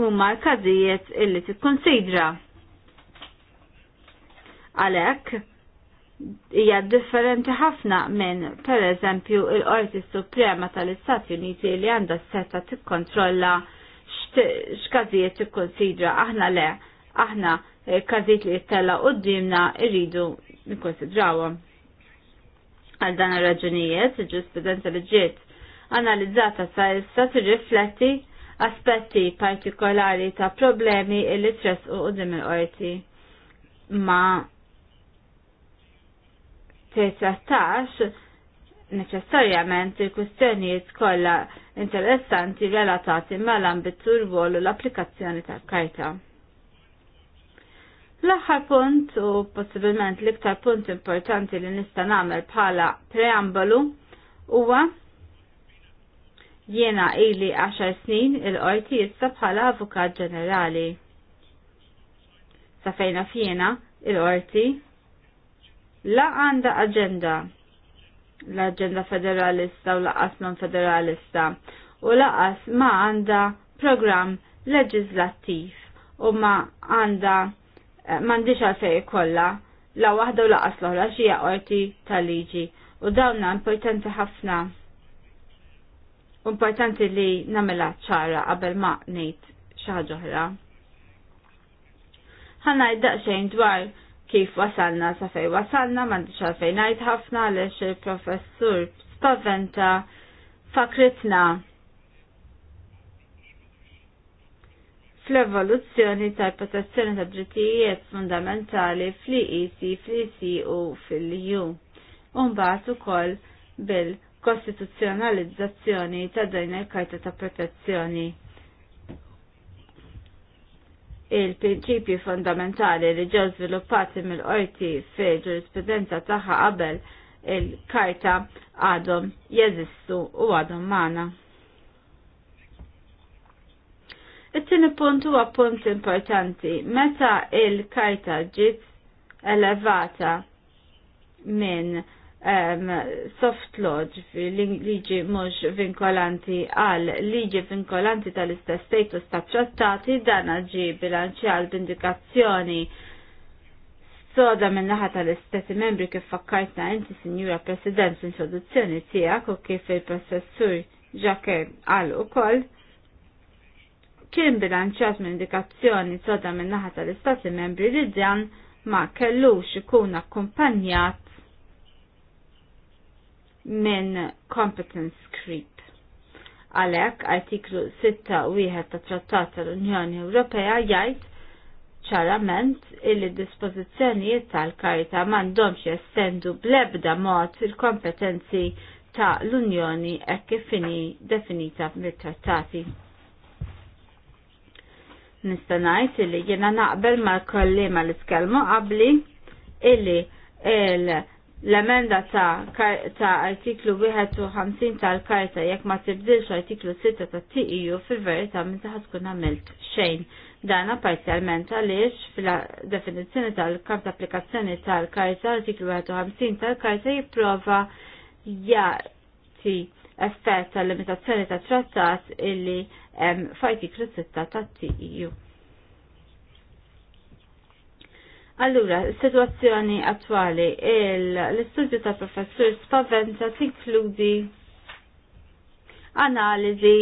huma l-każijiet illi tikkunsidra. Għalhekk, hija differenti ħafna minn per eżempju il-Qorti Suprema tal-Istati Uniti li għandha seta tikkontrolla x'każijiet tikkonsidra aħna le, aħna eh, każijiet li jittella qudiemna irridu nikkonsidrawhom. Għal dan ir-raġunijiet, il-ġurisprudenza li ġiet analizzata sa issa tirrifletti aspetti partikolari ta' problemi illi tresqu qudiem il-qorti ma' titrattax neċessarjament il-kustjonijiet kollha interessanti relatati mal-ambitu rwol l-applikazzjoni tal-karta. L-aħħar punt u possibilment l-iktar punt importanti li nista' nagħmel bħala preambolu huwa jiena ili 10 snin il-qorti issa bħala avukat ġenerali. Sa fejna fjena il-qorti la għanda agenda l-agenda federalista u laqas non federalista u laqas ma għanda program leġislattiv u ma għanda eh, mandiċ għalfej kolla la wahda u laqas l-oħra xija qorti tal-liġi u dawna importanti ħafna importanti li namela ċara qabel ma nejt xaħġoħra. Ħanna id-daqxejn dwar kif wasalna sa fej wasalna, mandi xalfej najt ħafna għalix il-professur spaventa fakritna fl-evoluzzjoni tal-protezzjoni ta' drittijiet fundamentali fl-IEC, fl-IC u fil-EU. Umbat ukoll bil-kostituzzjonalizzazzjoni ta' dajna il-kajta ta' protezzjoni il-prinċipji fondamentali li ġew żviluppati mill-qorti fil-ġurisprudenza tagħha qabel il-karta għadhom jeżistu u għadhom magħna. It-tieni punt huwa punt importanti. Meta il-karta ġiet elevata minn um, soft law liġi mhux vinkolanti għal liġi vinkolanti tal-istess status ta' ċattati dan ġi bilanċjal b'indikazzjoni soda minn naħa tal-istati membri kif fakkajtna inti sinjura President l-introduzzjoni tiegħek u kif il-professur ġakke għal ukoll kien bilanċjat minn indikazzjoni soda minn naħa tal-istati membri li dan ma kellux ikun akkumpanjat minn competence creep. Għalek, artiklu 6.1 ta' Trattat tal-Unjoni Ewropea jgħid ċarament illi dispożizzjonijiet tal-karta m'għandhomx jestendu blebda mod il-kompetenzi ta' l-Unjoni hekk kif definita mit-trattati. Nista' ngħid illi jiena naqbel mal-kollima l skelmu qabli illi il- l-emenda ta', ta artiklu 51 tal-karta jekk ma tibdilx artiklu 6 ta' TIU e fil-verità minn taħat tkun għamilt xejn. Dana parzialment għaliex fil-definizzjoni tal-kamp applikazzjoni tal-karta artiklu 51 tal-karta jipprova jagħti effett tal-limitazzjoni ta' trattat illi f'artiklu 6 ta' TIU. E Allura, situazzjoni attuali, l-istudju ta' professur Spaventa tinkludi analizi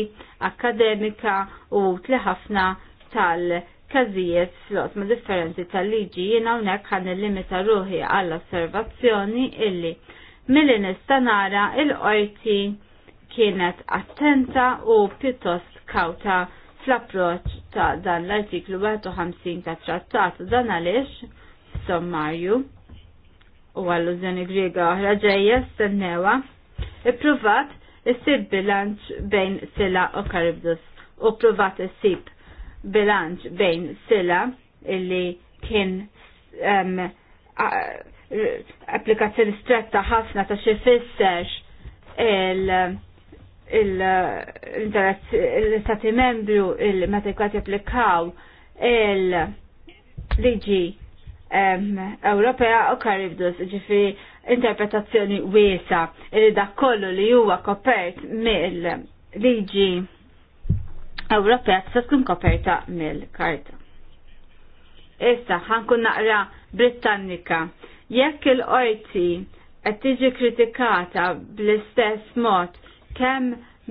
akademika u tliħafna tal-kazijiet flot ma' differenti tal-liġi jena unek għan il-limita ruħi għall-osservazzjoni illi mill nista nara il-qorti kienet attenta u pjuttost kawta fl-approċ ta' dan l-artiklu 51 ta' trattat dan għalix sommarju u għall-użjoni griega oħra ġejja i-provat ippruvat issib bilanċ bejn sila u karibdus u s issib bilanċ bejn sila illi kien um, applikazzjoni stretta ħafna ta' xi fissex l-istati membru il-meta jkun applikaw il-liġi Ewropea u Karibdus, ġifiri interpretazzjoni wiesa li dak kollu li huwa kopert mill-liġi Ewropea tista' tkun koperta mill-karta. Issa ħankun naqra Britannika. Jekk il-qorti qed tiġi kritikata bl-istess mod kemm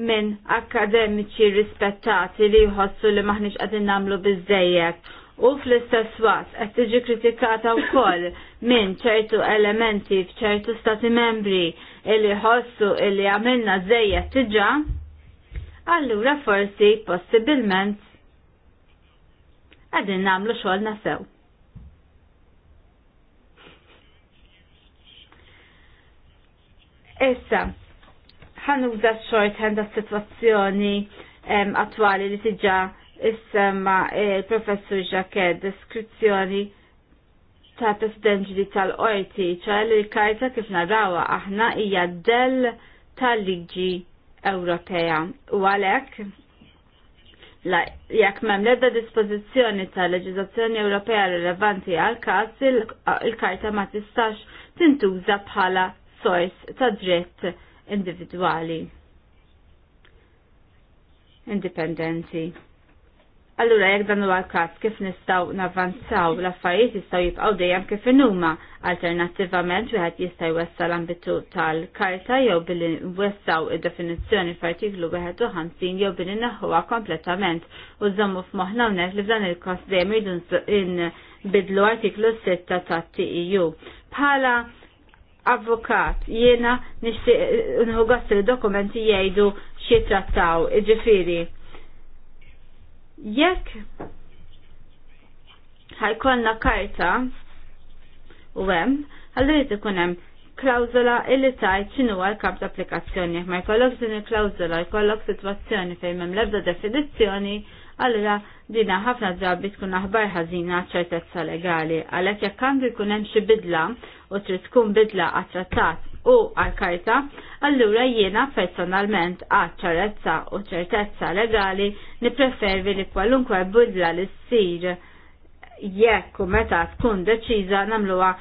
minn akademiċi rispettati li jħossu li maħniġ qegħdin nagħmlu biżejjed u fl-istess waqt qed tiġi kritikata wkoll minn ċertu elementi f'ċertu stati membri illi ħossu illi għamilna żejjed tiġa, allura forsi possibilment qegħdin nagħmlu xogħol sew. Issa, ħanuża ħenda s situazzjoni attwali li tiġa issemma eh, il-professur Jacquet deskrizzjoni ta' presidenġi tal-orti, ċa l-karta kif narawa aħna hija del tal-liġi Ewropea. U għalek, jekk mem l dispozizjoni tal leġizazzjoni Ewropea rilevanti għal każ il-karta ma tistax tintuża bħala sors ta' dritt individwali. Indipendenti. Allura jekk dan huwa każ kif nistgħu navanzaw l-affarijiet jistgħu jibqgħu dejjem kif inhuma. Alternattivament wieħed jista' jwessal ambitu tal-karta jew billi wessaw id-definizzjoni f'artiklu 51 jew billi naħħuha kompletament u żommu f'moħħna wnet li f'dan il kas dejjem irridu bidlu artiklu 6 tat-TEU. Bħala avvokat jiena nixtieq nħu gost il-dokumenti jgħidu xi trattaw, ġifieri Jekk ħajkollna karta u hemm, allura jrid ikun hemm klawzola illi tajt xinu għal kap ta' applikazzjoni. Ma jkollok din il-klawzola, jkollok situazzjoni fejn hemm l-ebda definizzjoni, allura dina ħafna drabi tkun aħbar ħażina ċertezza legali. Għalhekk jekk għandu jkun hemm xi bidla u trid tkun bidla għat-trattat u għal-karta, allura jiena personalment għad ċarezza u ċertezza legali niprefervi li kwalunkwe budla li s-sir jekk u meta tkun deċiża namluwa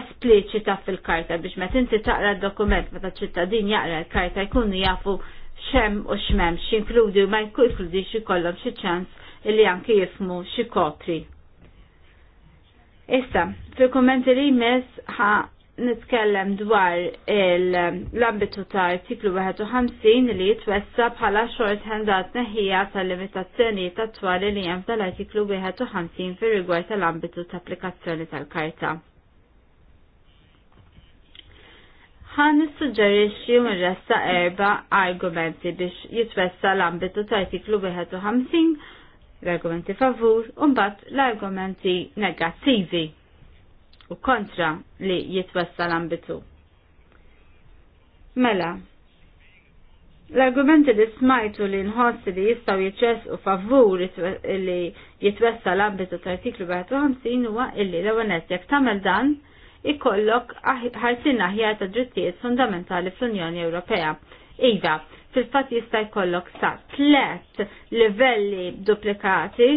esplicita fil-karta biex meta inti taqra d-dokument meta ċittadin jaqra l-karta jkunu jafu xem u xmem xinkludi u ma jkulkludi xikollom xi ċans illi anki jifmu xi kopri. Issa, fil-kommenti li jmiss nitkellem dwar l-ambitu ta' artiklu 51 li jitwessa bħala xort ħendat neħija tal-limitazzjoni ta' twali li jem tal-artiklu 51 fir rigward tal-ambitu ta' applikazzjoni tal-karta. Għan nissuġġerixxi u resta erba argumenti biex jitwessa l-ambitu ta' artiklu 51 l-argumenti favur u mbagħad l-argumenti negattivi u kontra li jitwessa l-ambitu. Mela, l-argumenti li smajtu li nħoss li jistaw jiċess u favur li jitwessa l-ambitu ta' artiklu 51 huwa illi l-ewenet jek tamel dan ikollok ħarsina aħjar ta' drittijiet fundamentali fl-Unjoni Ewropea. Iva, fil-fat jista' jkollok sa' tlet livelli duplikati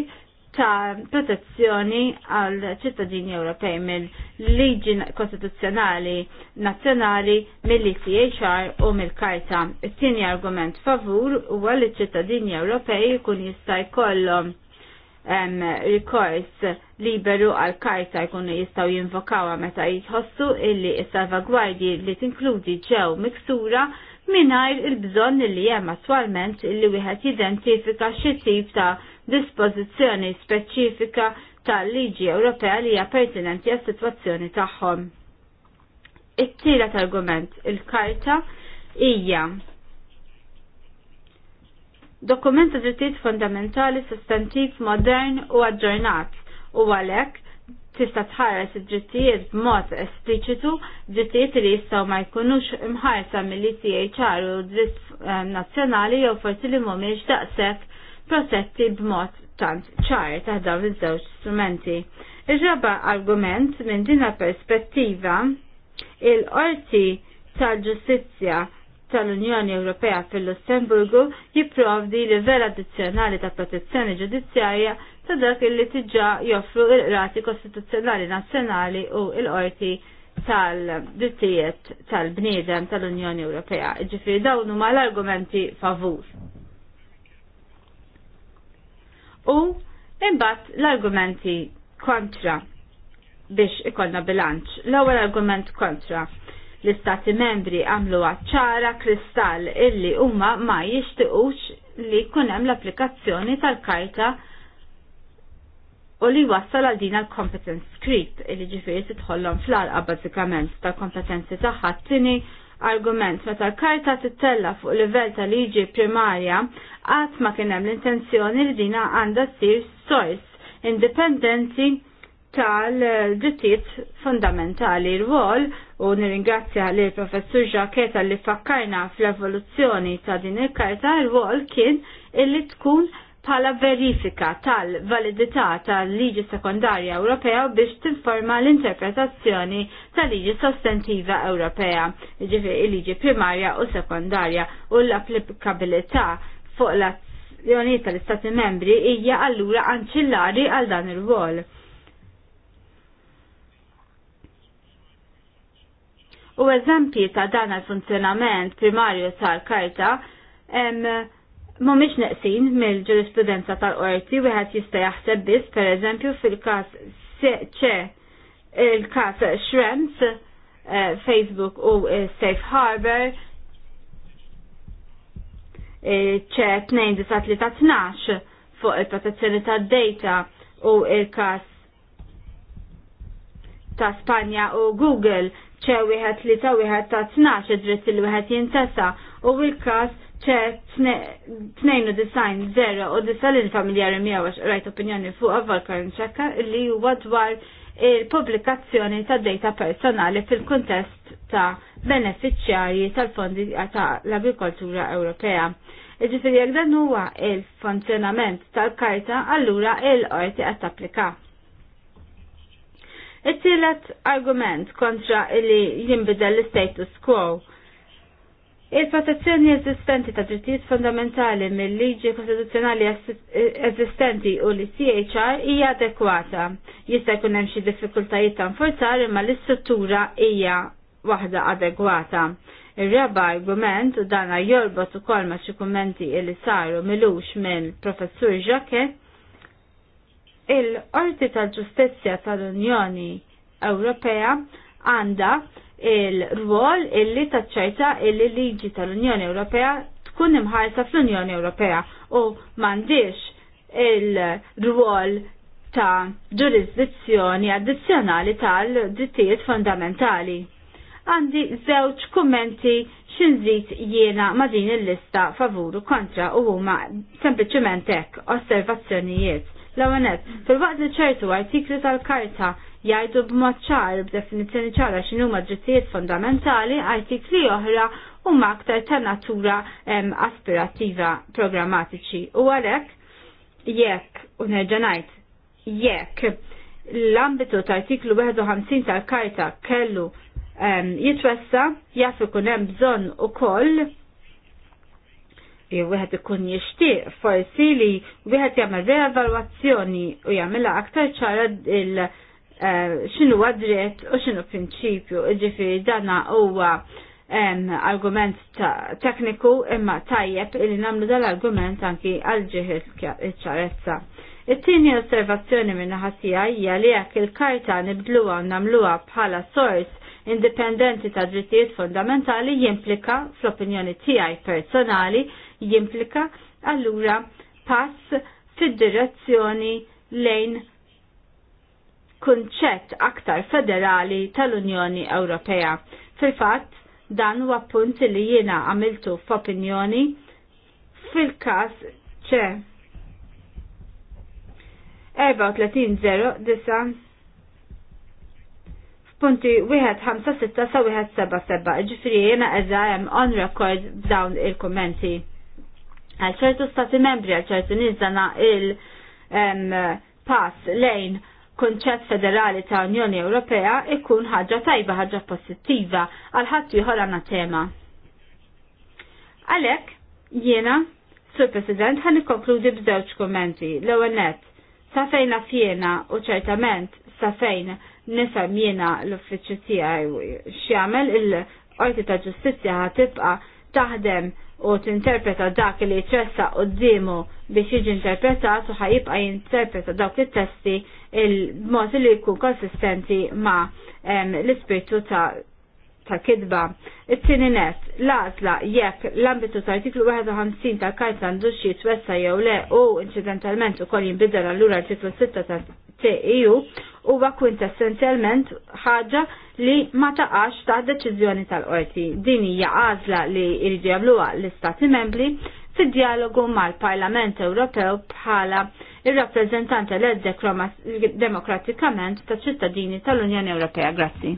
ta' protezzjoni għal ċittadini Ewropej mill-liġi kostituzzjonali nazzjonali mill-ICHR u mill-Karta. It-tieni argument favur huwa li ċittadini Ewropej kun jista' jkollhom um, rikors liberu għal karta jkunu jistaw jinvokawa meta jħossu illi s-salvagwardji li tinkludi ġew miksura minnajr il-bżonn li hemm attwalment illi wieħed jidentifika xi tip ta' dispożizzjoni speċifika tal-liġi Ewropea li hija pertinenti għas sitwazzjoni tagħhom. It-tielet argument il-karta hija dokument ta' drittijiet fundamentali sostantiv modern u aġġornat u għalhekk tista' tħares id-drittijiet b'mod espliċitu, drittijiet li jistgħu ma jkunux imħarsa mill-ICHR u dritt eh, nazzjonali jew forsi li mhumiex daqshekk protetti b'mod tant ċar ta' dawn iż-żewġ strumenti. Ir-raba argument minn din perspettiva il-qorti tal-ġustizzja tal-Unjoni Ewropea fil-Lussemburgu jipprovdi livell addizzjonali ta' protezzjoni ġudizzjarja ta' dak li tiġa joffru il-rati kostituzzjonali nazzjonali u il-qorti tal-drittijiet tal-bniedem tal-Unjoni Ewropea. Ġifiri dawn huma l-argumenti favur u imbagħad l-argumenti kontra biex ikollna bilanċ. L-ewwel argument kontra l-istati membri għamlu ċara kristall illi huma ma jixtiqux li jkun hemm l-applikazzjoni tal-karta u li wassal għal din l-competence script, illi ġifiri tidħollhom fl-arqa bażikament tal-kompetenzi taħħat t argument meta l-karta tittella fuq livell ta' liġi primarja għat ma kien hemm l-intenzjoni li dina għandha ssir source indipendenti tal-drittijiet fundamentali rwol u nirringrazzja li professur Ġaketa li fakkarna fl-evoluzzjoni ta' din il-karta rwol kien illi tkun pala verifika tal-validità tal-liġi sekondarja Ewropea biex tinforma l-interpretazzjoni tal-liġi sostentiva Ewropea, il liġi primarja u sekondarja u l-applikabilità fuq l-azzjoni tal-Istati membri hija allura anċillari għal dan ir-rwol. U eżempji ta' dan il-funzjonament primarju tal-karta Mhumiex neqsin mill-ġurisprudenza tal-qorti wieħed jista' jaħseb biss pereżempju fil-każ ċe il-każ Shrems eh, Facebook u eh, Safe Harbor eh, ċe tnax fuq il-protezzjoni tad-data u il-każ ta' Spanja u Google ċe wieħed li ta' wieħed ta' 12 id-dritt li wieħed jintesa u il-każ ċe design zero u disalin familjari familjari għax rajt opinjoni fuq avval Karin Ċekka li huwa dwar il-publikazzjoni ta' data personali fil-kontest ta' beneficjari tal-fondi ta' l-agrikoltura Ewropea. Ġifiri, jek dan huwa il-funzjonament tal-karta, allura il-qorti qed tapplika. It-tielet argument kontra li jinbidel l-status quo Il-protezzjoni eżistenti ta' drittijiet fondamentali mill-liġi kostituzzjonali eżistenti u li CHR hija adekwata. Jista' jkun hemm xi diffikultajiet ta' nforzar imma l-istruttura hija waħda adegwata. Ir-raba argument u dana jorbot ukoll ma' xi kummenti li saru milux minn professur Jacke, il-Qorti tal-Ġustizzja tal-Unjoni Ewropea għanda il-rwol illi taċċerta illi liġi tal-Unjoni Ewropea tkun imħarsa fl-Unjoni Ewropea u m'għandix il-rwol ta' ġurisdizzjoni addizzjonali tal-drittijiet fondamentali. Għandi żewġ kummenti xinżit jiena ma' din il-lista favuru kontra u huma sempliċiment hekk osservazzjonijiet. L-għonet, fil-waqt li ċertu artiklu tal-karta Jajdu b'mod ċar, b'definizzjoni ċara x'inhuma drittijiet fondamentali, artikli oħra huma aktar ta' natura aspirativa programmatiċi. U għalhekk jekk u nerġanajt jekk l-ambitu ta' artiklu 51 tal-karta kellu jitwessa jaf ikun hemm bżonn ukoll jew wieħed ikun jixtieq forsi li wieħed jagħmel reevalwazzjoni u jagħmilha aktar ċara il- Eh, xinu għadret u xinu prinċipju, ġifiri dana huwa argument tekniku imma tajjeb illi namlu dal-argument anki għal-ġiħi ċarezza. It-tieni osservazzjoni minna ħasija hija li jekk il-karta nibdluha u namluha bħala sors indipendenti ta' drittijiet fundamentali jimplika, fl-opinjoni tiegħi personali, jimplika allura pass fid-direzzjoni lejn kunċett aktar federali tal-Unjoni Ewropea. Fil-fatt, dan huwa punt li jiena għamiltu f'opinjoni fil-każ ċe 34.09 f'punti 1.56 sa 1.77 ġifri jena eżajem on record dawn il-kommenti. Għal ċertu stati membri, għal ċertu nizzana il-pass lejn kunċett federali ta' Unjoni Ewropea ikun ħaġa tajba ħaġa pozittiva għal ħadd ieħor għandna tema. Għalhekk jiena, Sur President, ħan ikkonkludi b'żewġ kummenti. L-ewwel nett, sa fejn fjena u ċertament sa fejn nifhem jiena l-uffiċċju tiegħi x'jagħmel il-Qorti ta' Ġustizzja ħatibqa' taħdem u tinterpreta dak li tressa dimu biex jiġi interpretat u ħajibqa jinterpreta dawk it-testi il-mod li jkun konsistenti ma l-ispirtu ta' ta' kidba. It-tieni net, l-għażla jekk l-ambitu ta' artiklu 51 ta' karta għandu xi twessa jew le u inċidentalment ukoll l-ura artiklu 6 ta' TEU huwa kwintessenzjalment ħaġa li ma taqax ta' deċiżjoni tal-qorti. Din hija għażla li jridu jagħmluha l-Istati membri fid-dialogu mal-Parlament Ewropew bħala ir-rappreżentant elezzek demokratikament ta' ċittadini tal-Unjoni Ewropea. Grazzi.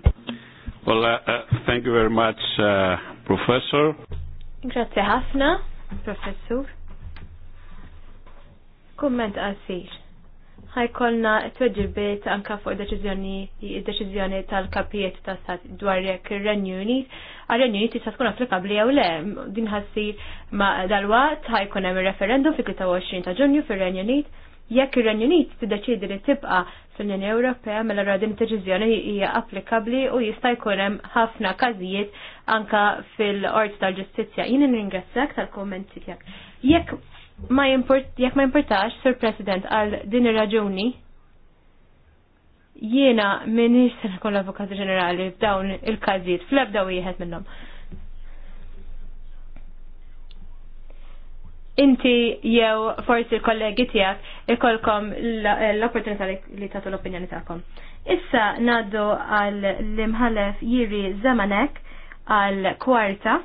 Well, uh, uh, thank you very much, uh, Professor. Grazie ħafna, Professur. Komment għasir ħajkolna t-tweġibiet anka fuq il deċizjoni tal-kapijiet ta' stat dwar jekk ir-Renju Unit. Għar-Renju Unit tista' tkun applikabli jew le, din ħassi ma' dal-wat ħajkun hemm ir-referendum fi 23 ta' Ġunju fir-Renju Unit. Jekk ir-Renju Unit tiddeċiedi li tibqa' fil unjoni Ewropea mela ra din deċiżjoni hija applikabbli u jista' jkun hemm ħafna każijiet anka fil-Qorti tal-Ġustizzja. Jien ningrazzjak tal-kummenti tiegħek. Jekk ma jekk ma importax, Sir President, għal din ir-raġuni, jiena minix se l avokat Ġenerali f'dawn il-każijiet, fl-ebda wieħed minnhom. Inti jew forsi l-kollegi tiegħek ikolkom l-opportunità li tagħtu l-opinjoni tagħkom. Issa naddu għal l-imħalef Jiri Zamanek għal kwarta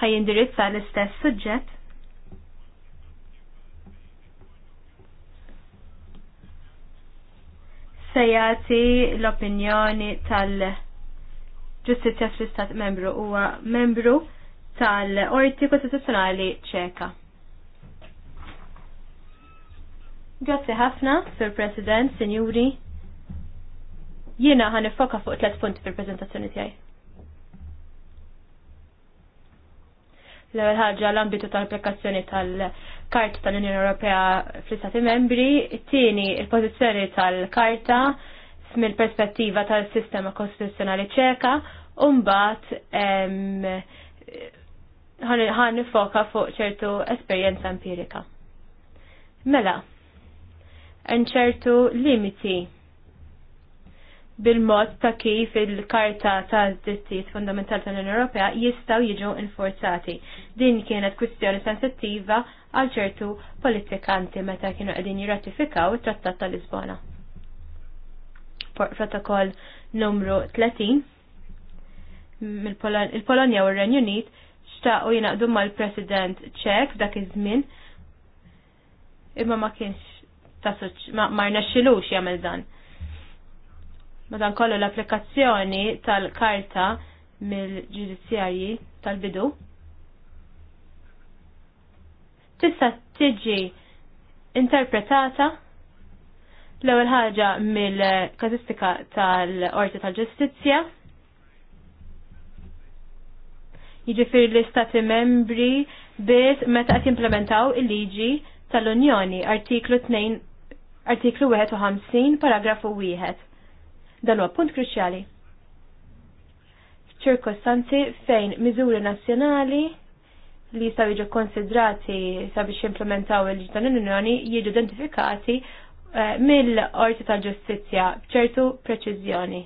ħaj indirizza l-istess suġġett. Sejati l-opinjoni tal-ġustizja fl-istat membru huwa membru tal-orti kostituzzjonali ċeka. Grazzi ħafna, Sir President, Sinjuri. Jiena ħanifoka fuq tlet punti fil-prezentazzjoni tiegħi. L-ewwel ħaġa l-ambitu tal-applikazzjoni tal-Karta tal-Unjoni Ewropea fl-Istati Membri, tieni il-pożizzjoni tal-Karta mill-perspettiva tal-sistema kostituzzjonali ċeka, u mbagħad ħan foka fuq ċertu esperjenza empirika. Mela, hemm ċertu limiti bil-mod ta' kif il-karta ta' drittijiet fundamentali tal-Unjoni Ewropea jistgħu jiġu infurzati. Din kienet kwistjoni sensittiva għal ċertu politikanti meta kienu qegħdin jirratifikaw it-Trattat ta' Lisbona. Protokoll numru 30 il-Polonja u r-Renju Unit xtaqgħu jingħaqdu mal-President Ċek dak iż-żmien imma ma kienx ta' ma rnexxilux jagħmel dan madan kollu l-applikazzjoni tal-karta mill-ġudizzjarji tal-bidu. Tista' tiġi interpretata l-ewwel ħaġa mill-kazistika tal-Qorti tal-Ġustizzja. Jiġifieri l-istati membri biss meta qed jimplementaw il-liġi tal-Unjoni, artiklu 2 artiklu 51, paragrafu 1. Dan huwa punt kruċjali. F'ċirkostanzi fejn miżuri nazzjonali li jistaw jiġu konsidrati sabiex implementaw il-ġdan l-Unjoni jiġu identifikati eh, mill-Qorti tal-Ġustizzja b'ċertu preċiżjoni.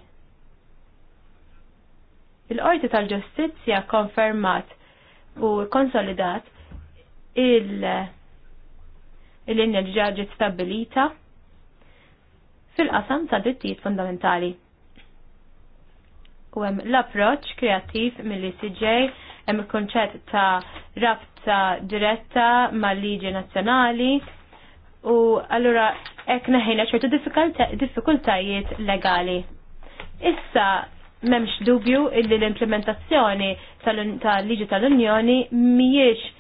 Il-Qorti tal-Ġustizzja konfermat u konsolidat il- linja ġaġi stabilita fil-qasam ta' drittijiet fundamentali. U hemm l-approċċ kreattiv mill-ICJ hemm il-konċett ta' rabta diretta mal-liġi nazzjonali u allura hekk neħejna ċertu diffikultajiet legali. Issa memx dubju illi l-implementazzjoni tal-liġi tal-Unjoni miex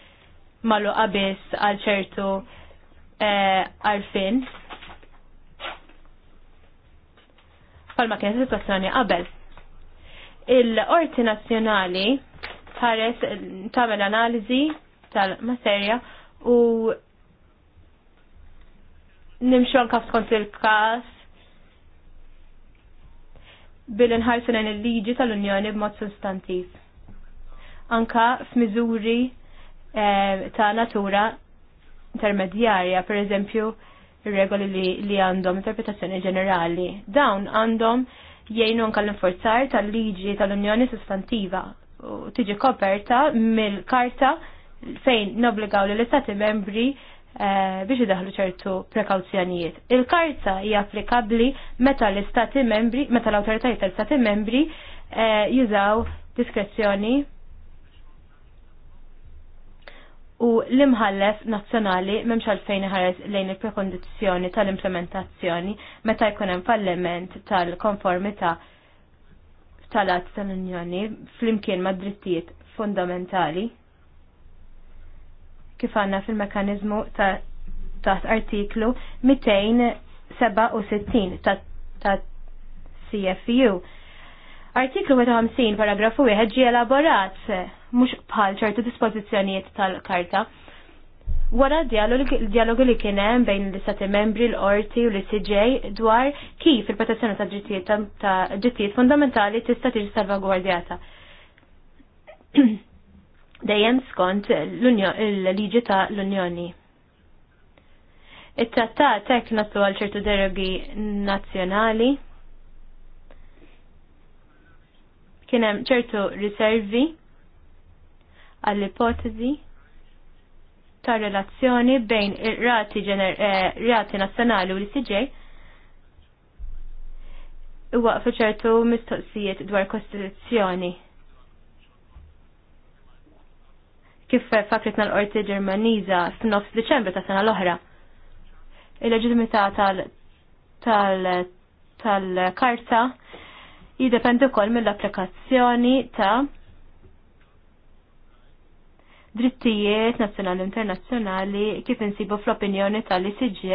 malu qabis għal ċertu eh, għalfin. palma kienet situazzjoni qabel. Il-Orti Nazzjonali ħares tagħmel analiżi tal-materja u nimxu anka skont il-każ bil-inħarsu il-liġi tal-Unjoni b'mod sustantiv. Anka f'miżuri eh, ta' natura intermedjarja, per eżempju, regoli li, li għandhom interpretazzjoni ġenerali. Dawn għandhom jgħinu anka l-inforzar tal-liġi tal-Unjoni Sostantiva u tiġi koperta mill-karta fejn nobligaw li l-Istati membri e, biex daħlu ċertu prekawzjonijiet. Il-karta hija applikabli meta l-Istati membri, meta l-autoritajiet tal-Istati membri eh, jużaw diskrezzjoni u l-imħallef nazzjonali memx għalfejn ħares lejn il-prekondizzjoni tal-implementazzjoni meta jkun hemm falliment tal-konformità tal-att tal-Unjoni flimkien ma' drittijiet fundamentali kif għanna fil-mekanizmu ta' artiklu 267 ta' CFU Artiklu 50 paragrafu 1 ġie elaborat mhux bħal ċertu dispożizzjonijiet tal-karta. Wara dialogu li kien hemm bejn l-istati membri l-orti u l-CJ dwar kif il-protezzjoni ta' ġittijiet fundamentali tista' tiġi salvagwardjata. Dejjem skont l-liġi ta' l-Unjoni. It-trattat hekk natlu għal ċertu derogi nazzjonali Kien hemm ċertu riservi għall-ipotezi ta' relazzjoni bejn ir-rati eh, rati nazzjonali u l u waqfu ċertu mistoqsijiet dwar kostituzzjoni. Kif fakritna l-qorti Ġermaniża f'nofs Diċembru ta' sena l-oħra. Il-leġitimità tal-karta Jidependi wkoll mill-applikazzjoni ta' drittijiet nazzjonali internazzjonali kif insibu fl-opinjoni tal-ICJ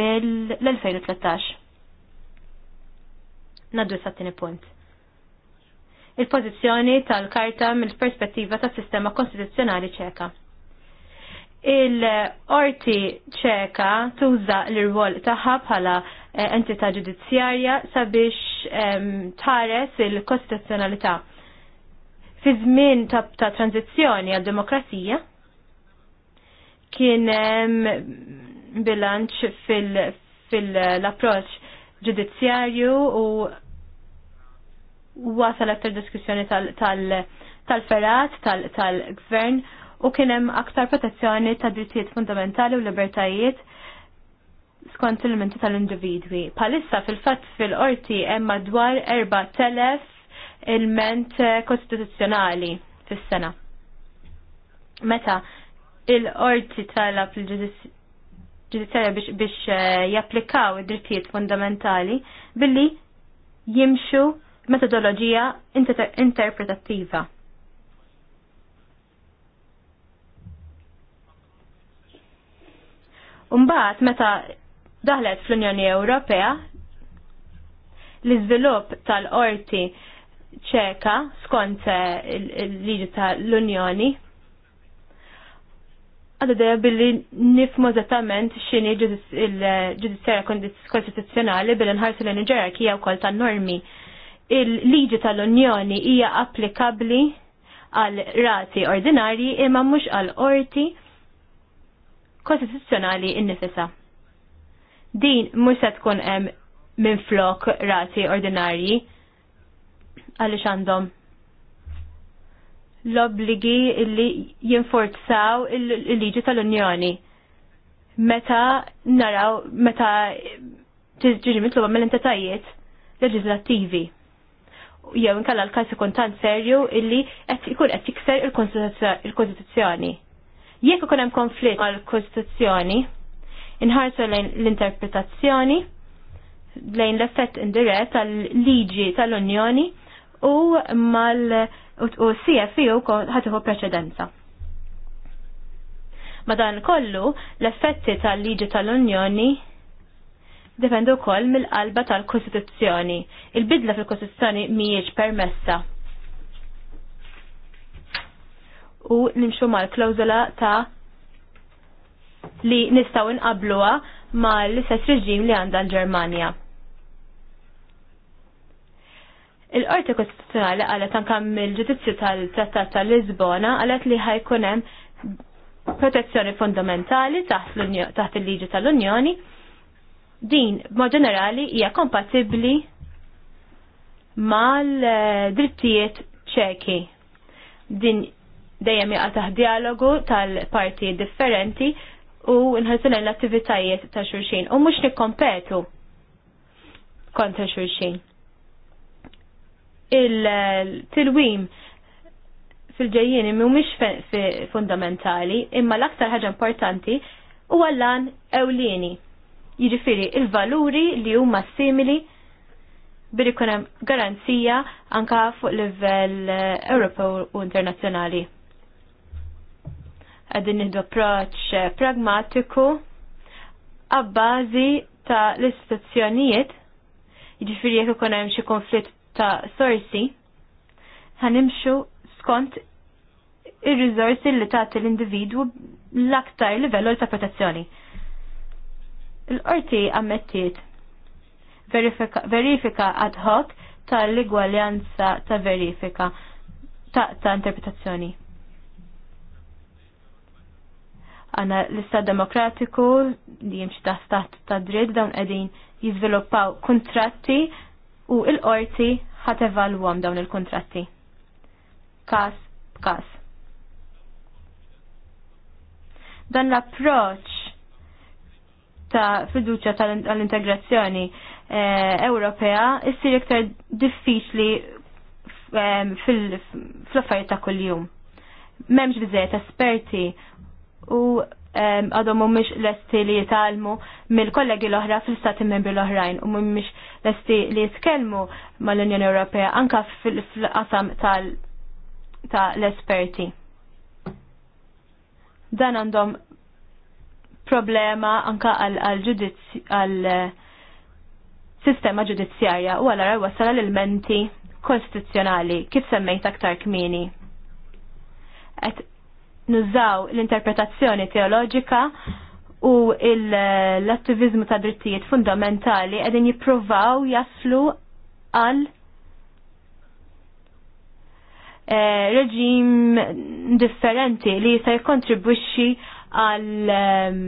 mill-2013. Naddu sa' punt il-pozizjoni tal-karta mill-perspettiva tas sistema konstituzzjonali ċeka. Il-orti ċeka tuża l-rwol tagħha bħala eh, entità ġudizzjarja sabiex ehm, tħares il-kostituzzjonalità. Fi żmien ta', ta tranzizzjoni għad-demokrazija kien ehm, bilanċ fil-approċ fil ġudizzjarju u wasal aktar diskussjoni tal-ferat, tal, tal tal-gvern u kien hemm aktar protezzjoni ta' drittijiet fundamentali u libertajiet skont il-menti tal-individwi. Palissa fil-fatt fil-qorti hemm madwar 4000 il-ment eh, kostituzzjonali fis-sena. Meta il-qorti talab il-ġudizzjarja biex, biex eh, japplikaw id-drittijiet fundamentali billi jimxu metodoloġija interpretattiva. Umbaħt, meta daħlet fl-Unjoni Ewropea, l-izvilup tal-orti ċeka skont eh, il-liġi tal-Unjoni għadda dejja billi nifmu eżattament x'inhi il-ġudizzjarja konstituzzjonali billi nħarsu l ġerarkija wkoll tan-normi. Il-liġi tal-Unjoni hija applikabbli għal rati ordinarji imma mhux għal orti kostituzzjonali innifisa. Din mhux se tkun hemm minn flok rati ordinarji għaliex għandhom l-obligi li jinforzaw il-liġi tal-Unjoni. Meta naraw, meta tiġi mitluba mill-entitajiet leġislattivi. Jew inkalla l-każ ikun tant serju illi qed ikun qed jikser il-Kostituzzjoni. Jekk ikun hemm konflitt mal-Kostituzzjoni, inħarsu lejn l-interpretazzjoni lejn l-effett indirett tal-liġi tal-Unjoni u mal- u CFU e ħatiħu preċedenza. Madan kollu, l-effetti tal-liġi tal-Unjoni dependu kol mill-qalba tal-Kostituzzjoni. Il-bidla fil-Kostituzzjoni miex permessa. u nimxu mal-klawzola ta' li nistaw inqabluha mal-istess reġim li għandha l-Ġermanja. Il-qorti kostituzzjonali għalet ankam il-ġudizzju tal-Trattat tal-Lisbona għalet li ħajkun hemm protezzjoni fondamentali taħt il-liġi tal-Unjoni. Din, b'mod ġenerali, hija kompatibbli mal-drittijiet ċeki. Din dejjem jaqa' taħ dialogu tal-parti differenti u nħarsu l-attivitajiet ta' xulxin u mhux nikkompetu kontra xulxin. Il-tilwim fil mu mux fundamentali imma l-aktar ħaġa importanti huwa għallan ewlieni. Jiġifieri il-valuri li huma simili bir ikun hemm garanzija anka fuq livell Ewropew u internazzjonali għadin nihdu approċ eh, pragmatiku għabbażi ta' l-istituzzjonijiet, ġifiri jek ikun hemm xi konflitt ta' sorsi, ħanimxu skont ir-riżorsi li tagħti l-individwu l-aktar livellu ta' protezzjoni. L-qorti ammettiet verifika, ad hoc tal-igwaljanza ta' verifika ta', ta interpretazzjoni għana l-istat demokratiku li jimxi ta' stat ta' dritt dawn għedin jizviluppaw kontratti u il-qorti ħat evalwam dawn il-kontratti. Kas, kas. Dan l-approċ ta' fiduċa tal-integrazzjoni eh, Ewropea issir iktar diffiċli eh, fl-affarijiet ta' kuljum. Memx biżejjed esperti u għadhom mhumiex lesti li jitalmu mill-kollegi l-oħra fl-istati membri l-oħrajn u mhumiex lesti li jitkellmu mal-Unjoni Ewropea anka fil-qasam tal l esperti Dan għandhom problema anka għal sistema ġudizzjarja u għal għal wasal l-elementi konstituzzjonali kif semmejt aktar kmini nużaw l-interpretazzjoni teoloġika u l-attivizmu ta' drittijiet fundamentali qegħdin jippruvaw jaslu għal eh, reġim differenti li jista' jikkontribwixxi għal ehm,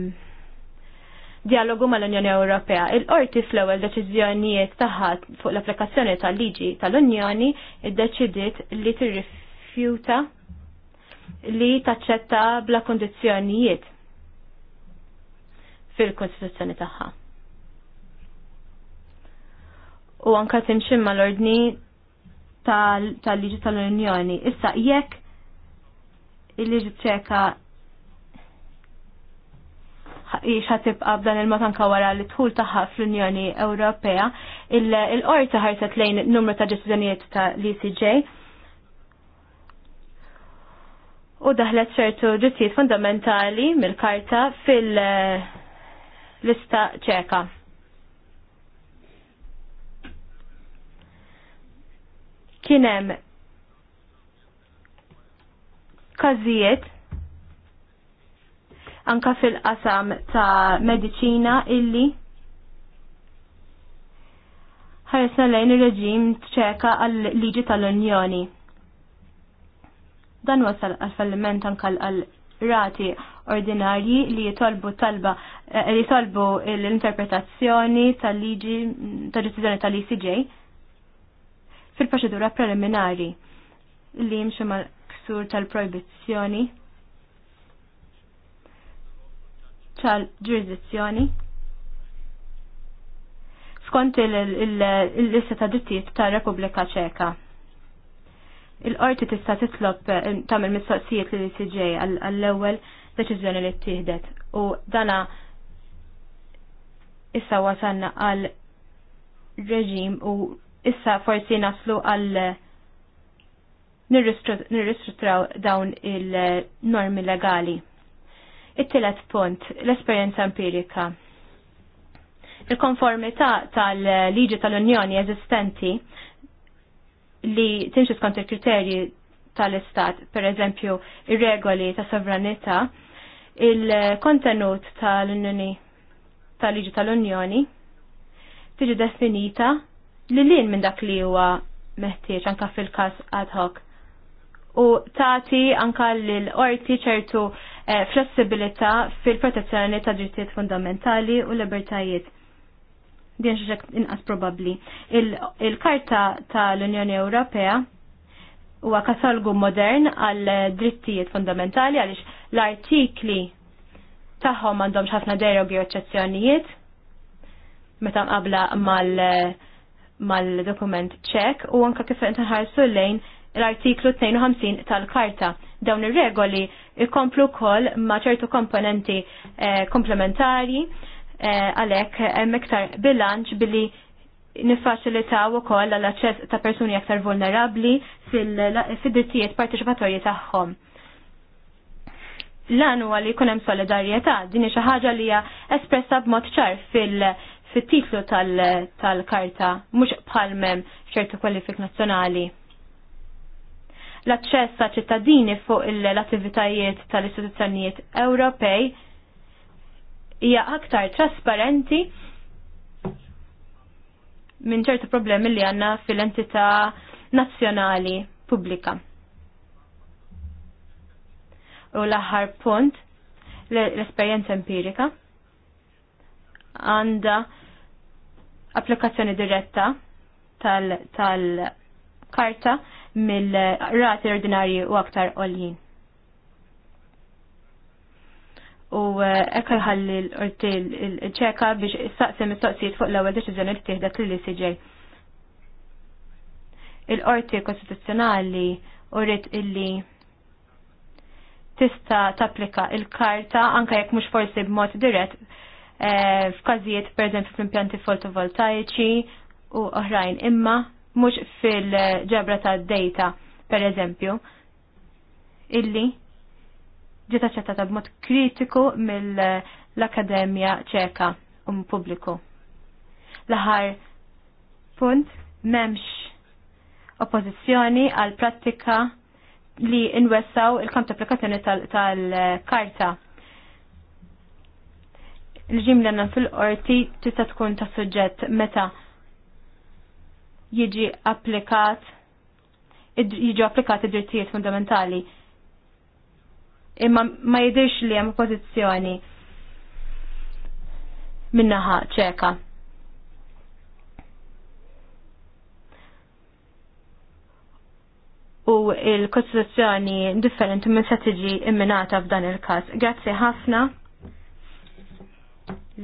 dialogu mal-Unjoni Ewropea. Il-qorti fl-ewwel deċiżjonijiet tagħha fuq l-applikazzjoni tal-liġi tal-Unjoni iddeċidiet li tirrifjuta li taċċetta bla kondizjonijiet fil-Kostituzzjoni tagħha. U anka timxim mal-ordni tal-liġi tal-Unjoni. Issa jekk il-liġi ċeka jixa tibqa b'dan il-mod anka wara li tħul tagħha fl-Unjoni Ewropea, il-qorti ħarset lejn numru ta' ġestjonijiet ta' l-ECJ u daħlet ċertu ġittijiet fundamentali mill-karta fil-lista ċeka. Kienem kazijiet anka fil-qasam ta' medicina illi ħaresna lejn ir-reġim ċeka għal-liġi tal-Unjoni. Dan wasal għal-falliment anka għal-rati ordinarji li jitolbu talba eh, li jitolbu l-interpretazzjoni tal-liġi tal-ġustizzjoni tal-ICJ fil-proċedura preliminari li jimxu mal-ksur tal-proibizzjoni tal-ġurisdizzjoni skont il-lista ta' drittijiet tal Repubblika Ċeka il-qorti tista' titlob eh, tagħmel mistoqsijiet li l e għall-ewwel deċiżjoni li ttieħdet u dana issa wasanna għal reġim u issa forsi naslu għal eh, nirristruttraw dawn il-normi legali. It-tielet punt, l-esperjenza empirika. Il-konformità tal-liġi tal-Unjoni eżistenti li tinxis skont il-kriterji tal-istat, per eżempju, ir-regoli ta' sovranità, il-kontenut tal-Unjoni tal-liġi tal-Unjoni tiġi definita li lin minn dak li huwa meħtieġ anka fil-każ ad hoc. U tati anka l-orti ċertu eh, flessibilità fil-protezzjoni ta' drittijiet fundamentali u libertajiet din xek inqas probabli. Il-karta tal-Unjoni Ewropea huwa katalgu modern għal drittijiet fundamentali għaliex l-artikli tagħhom għandhom ħafna derogi u eċċezzjonijiet meta mqabla mal mal-dokument ċek u anka kif inħarsu lejn l-artiklu 52 tal-karta. Dawn ir-regoli ikomplu kol ma ċertu komponenti eh, komplementari Eh, għalhekk hemm iktar bilanċ billi nifaċilitaw ukoll l-aċċess ta' persuni aktar vulnerabbli fil drittijiet partiċipatorji tagħhom. L-għan li jkun hemm solidarjetà, din xi ħaġa li hija espressa b'mod ċar fit-titlu tal-karta, mhux bħal ċertu kwalifik nazzjonali l-aċċess ta' ċittadini fuq l-attivitajiet tal-istituzzjonijiet Ewropej hija aktar trasparenti minn ċertu problemi li għanna fil-entità nazzjonali pubblika. U l-aħħar punt, l-esperjenza empirika għanda applikazzjoni diretta tal-karta tal karta tal mill rati ordinari u aktar għoljin u eh, ekk ħalli l-ortil il-ċeka biex s mistoqsijiet fuq l-ewwel deċiżjoni li tieħdet lil ġej. Il-qorti kostituzzjonali rrit illi tista tapplika il-karta anka jekk mhux forsi b'mod dirett eh, f'każijiet pereżempju fl-impjanti fotovoltaiċi u oħrajn imma mhux fil-ġabra tad-data pereżempju illi ġiet aċċettata b'mod kritiku mill-Akademja ċeka u pubbliku. L-aħħar punt m'hemmx oppożizzjoni għal prattika li inwessaw il-kamp applikazzjoni tal-karta. Il-ġimla nan fil-qorti tista' tkun ta' suġġett meta jiġi applikat jiġu applikati drittijiet fundamentali imma ma jidirx li hemm pożizzjoni minnaħa ċeka. U il-kostituzzjoni differenti minn se tiġi imminata f'dan il-każ. Grazzi ħafna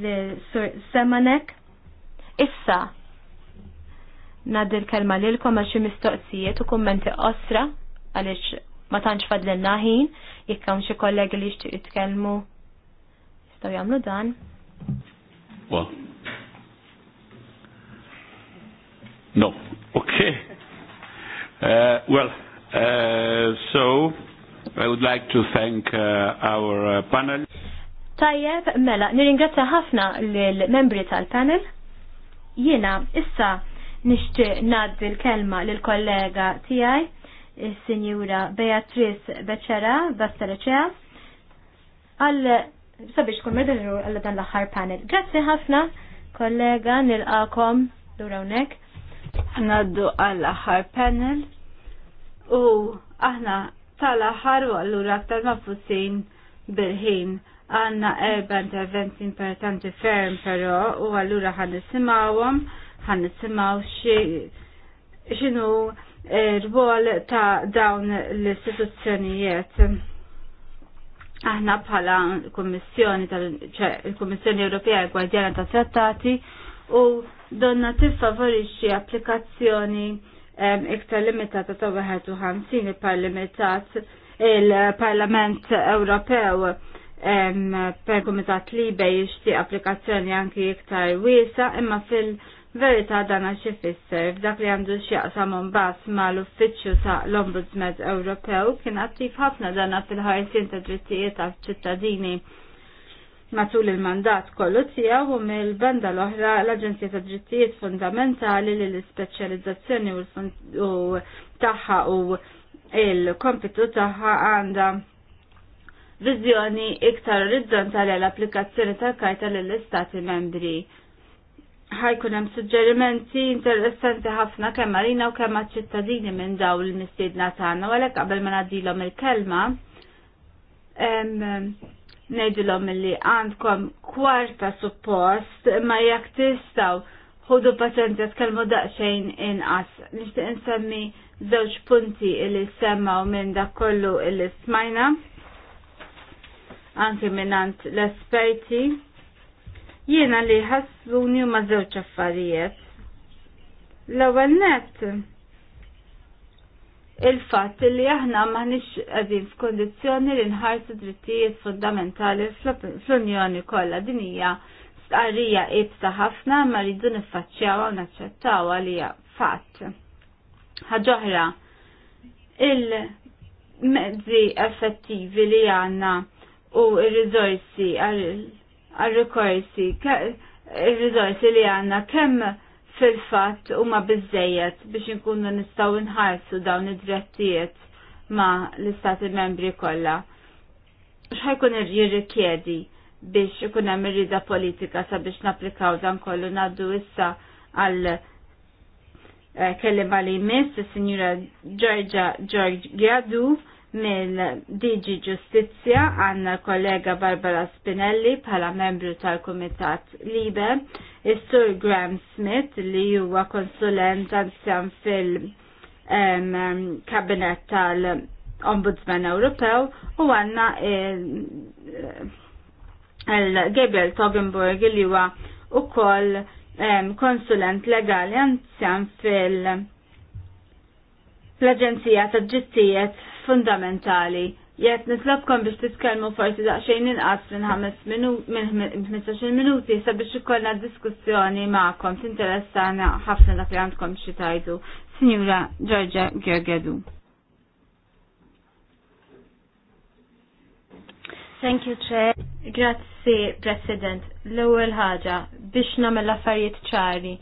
li sur Semanek. Issa nad kelma lilkom għal xi mistoqsijiet u kummenti qosra għaliex ma tantx fadlilna ħin, jekk hawn xi kollegi li jixtieq jitkellmu jistgħu jagħmlu dan. Well. No. Okay. Uh, well, uh, so I would like to thank uh, our uh, panel. Tajjeb, mela, nirringrazzja ħafna lill-membri tal-panel. Jiena issa nixtieq ngħaddi l-kelma lill kollega tiegħi il-Sinjura Beatriz Beċera, Bastaleċea, għal sabiex kun medalru għal dan l-axar panel. Grazzi ħafna, kollega, nil-għakom, durawnek. Naddu għal l-axar panel u aħna tal-axar u għallura aktar mafusin bil-ħin. Għanna erba interventi importanti ferm pero u għallura ħan nisimawom, ħan nisimaw xinu rwol ta' dawn l-istituzzjonijiet. Aħna bħala kummissjoni tal-Kummissjoni Ewropea Gwardjana ta' Trattati u donna tiffavorixxi applikazzjoni iktar limitata ta' 51 il-Parlamentat il-Parlament Ewropew per Kumitat Libej jixtieq applikazzjoni anki iktar wiesa imma fil- Verità dana xi fisser f'dak li għandu x'jaqsam imbagħad mal-Uffiċċju ta' l-Ombudsman Ewropew kien attiv ħafna dana fil-ħarsien ta' drittijiet ta' ċittadini matul il-mandat kollu tiegħu u mill-banda l-oħra l-Aġenzija ta' Drittijiet Fundamentali li l-ispeċjalizzazzjoni u tagħha u il-kompitu tagħha għandha viżjoni iktar orizzontali għall-applikazzjoni tal-karta lill-Istati membri ħajkun hemm suġġerimenti interessanti ħafna kemm għalina u kemm għaċ-ċittadini minn dawn il mistiedna tagħna u għalhekk qabel ma ngħaddilhom il-kelma ngħidilhom li għandkom kwarta suppost ma jekk tistgħu ħudu paċenzja tkellmu daqsxejn inqas. Nixtieq insemmi żewġ punti li semmaw minn dak kollu li smajna anke minn l-esperti Jiena li ħassuni ma' żewġ affarijiet. L-ewwel net il-fatt li aħna maħniex qegħdin f'kondizzjoni li nħarsu drittijiet fundamentali fl-Unjoni kollha din hija stqarrija qiebsa ħafna ma rridu niffaċċjawha u naċċettawha li hija fatt. Ħaġoħra, il-mezzi effettivi li għandna u r rizorsi għal għal-rikorsi, il-rizorsi li għanna kemm fil-fat u ma bizzejiet biex nkunu nistaw nħarsu dawn id-drettijiet ma l-istati membri kolla. Xħajkun jirrikjedi biex ikun hemm irrida politika sabiex napplikaw dan kollu naddu issa għal eh, kellim bali jmiss, il-Sinjura Giorgia Giorgia mill-DG Ġustizzja għanna kollega Barbara Spinelli bħala membru tal-Kumitat Libe, is-Sur Graham Smith li huwa konsulent anzjan fil-kabinet tal-Ombudsman Ewropew u għanna Gabriel Togenburg li huwa koll konsulent legali anzjan fil- l-Aġenzija tal-ġittijiet fundamentali. Jek nitlobkom biex titkellmu forsi daqsxejn inqas minn 15 minuti sabiex ikollna diskussjoni magħkom tinteressana ħafna dak li għandkom xi tajdu. Sinjura Giorgia Gergedu. Thank you, Chair. Grazzi, President. L-ewwel ħaġa biex nagħmel affarijiet ċari.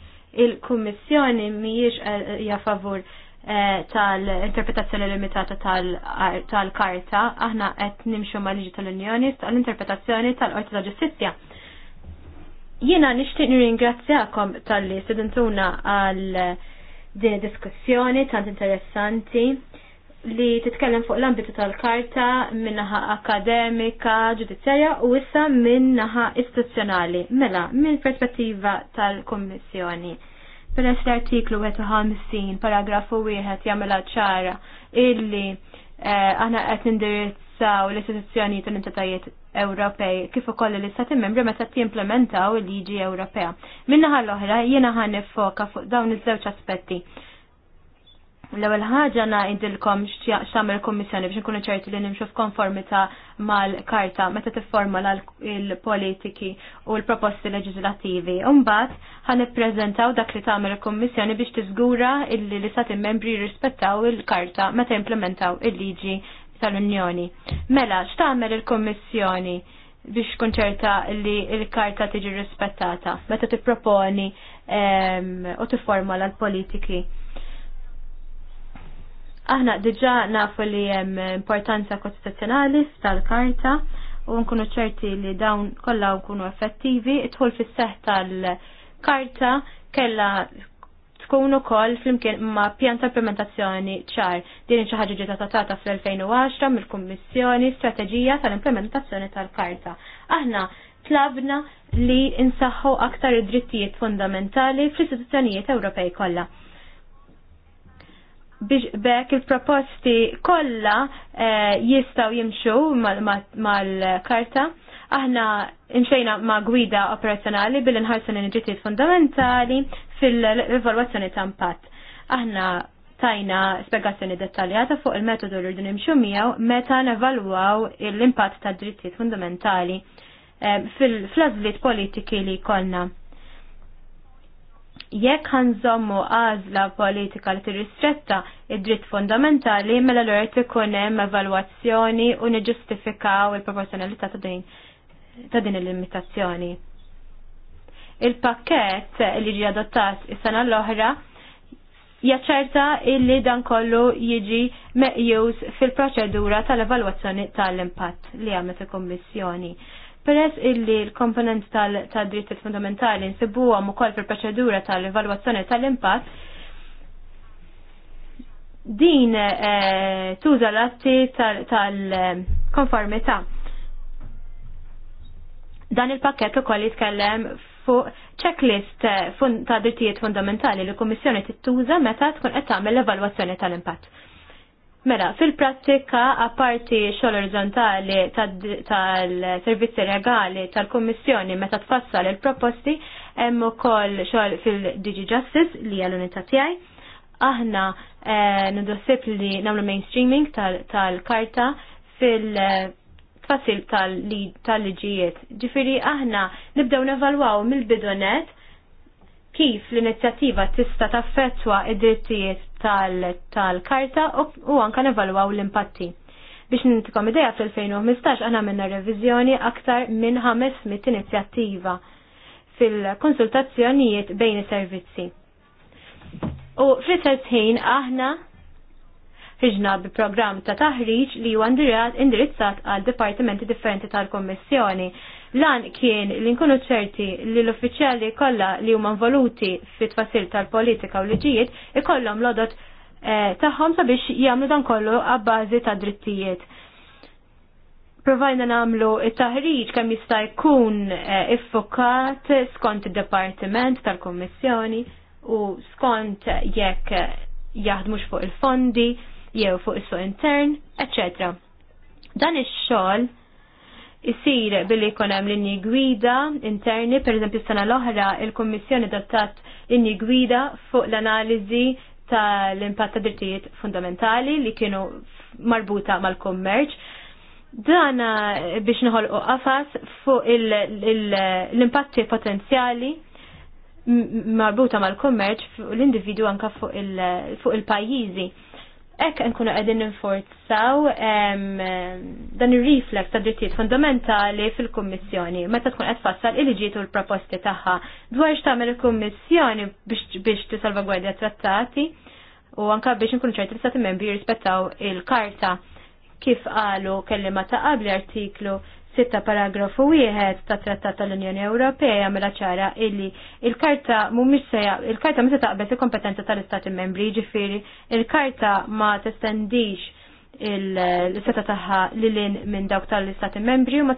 Il-Kummissjoni mhijiex eh, hija favur Eh, tal-interpretazzjoni limitata tal-karta, aħna qed nimxu ma' liġi tal-Unjoni tal-interpretazzjoni tal-Qorti ta' Ġustizzja. Jiena nixtieq nirringrazzjakom tal-li sedentuna għal din diskussjoni tant interessanti li titkellem fuq l-ambitu tal-karta minnaħa akademika ġudizzjarja u issa minnaħa istituzzjonali, mela minn perspettiva tal-Kommissjoni. Peress l-artiklu 51 paragrafu 1 jagħmilha ċara illi eh, aħna qed indirizzaw l-istituzzjoni tal-entitajiet Ewropej kif ukoll l-istati membri meta timplementaw il-liġi Ewropea. Minna l-oħra jiena ħan nifoka fuq dawn iż-żewġ aspetti. L-ewwel ħaġa ngħidilkom x'tagħmel il-Kummissjoni biex inkunu ċerti li nimxu f'konformità mal-karta meta tifforma l-politiki u l-proposti leġislattivi. Imbagħad ħan ippreżentaw dak li tagħmel il-Kummissjoni biex tiżgura illi li stati membri jirrispettaw il-karta meta implementaw il-liġi tal-Unjoni. Mela, x'tagħmel il-Kummissjoni biex tkun ċerta li l-karta tiġi rispettata meta tipproponi ehm, u tifforma l-politiki? Aħna diġa nafu li hemm importanza kostituzzjonali tal-karta u nkunu ċerti li dawn kollha nkunu effettivi, idħol fis-seħ tal-karta kella tkun ukoll flimkien ma' pjan tal implementazzjoni ċar. Din xi ħaġa ġieta tatata fl-2010 mill-Kummissjoni Strateġija tal-Implementazzjoni tal-Karta. Aħna tlabna li insaħħu aktar id-drittijiet fundamentali fl-istituzzjonijiet Ewropej kollha biex bekk il-proposti kollha eh, jistaw jimxu mal-karta. Aħna imxejna ma' gwida operazzjonali billi nħarsu l-inġitiet fundamentali fil-evalwazzjoni ta' impatt. Aħna tajna spiegazzjoni dettaljata fuq il-metodu li rridu nimxu miegħu meta nevalwaw l-impatt ta' drittijiet fundamentali eh, fil-flażliet politiki li konna jekk ħanżommu għażla politika li tirristretta id-dritt fundamentali, mela l ikun hemm evalwazzjoni u niġġustifikaw il-proporzjonalità ta' din il-limitazzjoni. Il-pakket li ġi adottat is-sena l-oħra jaċċerta illi dan kollu jiġi meqjuż fil-proċedura tal-evalwazzjoni tal-impatt li għamet il-Kommissjoni. il il kommissjoni Peress illi l-komponent tal-drittijiet fundamentali nsibuhom ukoll fil-proċedura tal-evalwazzjoni tal-impatt, din eh, tuża l-atti tal-konformità. Dan il-pakket ukoll jitkellem fuq checklist eh, ta' drittijiet fundamentali li l-Kummissjoni tittuża meta tkun qed tagħmel l-evalwazzjoni tal-impatt. Mela, fil-prattika, apparti xogħol orizzontali tal-servizzi regali tal-Kommissjoni meta tfassal il-proposti, hemm ukoll xogħol fil-Digi Justice li hija l-unità tiegħi. Aħna eh, nidossib li nagħmlu mainstreaming tal-karta fil- tfassil tal-liġijiet. Ġifiri aħna nibdew nevalwaw mill-bidonet kif l-inizjattiva tista' taffettwa id-drittijiet tal-karta u anka nevalwaw l-impatti. Biex nintikom ideja fil-2015 għana minna revizjoni aktar minn 500 inizjattiva fil-konsultazzjonijiet bejn is-servizzi. U fl-istess ħin aħna ħiġna bi programm ta' taħriġ li huwa indirizzat għal dipartimenti differenti tal-Kommissjoni Lan kien li nkunu ċerti li l-uffiċjali kollha li huma involuti fit tfasil tal-politika u liġijiet ikollhom lodot eh, tagħhom sabiex jagħmlu dan kollu għabbażi ta' drittijiet. Provajna namlu it-taħriġ kemm jista' jkun eh, iffokat skont id-Dipartiment tal-Kummissjoni u skont jekk jaħdmux fuq il-fondi jew fuq is-suq intern, eċċetera. Dan ix-xogħol isir billi jkun hemm linji gwida interni, pereżempju s sana l-oħra il-Kummissjoni l linji gwida fuq l-analiżi tal-impatt ta' drittijiet fundamentali li kienu marbuta mal-kommerċ. Dan eh, biex u qafas fuq l-impatti potenzjali marbuta mal-kommerċ l individwu anka fuq il-pajjiżi. Ek nkunu għedin ninforzaw dan il-reflex ta' drittijiet fundamentali fil-Kommissjoni, meta tkun qed fassal il-ġiet u l-proposti tagħha dwar x'tagħmel il-Kommissjoni biex tisalvagwardja trattati u anka biex nkunu ċerti l-Stati membri jirrispettaw il-Karta kif qalu kellima ta' qabli artiklu sitta paragrafu wieħed ta' Trattat tal-Unjoni Ewropea jagħmilha ċara illi il-karta mhumiex se il-karta ma se taqbel il-kompetenza tal-Istati Membri, ġifieri il-karta ma testendix il-seta taħħa lilin minn dawk tal-istati membri u ma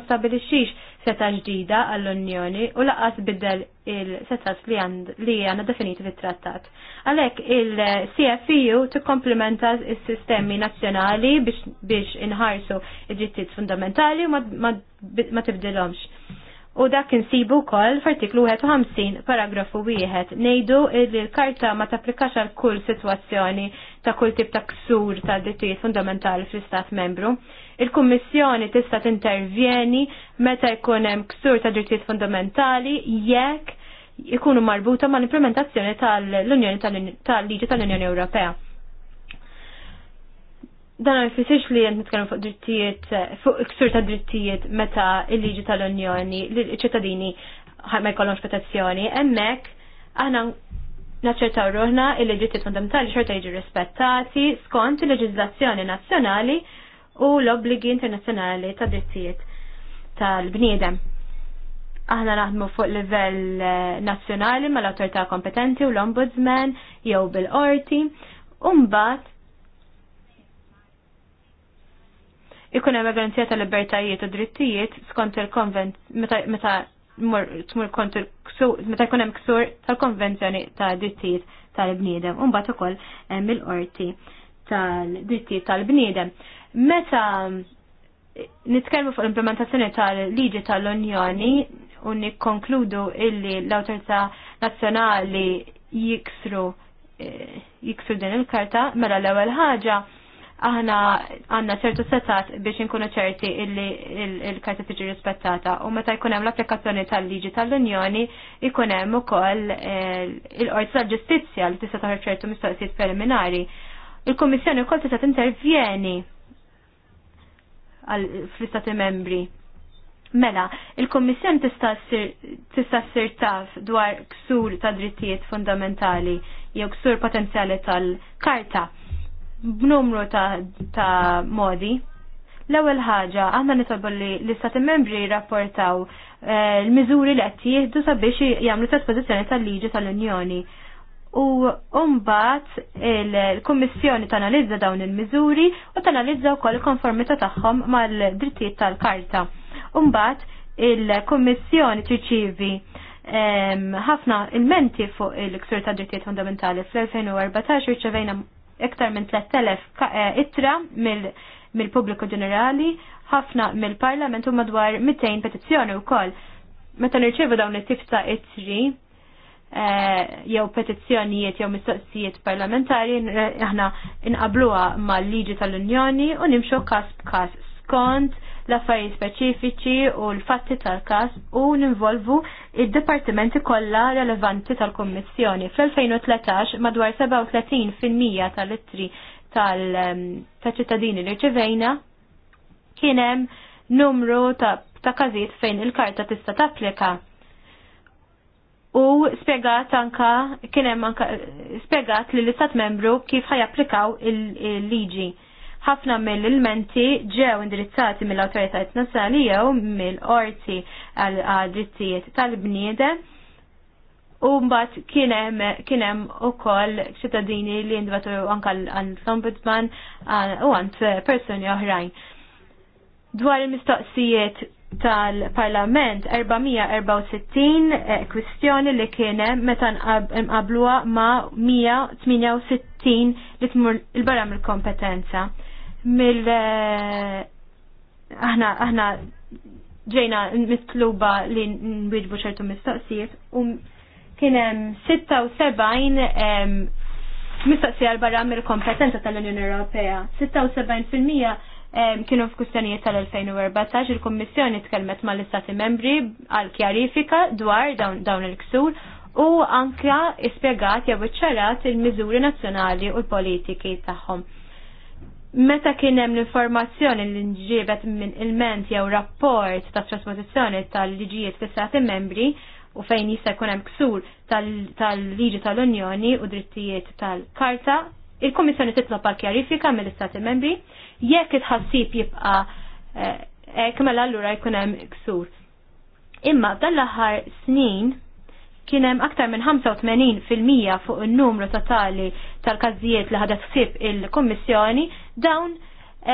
stabilixix seta ġdida għall-Unjoni u laqas biddel il seta li għanna definiti fit-trattat. Għalek il-CFU e t-komplementa il-sistemi nazjonali biex inħarsu il-ġittijiet fundamentali u ma tibdilomx U dak insibu kol f'artiklu 51 paragrafu 1 nejdu li l-karta ma tapplikax għal kull situazzjoni ta' kull tip ta' ksur ta' drittijiet fundamentali fl-Istat membru. Il-Kummissjoni tista' tintervjeni meta jkun hemm ksur ta' drittijiet fundamentali jekk ikunu marbuta ma' l-implementazzjoni tal-Unjoni tal-Liġi tal-Unjoni Ewropea dan ma jfissirx li jent nitkellem fuq drittijiet, fuq ksur ta' drittijiet meta il-liġi tal-Unjoni, l-ċittadini ma jkollhomx protezzjoni, hemmhekk aħna naċċertaw ruħna il-liġittijiet fundamentali xorta jiġu rispettati skont il-leġiżlazzjoni nazzjonali u l-obbligi internazzjonali ta' drittijiet tal-bniedem. Aħna naħdmu fuq livell eh, nazzjonali mal-awtorità kompetenti u l-ombudsman jew bil-qorti u mbagħad ikun hemm garanzija tal-libertajiet u drittijiet skont il-konvent meta tmur meta jkun hemm ksur tal-konvenzjoni ta' drittijiet tal-bniedem u mbagħad ukoll hemm il-qorti tal-drittijiet tal-bniedem. Meta nitkellmu fuq l-implementazzjoni tal-liġi tal-Unjoni u nikkonkludu illi l-Awtorità Nazzjonali jiksru eh, jiksru din il-karta mela l-ewwel ħaġa aħna għanna ċertu setat biex inkunu ċerti illi il-karta tiġi rispettata u meta jkun hemm l-applikazzjoni tal-liġi tal-Unjoni jkunem hemm ukoll eh, il-qorti tal-ġustizzja li tista' toħroġ ċertu mistoqsijiet preliminari. Il-Kummissjoni wkoll tista' tintervjeni fl-Istati membri. Mela, il komissjoni tista' ssir taf dwar ksur ta' drittijiet fundamentali jew ksur potenzjali tal-karta b'numru ta', ta modi. L-ewwel ħaġa aħna nitolbu li l-istati membri rapportaw eh, l-miżuri li qed jieħdu sabiex jagħmlu trasposizzjoni tal-liġi tal-Unjoni. U mbagħad il-Kummissjoni tanalizza dawn il-miżuri u tanalizza wkoll konformità tagħhom mal-drittijiet tal-Karta. U mbagħad il-Kummissjoni tirċievi ehm, ħafna il-menti fuq il-ksur ta' drittijiet fundamentali fl-2014 riċevejna iktar minn 3000 eh, itra mill-pubbliku ġenerali, ħafna mill-parlament u madwar 200 petizzjoni wkoll. Meta nirċevu dawn it tifta ta' ittri, eh, jew petizzjonijiet jew mistoqsijiet parlamentari eh, aħna inqabluha mal-liġi tal-Unjoni u nimxu każ b'każ skont l-affarijiet speċifiċi u l-fatti tal-każ u ninvolvu id-dipartimenti kollha relevanti tal-Kummissjoni. Fl-2013 madwar 37% tal-ittri tal-ċittadini li ċivejna kien hemm numru ta' ta' każijiet fejn il-karta tista' tapplika. U spiegat anka kien hemm anka spiegat li l-istat membru kif ħajapplikaw il-liġi. il liġi ħafna mill-ilmenti ġew indirizzati mill-autoritajiet nazzjonali jew mill-orti għal drittijiet tal bniede u mbagħad kien hemm ukoll ċittadini li ndbatu anke għall-ombudsman u għand persuni oħrajn. Dwar il-mistoqsijiet tal-Parlament 464 eh, kwistjoni li kienem meta nqabluha ma' 168 li tmur il-barra mill-kompetenza mill eh, aħna aħna ġejna mitluba li nwidbu ċertu mistoqsijiet u kien hemm 76 mistoqsija barra mill-kompetenza tal-Unjoni Ewropea. 76% kienu f'kustjonijiet tal-2014 il kummissjoni tkellmet mal-Istati membri għal kjarifika dwar dawn il-ksur u anka ispjegat jew iċċarat il-miżuri nazzjonali u l-politiki tagħhom. Meta kien hemm l-informazzjoni li nġibet minn ilment jew rapport ta' trasposizzjoni tal-liġijiet fis sati membri u fejn jista' jkun hemm ksur tal-liġi tal-Unjoni u drittijiet tal-Karta, il-Kummissjoni titlob għal kjarifika mill-Istati membri jekk it-ħassib jibqa' eh, hekk mela allura jkun hemm ksur. Imma dan l-aħħar snin kien hemm aktar minn 85% fuq in-numru totali tal-każijiet li ħadet ħsieb il-Kummissjoni dawn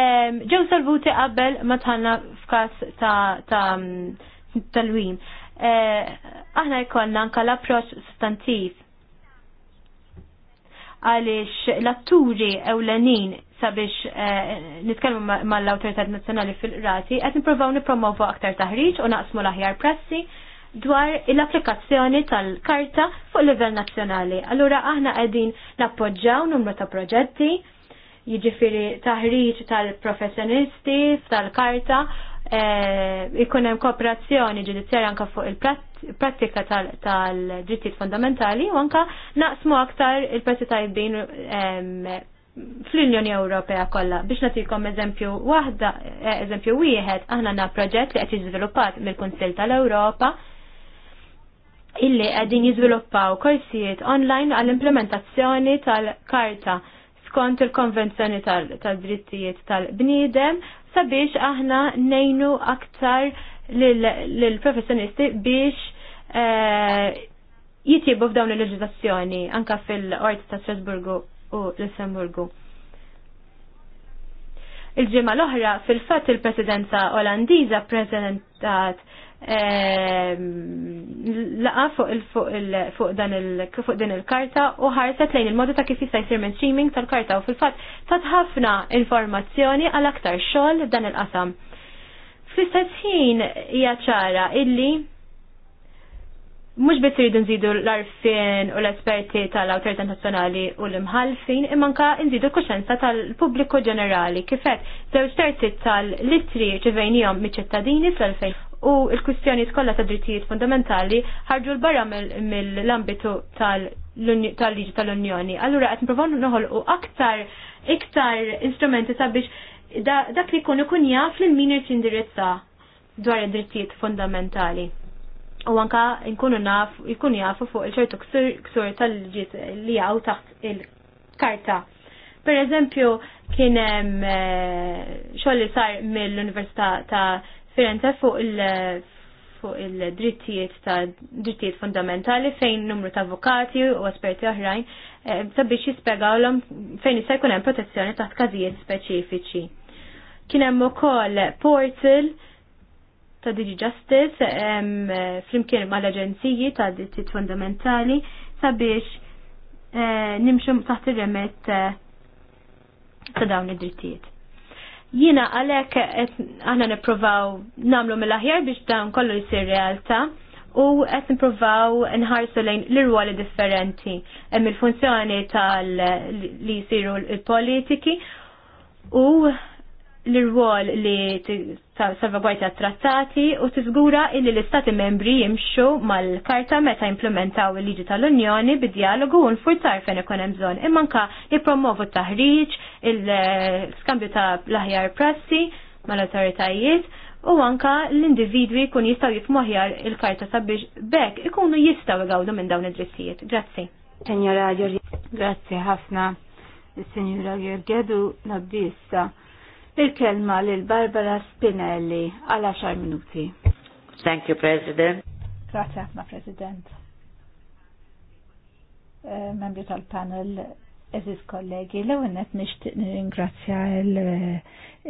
ehm, ġew salvuti qabel ma tħanna f'każ ta' tal-wim. Eh, aħna jkollna anke l-approċċ sostantiv għaliex l-atturi ewlenin sabiex eh, nitkellmu mal-awtoritat nazzjonali fil-rati qed nippruvaw nippromovu aktar taħriġ u naqsmu l-aħjar pressi dwar l-applikazzjoni tal-karta fuq livell nazzjonali. Allura aħna qegħdin nappoġġaw numru ta' proġetti, jiġifieri taħriġ tal-professjonisti tal-karta, eh, ikun hemm kooperazzjoni ġudizzjarja anke fuq il-prattika tal-drittijiet fundamentali u anke naqsmu aktar il-prezzi tajbin ehm, fl-Unjoni Ewropea kollha. Biex nagħtikom eżempju waħda, eh, eżempju wieħed, aħna na proġett li qed jiżviluppat mill-Kunsill tal-Ewropa illi għedin jizviluppaw korsijiet online għall-implementazzjoni tal-karta skont il-konvenzjoni tal-drittijiet tal-bnidem sabiex aħna nejnu aktar lill-professjonisti biex eh, jitjibu f'dawn il-leġizazzjoni anka fil-Qorti ta' Strasburgu u Lussemburgu. Il-ġimgħa l-oħra fil-fatt il-Presidenza Olandiża preżentat Ehm, laqa fuq il-fuq din il-karta u ħarset lejn il-modu ta' kif jista' jsir minn streaming tal-karta u fil-fatt tat ħafna informazzjoni għal aktar xogħol dan il-qasam. Fl-istess ħin hija ċara illi mhux biss rridu nżidu l-arfin u l-esperti tal awtorità nazzjonali u l-imħalfin, immanka nżidu l-kuxenza tal-pubbliku ġenerali kif kifet żewġ terzi tal-litri ċivejnijom miċ-ċittadini sal-2000 u l-kwistjoni kollha ta' drittijiet fundamentali ħarġu l-barra mill-ambitu tal-liġi tal-Unjoni. Allura qed nipprovaw noħolqu aktar iktar instrumenti sabiex dak li jkun ikun jaf lil min irid jindirizza dwar id-drittijiet fundamentali. U anka nkunu naf, jkun jafu fuq il-ċertu ksur tal liġi li għaw taħt il-karta. Per eżempju, kien eh, xogħol li sar mill-Università ta' Firenze fuq il- fuq il-drittijiet ta' drittijiet fundamentali fejn numru ta' avukati u esperti oħrajn eh, sabiex jispjegawlhom fejn jista' jkun hemm protezzjoni taħt każijiet speċifiċi. Kien hemm ukoll portal ta' Digi Justice flimkien mal-aġenziji ta' drittijiet fundamentali sabiex eh, nimxu taħt ir remett eh, ta' dawn id-drittijiet. Jina għalek għana niprovaw namlu mill-aħjar biex dan kollu jisir realta u qed niprovaw nħarsu lejn l-irwali differenti hemm il-funzjoni tal li jsiru l-politiki u l-irwol li ta' trattati u tiżgura illi l-Istati membri jimxu mal-karta meta implementaw il-liġi tal-Unjoni bid-dialogu u nfurtar fejn ikun hemm bżonn immanka jippromovu taħriġ, il-skambju ta' l-aħjar prassi mal-autoritajiet u anka l-individwi kun jistaw jifmoħjar il-karta sabiex bekk ikunu jistaw igawdu minn dawn id-drittijiet. Grazzi. Senjora Grazzi ħafna. Senjora Jorgedu nabbissa il-kelma lil Barbara Spinelli għal 10 minuti. Thank you, President. Grazie ma President. Eh, membri tal-panel, eżis kollegi, l għennet nishtiq ringrazzja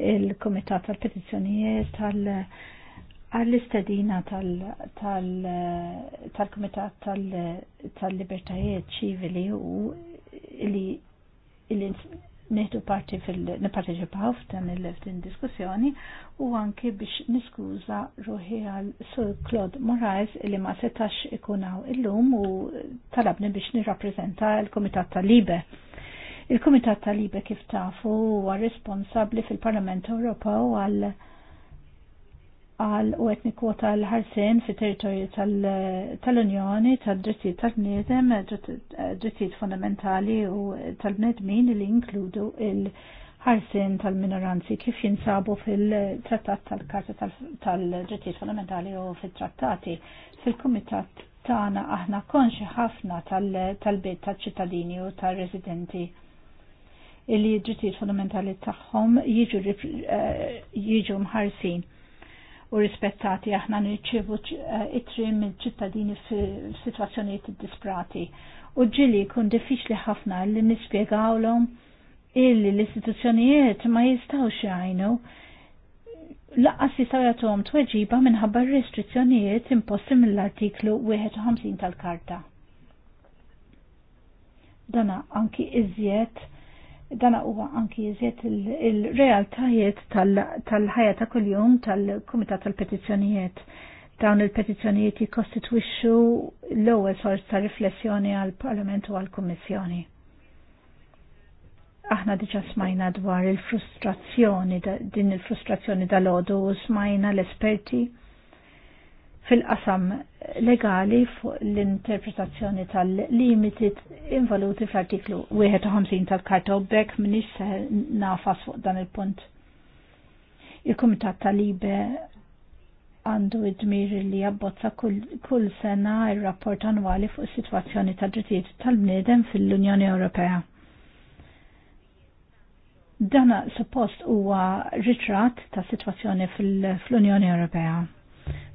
il-Komitat tal-Petizzjonijiet tal- għall-istedina tal-Komitat tal-Libertajiet ċivili u li neħdu parti fil-nipparteċipaw f'dan il-leftin diskussjoni u anki biex niskuża ruħi għal Sur Claude Moraes li ma setax ikunaw illum u talabni biex nirrapprezenta l-Komitat tal-Libe. Il-Komitat tal-Libe kif tafu huwa responsabbli fil-Parlament Ewropew għal għal u etni kwota l-ħarsin fi territorju tal-Unjoni, tal-drittijiet tal-bniedem, drittijiet fondamentali u tal-bnedmin li inkludu il-ħarsin tal-minoranzi kif jinsabu fil-trattat tal-karta tal-drittijiet fondamentali u fil-trattati. Fil-komitat tagħna aħna konxi ħafna tal-bit tal-ċittadini u tal-residenti il-li drittijiet fondamentali tagħhom jiġu eh, mħarsin u rispettati aħna nirċivu eh, it-trim il-ċittadini f-situazzjoniet disprati. U ġili kun diffiċli ħafna li nispiegawlom illi l-istituzzjonijiet ma jistawx jgħinu laqqas jistaw jagħtuhom tweġiba minħabba restrizzjonijiet imposti mill-artiklu 51 tal-Karta. Dana anki iżjed dana huwa anki jiżiet il-realtajiet tal-ħajja ta' kuljum tal-Kumitat tal-Petizzjonijiet. Dawn il-petizzjonijiet jikkostitwixxu l-ewwel sors ta' riflessjoni għall-Parlament u għall-Kummissjoni. Aħna diġa smajna dwar il-frustrazzjoni, din il-frustrazzjoni dal u smajna l-esperti fil-qasam legali fuq l-interpretazzjoni tal-limiti involuti fl-artiklu 51 tal-karta bekk minix se nafas fuq dan il-punt. Il-Kumitat tal-Libe għandu id-dmir li jabbozza kull sena il-rapport annwali fuq situazzjoni tal drittijiet tal-bniedem fil-Unjoni Ewropea. Dana suppost huwa ritratt ta' situazzjoni fil-Unjoni Ewropea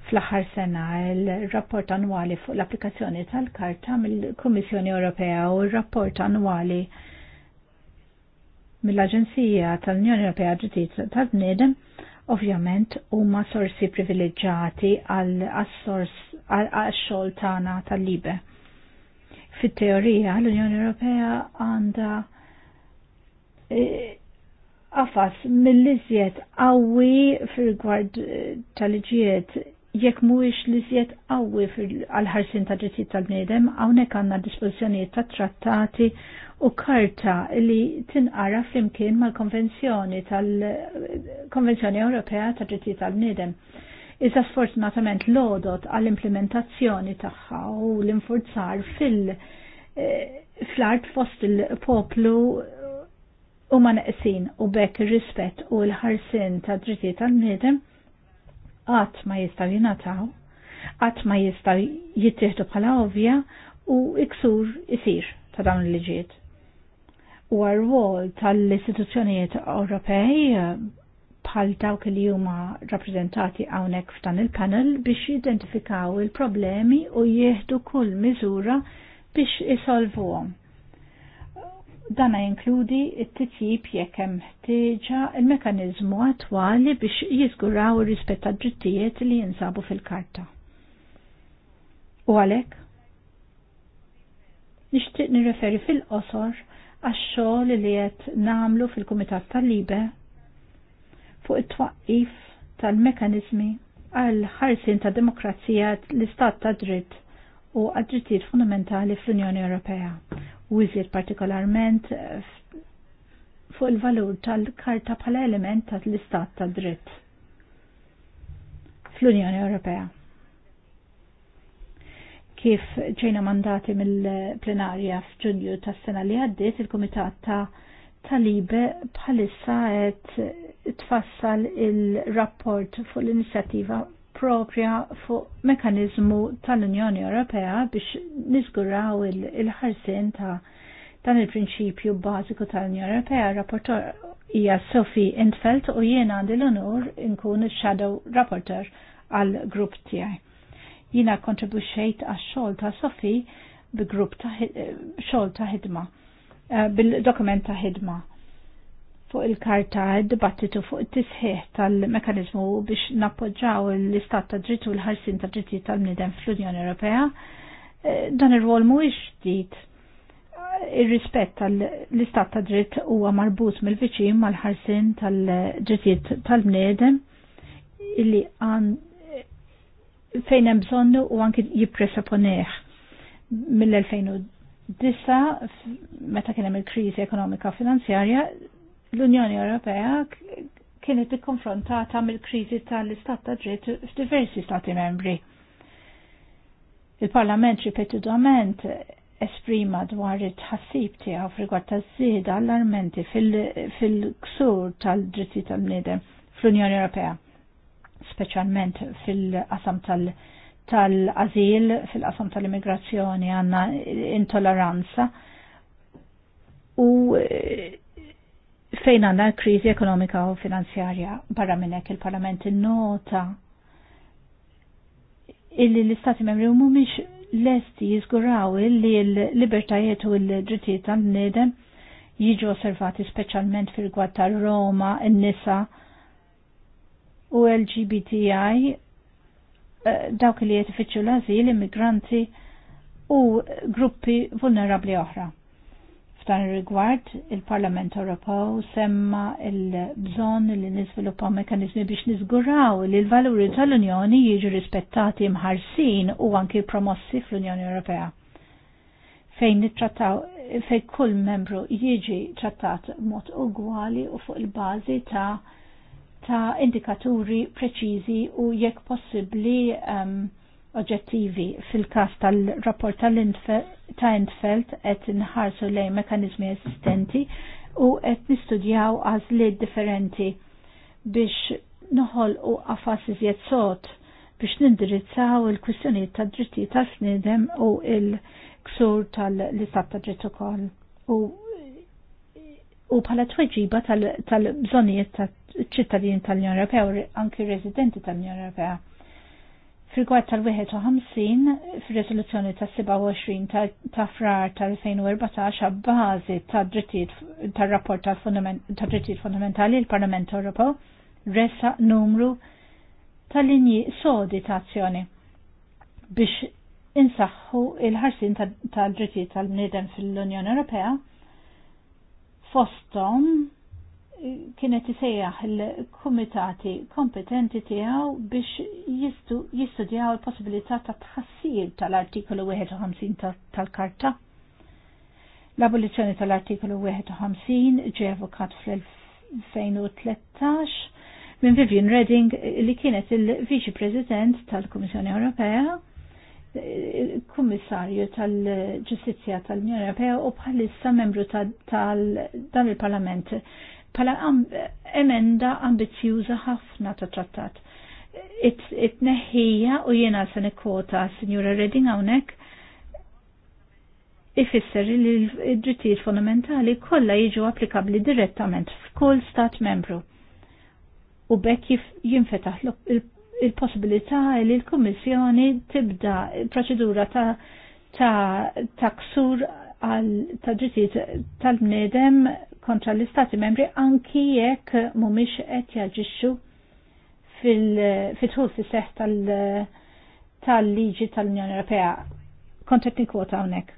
fl-aħħar sena il-rapport annwali fuq l-applikazzjoni tal-karta mill-Kummissjoni Ewropea u r-rapport annwali mill-Aġenzija tal-Unjoni Ewropea ġdid tal-Bniedem ovvjament huma sorsi privileġġjati għal-assors għax xogħol tagħna tal-libe. Fit-teorija l-Unjoni Ewropea għandha għafas e, mill-iżjed qawwi fil-gward e, tal-iġijiet jekk mhuwiex li żjed qawwi għal-ħarsin ta' drittijiet tal-bniedem, hawnhekk għandna dispożizzjonijiet ta' trattati u karta li tinqara flimkien mal-Konvenzjoni tal-Konvenzjoni Ewropea ta' drittijiet tal-bniedem. Iżda sfortunatament lodot għall-implementazzjoni tagħha u l-infurzar fil- eh, fl-art fost il-poplu u ma u bekk ir-rispett u l-ħarsin ta' drittijiet tal-bniedem għat ma jistaw jinataw, għat ma jistaw jittieħdu bħala ovvja u iksur isir ta' dawn l-liġiet. U għarwol tal-istituzzjonijiet Ewropej eh, bħal dawk li huma rappreżentati hawnhekk f'dan il-panel biex jidentifikaw il-problemi u jieħdu kull miżura biex isolvuhom Dana jinkludi it-titjib jekk hemm ħtieġa il-mekanizmu attwali biex jiżguraw ir-rispett tad-drittijiet li jinsabu fil-karta. U għalhekk nixtieq nirreferi fil-qosor għax-xogħol li qed nagħmlu fil-Kumitat tal-Libe fuq it-twaqqif tal-mekanizmi għal ħarsin ta' demokrazija l-istat ta' dritt u għad-drittijiet fundamentali fl-Unjoni Ewropea u partikolarment eh, fuq il-valur tal-karta bħala element tal-istat ta' dritt fl-Unjoni Ewropea. Kif ġejna mandati mill-plenarja f'Ġunju tas-sena li għaddiet, il-Kumitat ta' talibe bħalissa qed tfassal il-rapport fuq l-inizjattiva propja fuq mekanizmu tal-Unjoni Ewropea biex niżguraw il-ħarsin ta' dan il-prinċipju bażiku tal-Unjoni Ewropea. Rapportor hija Sophie Intfeld u jiena għandi l-onur inkun il-Shadow Rapporter għal grupp tiegħi. Jiena kontribuxxejt għax xogħol ta' Sophie bi grupp ta' eh, xogħol ta' ħidma eh, bil-dokument ta' ħidma fuq il-karta dibattitu fuq it-tisħiħ tal-mekanizmu biex nappoġġaw l-istat ta' u l-ħarsin ta' dritti tal-bnidem fl-Unjoni Ewropea. Eh, dan ir-rol mhuwiex ġdid. Ir-rispett tal-istat ta' dritt huwa marbut mill-viċin mal-ħarsin tal-drittijiet tal-bniedem illi għan eh, fejn hemm bżonnu u anki jippresaponeħ mill-2009 meta kien hemm il-kriżi ekonomika finanzjarja l-Unjoni Ewropea kienet ikkonfrontata mill-kriżi tal-istat ta' dritt f'diversi stati membri. Il-Parlament ripetutament esprima dwar it-ħassib tiegħu f'rigward taż-żieda allarmenti fil-ksur tal-dritti tal-bniedem fl-Unjoni Ewropea, speċjalment fil-qasam tal-azil, fil-qasam tal-immigrazzjoni għandna intoleranza. u fejn għandna l-kriżi ekonomika u finanzjarja barra minn hekk il-Parlament innota illi l-Istati Membri mhumiex lesti jizguraw illi l-libertajiet u l-drittijiet tan-bniedem jiġu osservati speċjalment fil-gwad tal Roma, n-nisa u LGBTI eh, dawk li jetifiċu l-azil, immigranti u gruppi vulnerabli oħra. F'dan ir-rigward, il-Parlament Ewropew semma il-bżonn li niżviluppaw mekanizmi biex niżguraw li l-valuri tal-Unjoni jiġu rispettati mħarsin u anki promossi fl-Unjoni Ewropea. Fejn nittrattaw fejn kull membru jiġi trattat mod ugwali u fuq il-bażi ta' ta' indikaturi preċiżi u jekk possibbli um, oġġettivi fil-kas tal-rapport tal-Entfeld qed nħarsu lejn mekanizmi esistenti u qed nistudjaw għażliet differenti biex noħol u għafas iżjed sot biex nindirizzaw il-kwistjonijiet tad dritti tal snidem u il-ksur tal-istat ta' dritt ukoll. U u bħala tweġiba tal-bżonijiet tal-ċittadini tal-Unjon Ewropea u anki residenti tal-Unjon Ewropea Fil-gwad tal-51 fil-resoluzzjoni ta' 27 ta' frar tal-2014 bazi ta' drittijiet tal-rapport ta' drittijiet fundamentali il-Parlament Ewropew resa numru tal-linji sodi ta' azzjoni biex insaħħu il-ħarsin tad drittijiet tal-bniedem fil-Unjoni Ewropea fostom kienet isejjaħ il-kumitati kompetenti tiegħu biex jistu, jistudjaw il-possibilità ta' tħassir tal-artikolu 51 tal-karta. L-abolizzjoni tal-artikolu 51 ġie evokat fl-2013 minn Vivian Redding li kienet il-Viċi President tal-Kummissjoni Ewropea il-Kummissarju tal-Ġustizja tal-Unjoni Ewropea u bħalissa membru tal-dan il-Parlament. tal, tal dan il parlament pala emenda ambizjuża ħafna ta' trattat. it neħija u jiena se nikkota Sinjura Redding hawnhekk ifisser li l-drittijiet fondamentali kollha jiġu applikabbli direttament f'kull stat membru. U bekk jinfetaħ il-possibilità li l-Kummissjoni tibda proċedura ta' ta' taksur għal ta' drittijiet tal-bnedem kontra l-Istati membri anki jekk mhumiex qed jaġixxu fil-tħul fil seħ tal-liġi tal-Unjoni Ewropea. qed kwota hawnhekk.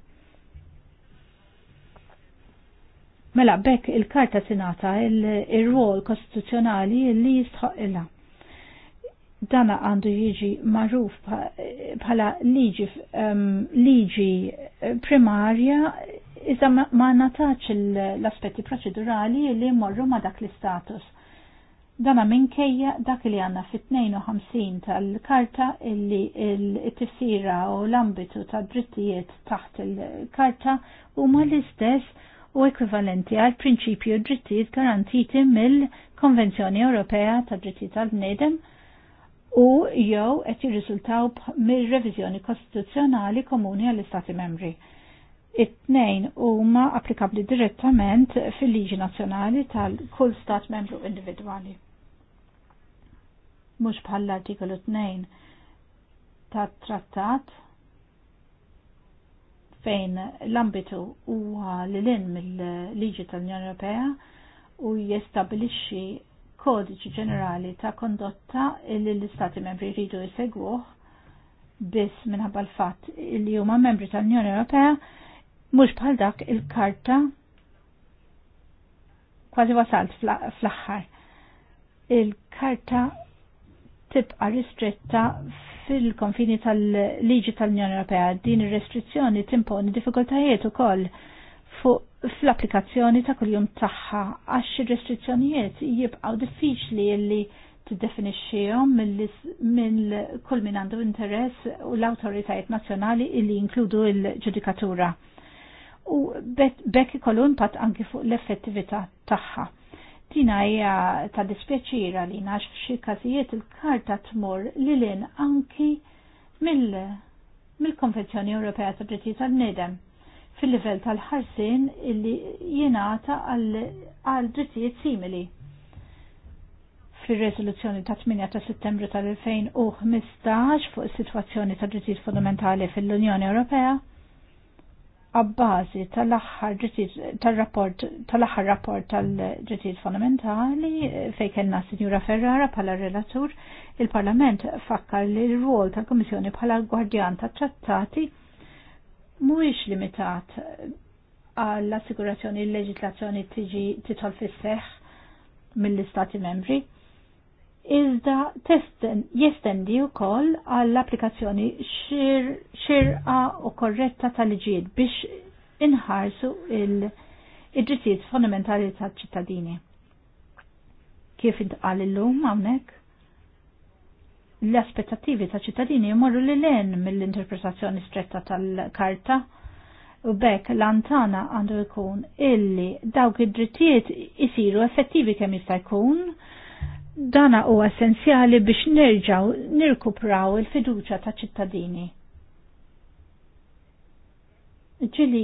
Mela bekk il-karta sinata il-rwol kostituzzjonali li jistħoq ilha. Dana għandu jiġi magħruf bħala liġi ehm, liġi primarja Iżda ma nataċ l-aspetti proċedurali li morru ma dak l-istatus. Dana minkejja dak li għanna fit-52 tal-karta li l-tifsira u l-ambitu ta' drittijiet taħt il-karta u ma l-istess u ekvivalenti għal prinċipju drittijiet garantiti mill-Konvenzjoni Ewropea ta' drittijiet tal-bnedem u jew qed jirriżultaw mir-reviżjoni kostituzzjonali komuni għall-Istati membri It-tnejn huma applikabbli direttament fil-liġi nazzjonali tal-kull stat membru individwali. Mhux bħal l-artikolu 2 tat-trattat fejn l-ambitu huwa lilin mill-liġi tal-Unjoni Ewropea u jestabilixxi kodiċi ġenerali ta' kondotta li l-Istati membri jridu jsegwuh biss minħabba l-fatt li huma membri tal-Unjoni Ewropea mhux bħal dak il-karta kważi wasalt fl-aħħar. Il-karta tibqa' ristretta fil-konfini tal-liġi tal-Unjoni Ewropea. Din ir-restrizzjoni timponi diffikultajiet ukoll fuq fl-applikazzjoni ta' kuljum tagħha għax ir-restrizzjonijiet jibqgħu diffiċli li tiddefinixxihom minn kull min għandu interess u l-awtoritajiet nazzjonali illi jinkludu l-ġudikatura. Il u bekk ikollu impatt anki fuq l-effettività tagħha. Tina hija ta' dispjaċira li nax f'xi każijiet il-karta tmur li lin anki mill-Konvenzjoni mil Ewropea ta' Drittijiet tal-Nidem fil-livell tal-ħarsin illi jenata għal drittijiet simili. Fil-rezoluzzjoni ta' 8 ta' settembru tal-2015 fuq is-sitwazzjoni ta' drittijiet fundamentali fil-Unjoni Ewropea, għabbażi tal-aħħar tal-rapport tal-aħħar rapport tal-ġitijiet fondamentali fejn kellna Sinjura Ferrara bħala relatur, il-Parlament fakkar li l-rwol tal-Kummissjoni bħala gwardjan tat-trattati mhuwiex limitat għall-assigurazzjoni l-leġislazzjoni tiġi titol fis-seħħ mill-Istati membri iżda jestendi wkoll għall-applikazzjoni xirqa u korretta tal-liġijiet biex inħarsu il-ġittijiet fondamentali tal-ċittadini. Kif intqal illum hawnhekk? L-aspettativi ta' ċittadini jmorru li len mill-interpretazzjoni stretta tal-karta u bekk antana għandu jkun illi dawk id-drittijiet isiru effettivi kemm jista' jkun Dana u essenzjali biex nerġaw nirkupraw il-fiduċa ta' ċittadini. Ġili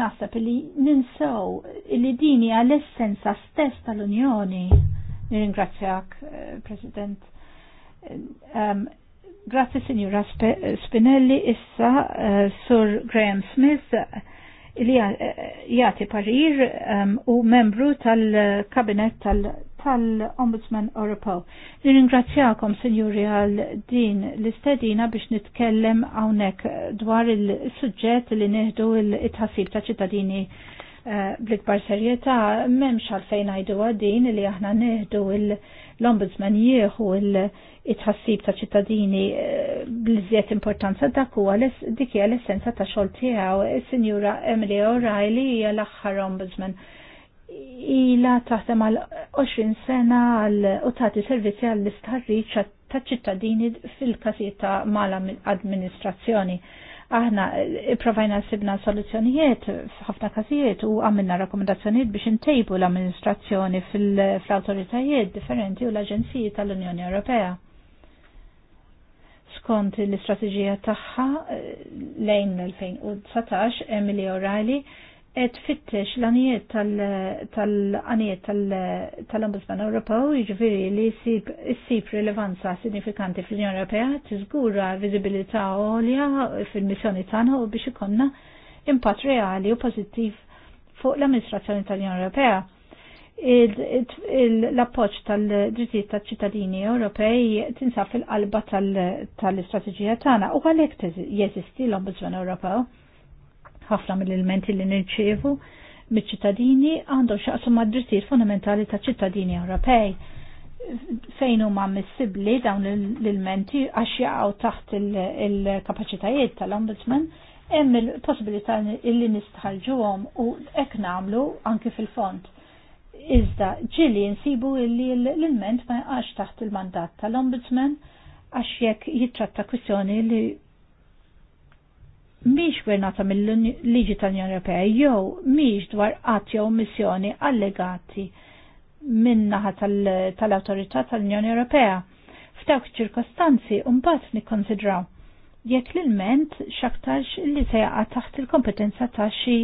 nasab li ninsaw li dini għal essenza stess tal-Unjoni. Nirringrazzjak, eh, President. Um, Grazie Signora Spinelli, issa uh, Sur Graham Smith, uh, li jati parir um, u membru tal-kabinet tal-, -kabinet tal tal-Ombudsman Europew. Nirringrazzjakom, Sinjuri, għal din l-istedina biex nitkellem hawnhekk dwar il sujġet li neħdu il-tħassib ta' ċittadini eh, bl-ikbar serjetà m'hemmx għalfejn ngħidu għadin li aħna neħdu l-Ombudsman jieħu il-tħassib ta' ċittadini eh, bl-iżjed importanza dak huwa dik hija l-essenza ta' xogħol tiegħu. sinjura Emily O'Reilly hija l-aħħar Ombudsman ila taħdem għal 20 sena għal u tagħti servizzi għall istarriċ ta' ċittadini fil-każijiet ta' mala administrazzjoni Aħna ipprovajna eh, sibna soluzzjonijiet f'ħafna każijiet u għamilna rakkomandazzjonijiet biex intejbu l-amministrazzjoni fl-awtoritajiet differenti u l-aġenziji tal-Unjoni Ewropea. Skont l-istrateġija tagħha eh, lejn l-2019, Emily O'Reilly et fittex l-anijiet tal-anijiet tal-Ombudsman Ewropew jiġifieri li ssib rilevanza sinifikanti fl-Unjoni Ewropea tiżgura viżibilità għolja fil-missjoni tagħna u biex ikonna impatt reali u pożittiv fuq l-amministrazzjoni tal-Unjoni Ewropea. L-appoġġ tal-drittijiet tal-ċittadini Ewropej tinsab fil-qalba tal-istrateġija tagħna u għalhekk jeżisti l-Ombudsman Ewropew ħafna mill-elementi li nirċievu mill-ċittadini għandhom xaqsu mad-drittijiet fundamentali ta' ċittadini Ewropej fejn huma ammissibbli dawn l-elementi għax jaqgħu taħt il-kapaċitajiet tal-Ombudsman hemm il-possibilità li nistħalġuhom u hekk nagħmlu anke fil-fond. Iżda ġili nsibu li l-ilment ma jaqax taħt il-mandat tal-Ombudsman għax jekk jitratta kwistjoni li miex gvernata mill-liġi tal-Unjoni Ewropea jew miex dwar qatt jew missjoni allegati minnaħa tal-Awtorità tal-Unjoni Ewropea. F'dawk ċirkostanzi mbagħad nikkonsidraw jekk l-ilment xaktarx li se jaqa taħt il-kompetenza ta' xi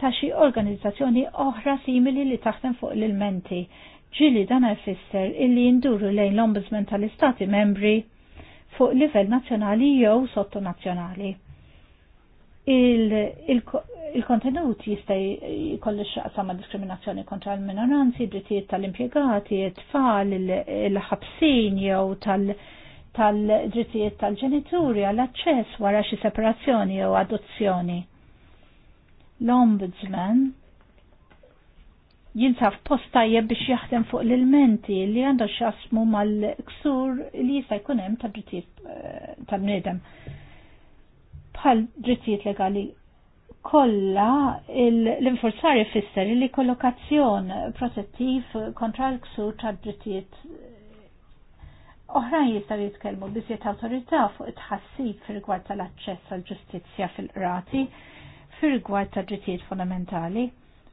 ta' xi organizzazzjoni oħra simili li taħdem fuq l-ilmenti. Ġili dan jfisser illi jinduru lejn l-Ombudsman tal-Istati membri fuq livell nazzjonali jew sottonazzjonali il-kontenut jista' jkollu xaqsa ma' diskriminazzjoni kontra l-minoranzi, drittijiet tal-impjegati, it-tfal, il-ħabsin jew tal-drittijiet tal-ġenituri għall-aċċess wara xi separazzjoni jew adozzjoni. L-ombudsman jinsaf post tajjeb biex jaħdem fuq l-elementi li għandu xasmu mal-ksur li jista' jkun hemm ta' drittijiet eh, tal bniedem. Uh, bħal drittijiet legali kolla l infurzari jfisser li kollokazzjon protettiv kontra l-ksur ta' drittijiet eh, oħrajn jistaw jitkellmu bizziet awtorità fuq it-ħassib fil-rigward tal-aċċess għal ġustizzja fil-qrati fil-rigward ta' drittijiet fundamentali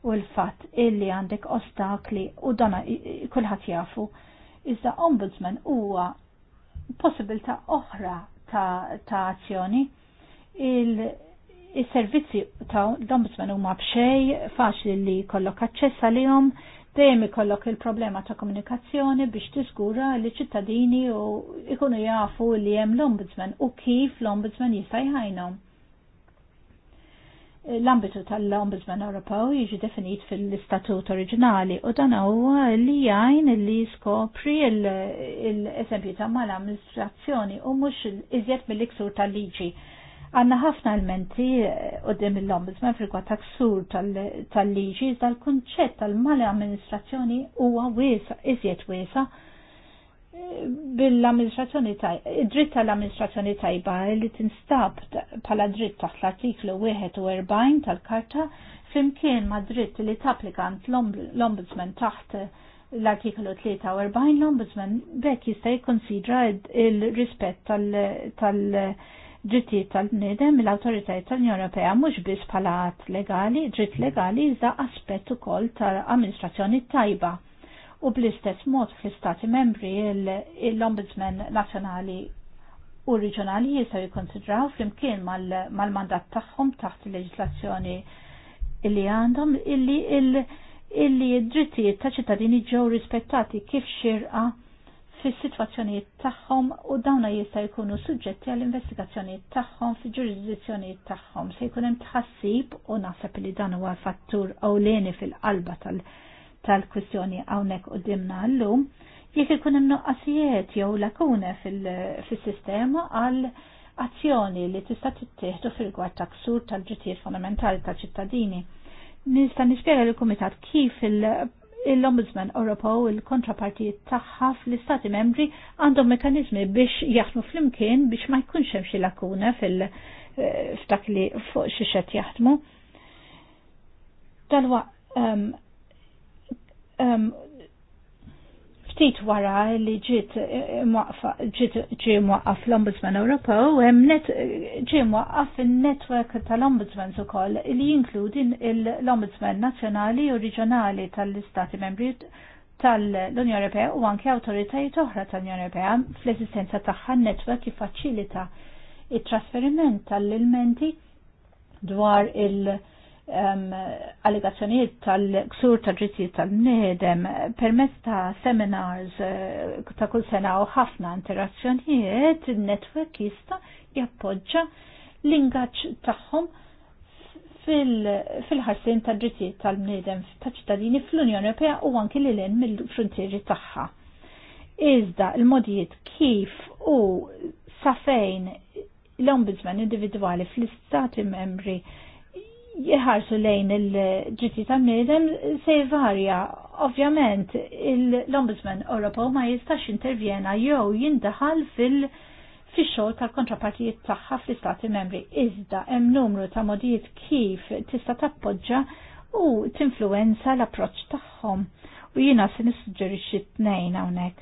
u l-fatt illi għandek ostakli u dana kulħadd jafu iżda ombudsman huwa possibilità oħra ta' azzjoni il-servizzi ta' l-ombudsman huma b'xej faċli li kollok aċċess għalihom, dejjem ikollok il-problema ta' komunikazzjoni biex tiżgura li ċittadini u ikunu jafu li hemm l-ombudsman u kif l-ombudsman jista' jħajnhom. L-ambitu tal-Ombudsman Ewropew jiġi definit fil-istatut oriġinali u dan huwa li jgħin li skopri l-eżempju ta' mal-amministrazzjoni u mhux iżjed mill-iksur tal-liġi Għanna ħafna elementi qudiem eh, l-ombudsman frikwa taksur tal-liġi iżda l-kunċett tal-mali amministrazzjoni huwa wiesa, iżjed wiesa eh, bil-amministrazzjoni tajba, dritt tal-amministrazzjoni tajba li tinstab pala dritt taħt l-artiklu 41 tal-karta flimkien ma dritt li tapplikant l-ombudsman taħt l-artiklu 43 l-ombudsman bekk jista' konsidra il-rispett tal-, tal, tal drittijiet tal-bniedem mill-awtoritajiet tal-Unjoni Ewropea mhux biss bħala att legali, dritt legali iżda aspett ukoll tal-amministrazzjoni tajba. U bl-istess mod fl-Istati membri l-Ombudsman Nazzjonali u reġjonali jistgħu jikkonsidraw flimkien mal-mandat tagħhom taħt il-leġislazzjoni illi għandhom illi il- drittijiet ta' ċittadini ġew rispettati kif xirqa fis-sitwazzjonijiet tagħhom u dawna jista' jkunu suġġetti għall investigazzjonijiet tagħhom fil-ġurisdizzjonijiet tagħhom se jkun hemm tħassib u naħseb li dan huwa fattur ewleni fil-qalba tal-kwistjoni hawnhekk qudiemna llum jekk ikun hemm noqqasijiet jew lakune fis-sistema għal azzjoni li tista' tittieħdu fil-gwar ta' ksur tal-ġittijiet fondamentali tal-ċittadini nista' nispjega lill kumitat kif il l-Ombudsman Ewropew il-kontrapartijiet tagħha fl-Istati membri għandhom mekanizmi biex jaħdmu flimkien biex ma jkunx hemm xi lakuna fil eh, f'dak li fuq xi xed jaħdmu. Dalwa ehm, ehm, ftit wara li eh, eh, ġiet ġie mwaqqaf l-Ombudsman Ewropew hemm net eh, ġie mwaqqaf in-netwerk tal ombudsman ukoll li jinkludi l-Ombudsman Nazzjonali u Reġjonali tal-Istati Membri tal-Unjoni Ewropea u anke awtoritajiet oħra tal-Unjoni Ewropea fl-esistenza tagħha n-netwerk jiffaċilita it-trasferiment tal-ilmenti dwar il- allegazzjonijiet tal-ksur ta' drittijiet tal-nedem permezz ta' seminars eh, ta' kull sena u ħafna interazzjonijiet, il netwek jista' jappoġġa l-ingaġġ tagħhom fil-ħarsin ta' drittijiet tal nedem ta' ċittadini fl-Unjoni Ewropea u anki li l mill-frontieri tagħha. Iżda il-modijiet kif u safejn l-ombudsman individwali fl-istati membri jħarsu lejn il ġiti ta' mnidem se varja. Ovvjament, l-Ombudsman Europol ma jistax intervjena jew jindaħal fil- fix-xogħol tal-kontrapartijiet tagħha fl-Istati Membri. Iżda hemm numru ta' modijiet kif tista' tappoġġa u tinfluenza l-approċċ tagħhom. U jiena se nissuġġerixxi tnejn hawnhekk.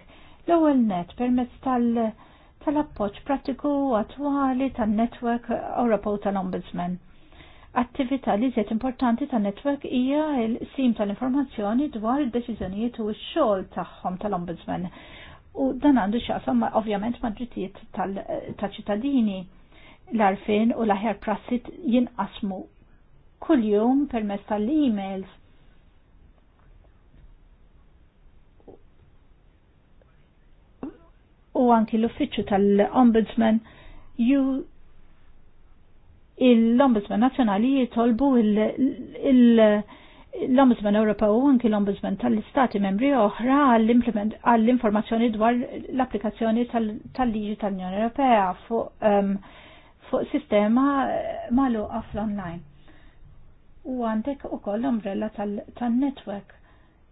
L-ewwel net permezz tal- tal-appoġġ pratiku attwali tan network Europol tal-Ombudsman attività li zet importanti ta' netwerk hija l-sim tal-informazzjoni dwar id-deċiżjonijiet u x-xogħol tagħhom tal-Ombudsman. U dan għandu x'aqsam ovvjament ma' drittijiet ta' ċittadini l-arfin u l-aħjar prassit jinqasmu kuljum permezz tal-emails. U anki l-uffiċċju tal-Ombudsman ju l-Ombudsman Nazzjonali jitolbu l-Ombudsman Ewropew u anki l-Ombudsman tal-Istati membri oħra għall-informazzjoni dwar l-applikazzjoni tal-liġi tal-Unjoni Ewropea fuq um, sistema eh, magħluqa fl-online. U għandek ukoll l-ombrella tal network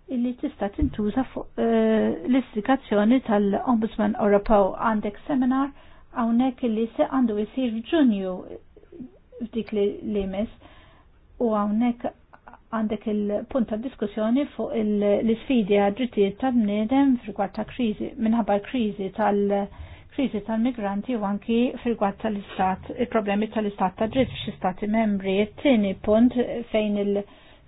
illi tista tintuża fuq eh, l-istikazzjoni tal-Ombudsman Ewropew għandek seminar hawnhekk illi se għandu jisir ġunju f'dik li mis u għawnek għandek il-punt ta' diskussjoni fuq l-sfidi għad drittijiet tal-bniedem fil-gwad ta' kriżi minħabba kriżi tal- kriżi tal-migranti u anki fil-gwad tal-istat, il-problemi tal-istat ta' dritt f'xi stati membri. t tieni punt fejn il-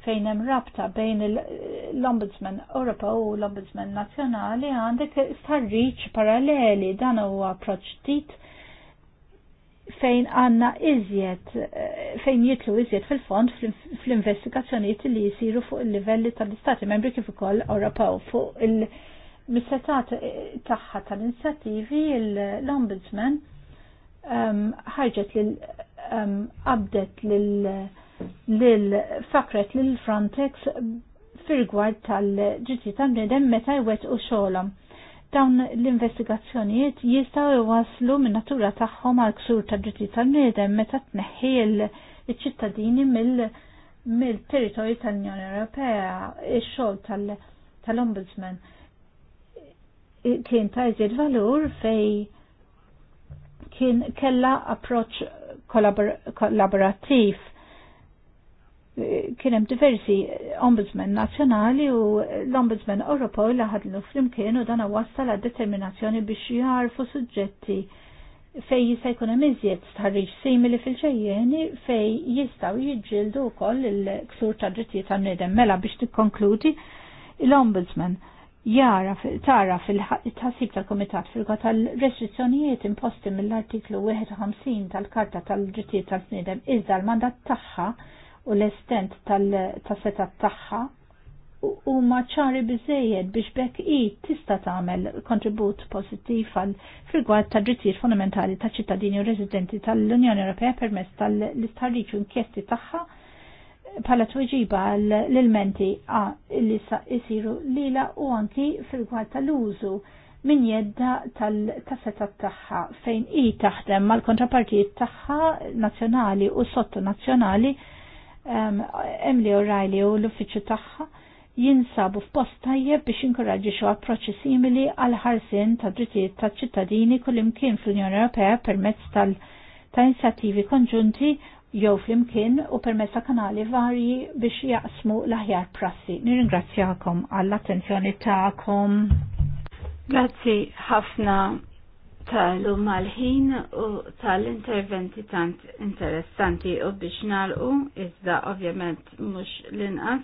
fejn hemm rabta bejn l-Ombudsman Ewropa u l-Ombudsman Nazzjonali għandek starriċ paralleli dan huwa approċċ tit fejn għanna iżjed, eh, fejn jitlu iżjed fil-fond fl-investigazzjoniet li jisiru fuq il-livelli tal-Istati membri kif ukoll Ewropew fuq il-missetat tagħha tal-inizjattivi l-Ombudsman ehm, ħarġet lil ehm, abdet lil fakret l Frontex fir-rigward tal-ġitti tal-bnedem meta jwet u xolom Dawn l-investigazzjonijiet jistaw iwaslu minn natura tagħhom għal ksur ta' ġitti tal-niedem meta tneħħi l-ċittadini mill-territorju tal-Unjoni Ewropea, ix-xogħol tal-Ombudsman kien ta' jżid valur fej kien kella approċ kollaborattiv kienem diversi ombudsman nazjonali u l-ombudsman Ewropew li l flimkien u dana wassal la determinazzjoni biex jarfu suġġetti fej jista' jkun hemm iżjed tħarriġ simili fil-ġejjeni fej jistgħu jiġġieldu wkoll il-ksur ta' drittijiet tan-niedem mela biex tikkonkludi l-ombudsman jara tara fil-tħassib tal-Komitat fil tal-restrizzjonijiet imposti mill-artiklu 51 tal-Karta tal-Drittijiet tal-Bniedem iżda l-mandat tagħha u l-estent tal-seta tagħha u maċċari bizzejed biex bekk i tista tagħmel kontribut pozittiv għal frigwad ta' drittijiet fondamentali ta' ċittadini u residenti tal-Unjoni Ewropea permezz tal-istħarriġ u inkjesti tagħha pala tweġiba l-elementi li jisiru lila u anki frigwad tal-użu min jedda tal tasseta tagħha fejn i taħdem mal-kontrapartijiet tagħha nazzjonali u sottonazzjonali nazjonali Emily O'Reilly u l-uffiċċju tagħha jinsabu f'post tajjeb biex inkoraġġixu approċċi simili għal ħarsien ta' drittijiet ta' ċittadini kullimkien fl-Unjoni Ewropea permezz tal ta' inizjattivi konġunti jew flimkien u permezz ta' kanali varji biex jaqsmu l-aħjar prassi. Nirringrazzjakom għall-attenzjoni ta'kom. Grazzi ħafna tal-u mal-ħin u tal-interventi tant interessanti u biex nalqu, iżda ovvjament mux l-inqas.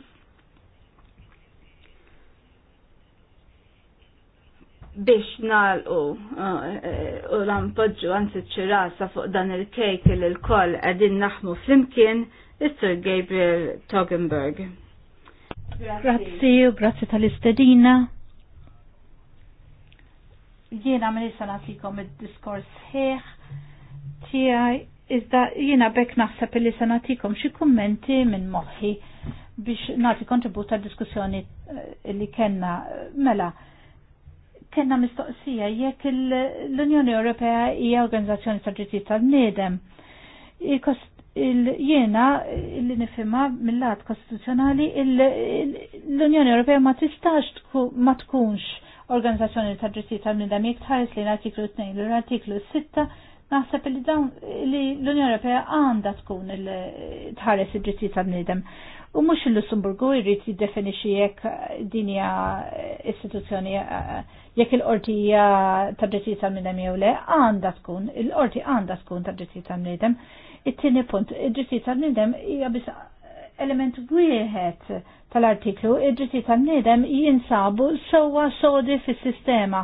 biex nalqu eh, u l-ampoġġu għanzi ċirasa fuq dan il-kejk li l-koll għedin naħmu fl-imkien, Gabriel Togenberg. Grazzi u grazzi tal-istedina jiena minn issa nagħtikom id-diskors ħieħ tiegħi iżda jiena bekk naħseb li se nagħtikom xi kummenti minn moħħi biex nagħti kontribut għad-diskussjoni eh, li kellna mela kena mistoqsija jekk l-Unjoni Ewropea hija organizzazzjoni ta' ġittijiet tal niedem Jiena li nifhimha mill-lat kostituzzjonali l-Unjoni Ewropea ma tistax ma tkunx organizzazzjoni ta' ġitti tal-bnidem tħares li l-artiklu 2 u l-artiklu 6 naħseb li dawn li l-Unjoni Ewropea għandha tkun tħares id-dritti tal-bniedem. U mhux il-Lussemburgu jrid jiddefinixxi jekk dinja istituzzjoni eh, jekk il-qortija ta' dritti tal-bniedem jew le għandha tkun, il-qorti għandha tkun ta' ġustizja tal-bniedem. It-tieni punt, id ġustizja tal-bniedem hija biss element wieħed tal-artiklu id-dritti tal niedem jinsabu s-sewwa sodi fis-sistema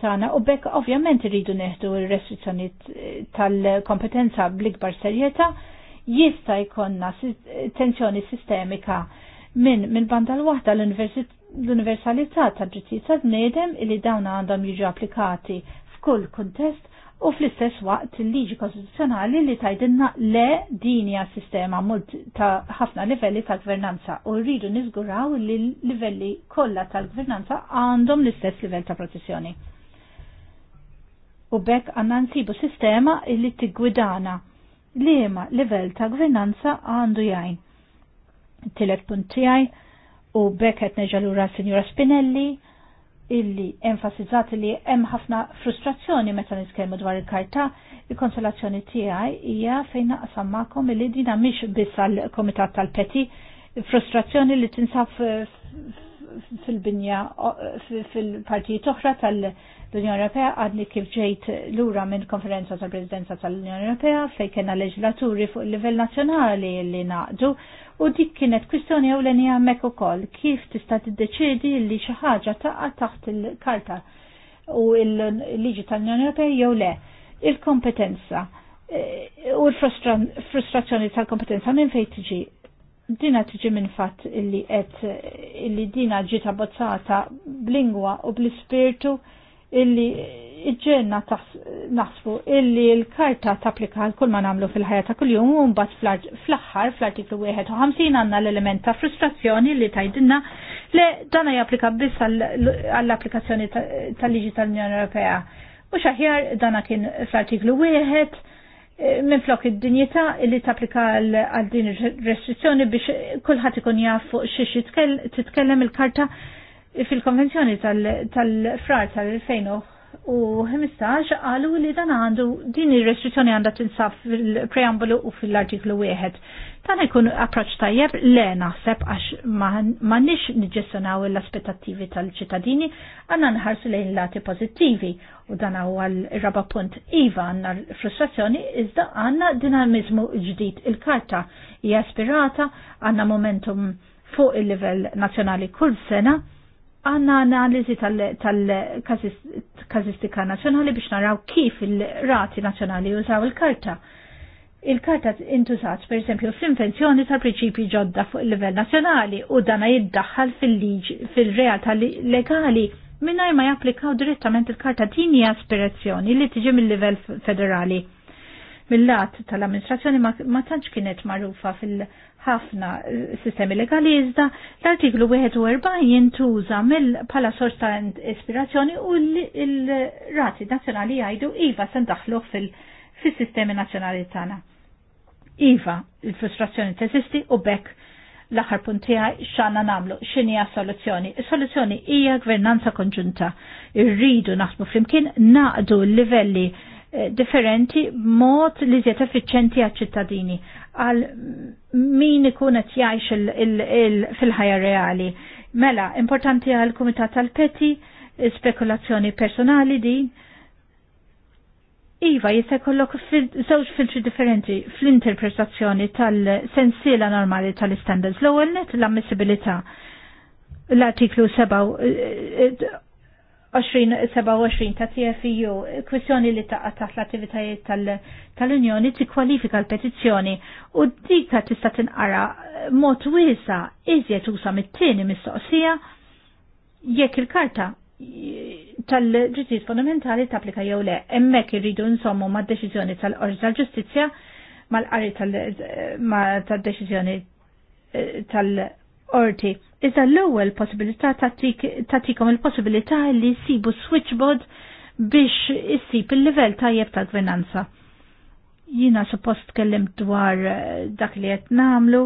tagħna u bekk ovvjament iridu neħdu r-restrizzjoni eh, tal-kompetenza bl-ikbar serjetà jista' jkollna tensjoni sistemika minn min banda l-waħda l-universalità tad-drittijiet tal-bniedem illi dawn għandhom jiġu applikati f'kull kuntest u fl-istess waqt il-liġi kostituzzjonali li tajdinna le dini għas sistema ta' ħafna livelli ta' gvernanza u rridu nizguraw li livelli kollha tal-gvernanza għandhom l-istess livell ta' protezzjoni. U bekk għanna nsibu sistema li tiggwidana li jema livell ta' gvernanza għandu jgħin. Tilet punt tiegħi u bekk qed Signora Sinjura Spinelli illi enfasizzat li hemm ħafna frustrazzjoni meta nitkellmu dwar il-karta, il-konsolazzjoni tiegħi hija fejn naqsam magħkom illi dina mhix biss għall-Komitat tal-Peti, frustrazzjoni li tinsab fil-binja fil-partijiet oħra tal-Unjoni Ewropea għadni kif ġejt lura minn konferenza tal-Presidenza tal-Unjoni Ewropea fejn kena leġislaturi fuq il livell nazzjonali li naqdu U dik kienet kwistjoni ewlenija u ukoll kif tista' tiddeċiedi li xi ħaġa taħt il-karta u l-liġi tal-Unjoni Ewropea jew le. Il-kompetenza e, u l-frustrazzjoni tal-kompetenza minn fejn tiġi dina tiġi minn fatt illi qed illi dina ġiet bozzata b'lingwa u bl-ispirtu illi iġġenna nasfu illi l-karta tapplika l kull ma namlu fil-ħajja ta' kuljum un mbagħad fl-aħħar fl-artiklu 51 għandna l-element ta' frustrazzjoni li tajdinna li dana japplika biss għall-applikazzjoni tal-liġi tal-Unjoni Ewropea. Mhux aħjar dana kien fl-artiklu 1 eh, minn flok id-dinjita li tapplika għal din restrizzjoni biex kullħat ikun jaf fuq xiex titkellem il-karta fil-konvenzjoni tal-frar tal-2005 u 15 għalu li dan għandu din il-restrizzjoni għandha tinsab fil-preambolu u fil-artiklu 1. Tan ikun approċ tajjeb le naħseb għax m'għandniex niġġestjonaw l-aspettattivi tal-ċittadini għandna nħarsu lejn lati pożittivi u dan huwa l-raba punt iva għandna frustrazzjoni iżda għandna dinamizmu ġdid il-karta hija aspirata għandna momentum fuq il-livell nazzjonali kull sena għanna analizi tal-kazistika nazjonali biex naraw kif il-rati nazjonali użaw il-karta. Il-karta intużat, per esempio, fl-invenzjoni tal principi ġodda fuq il-livell nazjonali u dana jiddaħħal fil-liġ, fil-realtà legali minnaj ma japplikaw direttament il-karta dini aspirazzjoni li tiġi mill-livell federali mill-lat tal-amministrazzjoni ma tantx kienet magħrufa fil-ħafna eh, sistemi legali iżda l-artiklu 41 jintuża mill bħala sors ta' ispirazzjoni u l-rati nazzjonali jgħidu iva se ndaħluh fil-sistemi nazzjonali tagħna. Iva, il-frustrazzjoni teżisti u bekk l-aħħar punt tiegħi namlu, nagħmlu x'inhi soluzzjoni. Is-soluzzjoni hija gvernanza konġunta. Irridu naħsbu flimkien naqdu l-livelli Eh, differenti mod li zjed fiċċenti għal-ċittadini għal min ikun qed jgħix fil-ħajja reali. Mela, importanti għal kumitat tal-peti, spekulazzjoni personali din. Iva, jista' jkollok żewġ filtri differenti fl-interpretazzjoni tal-sensiela normali tal-standards. L-ewwel net l-ammissibilità l-artiklu 7 27 ta' TFU, e kwestjoni li ta' taħt l-attivitajiet tal-Unjoni tikkwalifika l-petizzjoni u dika tista' tinqara mod wiesa iżjed usa mit-tieni mistoqsija jekk il-karta tal-ġittijiet fondamentali tapplika jew le. Hemmhekk irridu nsommu mad-deċiżjoni tal-Qorti tal-Ġustizzja mal-qari tad-deċiżjoni eh, tal-Qorti Iżda l-ewwel possibilità tagħtikom il-possibilità li jsibu switchboard biex issib il-livell tajjeb ta' gvernanza. Jina suppost tkellimt dwar eh, dak li qed nagħmlu,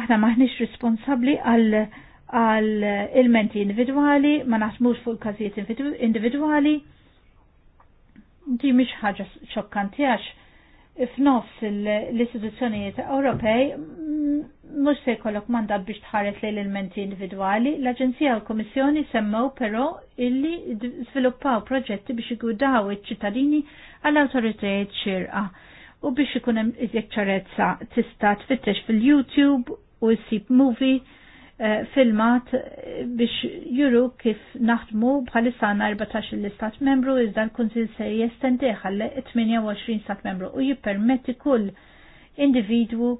aħna maħniex responsabbli għal għal ilmenti individwali, ma naħsmux fuq każijiet individwali. Di mhix ħaġa xokkanti għax f'nofs l-istituzzjonijiet Ewropej mux se jkollok mandat biex tħares lejn il-menti individwali, l-Aġenzija u l-Komissjoni semmew però illi sviluppaw proġetti biex jgudaw iċ-ċittadini għall autoritajiet xirqa u biex ikun hemm iżjed ċarezza tista' tfittex fil-YouTube u jsib movie eh, filmat eh, biex juru kif naħdmu bħalissa għandna 14 l-istat membru iżda l-Kunsil se jestendih għal 28 stat membru u jippermetti kull individwu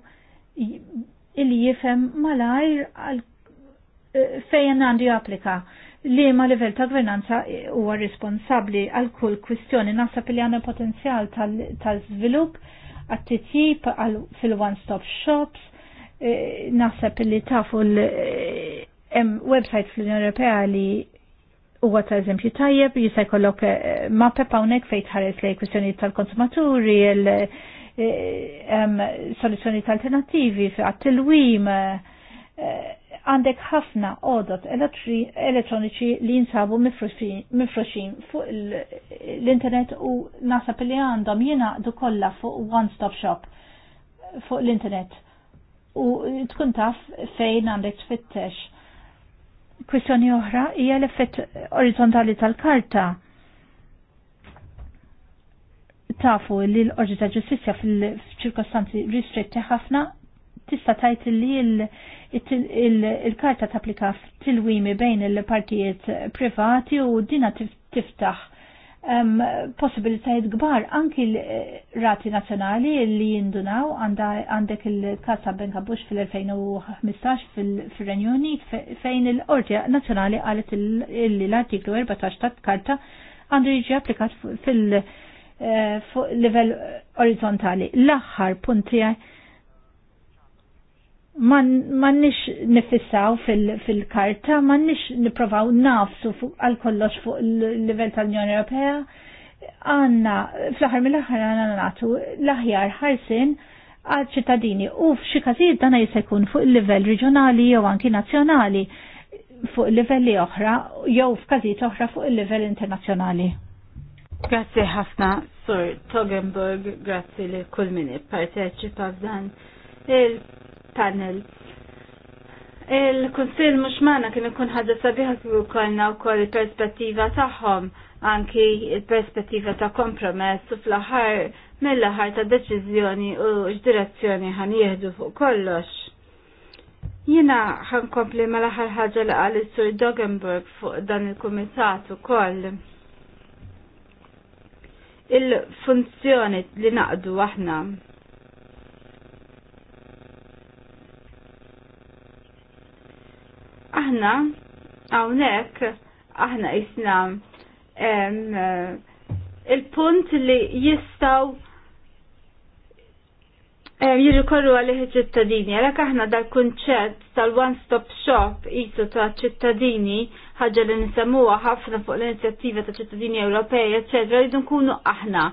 illi jifem malajr għal eh, fejn għandu applika li ma livell ta' gvernanza eh, huwa responsabli għal kull kwistjoni naħseb li għandna potenzjal tal-żvilupp tal żvilupp għat titjib fil-one-stop shops, e, naħseb li tafu l-hemm website fl-Unjoni Ewropea li huwa ta' eżempju tajjeb, jista' jkollok mappa hawnhekk fejn tħares lejn kwistjonijiet tal-konsumaturi, hemm eh, soluzzjoni alternattivi għat-tilwim eh, għandek ħafna odot elettroniċi li jinsabu mifroxin fuq l-internet u nasab li għandhom du kollha fuq one-stop shop fuq l-internet u tkun taf fejn għandek tfittex. Kwistjoni oħra hija l-effett orizzontali tal-karta tafu li l-Orġi ta' Ġustizzja fil-ċirkostanzi ristretti ħafna tista' tajt li il-karta tapplika tilwimi bejn il-partijiet privati u dina tiftaħ possibilitajiet gbar anki l-rati nazjonali li jindunaw għandek il-kassa Benka Bush fil-2015 fil renjoni fejn il-Orġi Nazjonali għalet l-artiklu 14 ta' karta għandu jiġi applikat fil- Eh, fuq livell orizzontali. L-aħħar punti man nix nifissaw fil-karta, fil man nix niprofaw nafsu għal kollox fuq il-livell tal-Unjoni Ewropea. Għanna, fl-ħar mill-ħar għanna natu l-ħjar ħarsin għal ċittadini u f'xi każijiet dan jista' jkun fuq il-livell reġjonali jew anki nazzjonali fuq il livelli oħra jew f'każijiet oħra fuq il-livell internazzjonali. Grazzi ħafna, Sur Togenburg, grazie li kull min ipparteċipa f'dan il-panel. Il-Kunsil mux maħna kien ikun ħadda sabiħa kif ukollna wkoll il-perspettiva tagħhom, anki il-perspettiva ta' kompromess u fl-aħħar mill-aħħar ta' deċiżjoni u x'direzzjoni ħan jieħdu fuq kollox. Jina ħankompli mal-aħħar ħaġa li qal is-Sur Dogenburg fuq dan il-kumitat ukoll. koll il-funzjoni li naqdu aħna. Aħna, għawnek, aħna jisna il-punt li jistaw korru għalih ċittadini, għalek aħna dal-kunċett tal-one-stop shop jisu ta' ċittadini ħaġa li nisemmuha ħafna fuq l-inizjattiva ta' ċittadini Ewropej, eċetera, jridu nkunu aħna.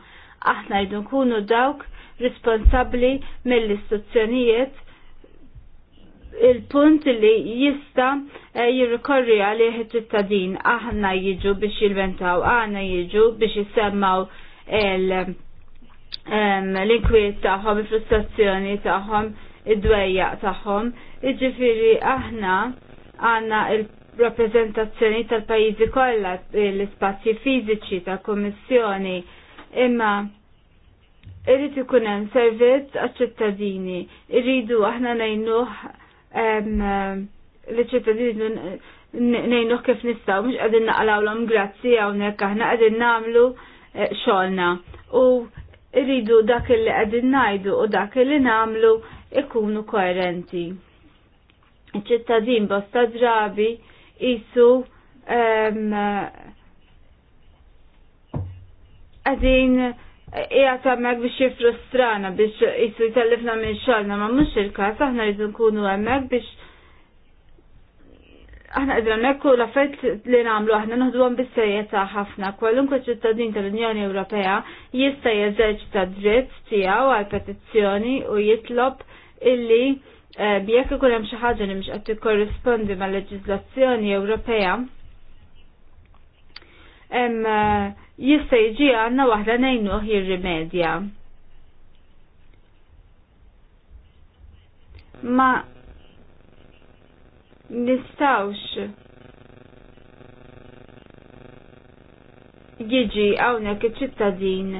Aħna jridu nkunu dawk responsabbli mill-istituzzjonijiet il-punt li jista eh, jirrikorri għalih ċittadin aħna jiġu biex jilventaw, aħna jiġu biex jisemmaw l-inkwiet taħħom, il-frustrazzjoni taħħom, id-dwejja taħħom. Iġifiri aħna għanna il rappresentazzjoni tal-pajjiżi kollha l-ispazji fiżiċi tal-Kummissjoni imma irrid ikun hemm servizz għaċ-ċittadini, irridu aħna ngħinuh l-ċittadini nejnuħ kif nistaw, mux għadin naqlawlom grazzi hawnhekk aħna għadin namlu eh, xolna. U rridu dak li għadin najdu u dak li namlu ikunu koerenti. ċittadin bosta drabi isu għadin ija e, tammek biex jifrustrana biex jisu jitallifna minn xalna ma mux il-kas aħna rridu nkunu għemmek biex aħna għedra nekku l-affett li namlu aħna nħdu għan bis sejjeta' ħafna. Kwalunkwe ċittadin tal-Unjoni Ewropea jista' jeżerċita dritt tiegħu għal petizzjoni u jitlob illi Eh, jekk ikun hemm xi ħaġa li mhux qed tikkorrispondi mal-leġiżlazzjoni Ewropea, eh, jista' jiġi għandna waħda ngħinuh jirrimedja. Ma nistawx jiġi hawnhekk iċ-ċittadin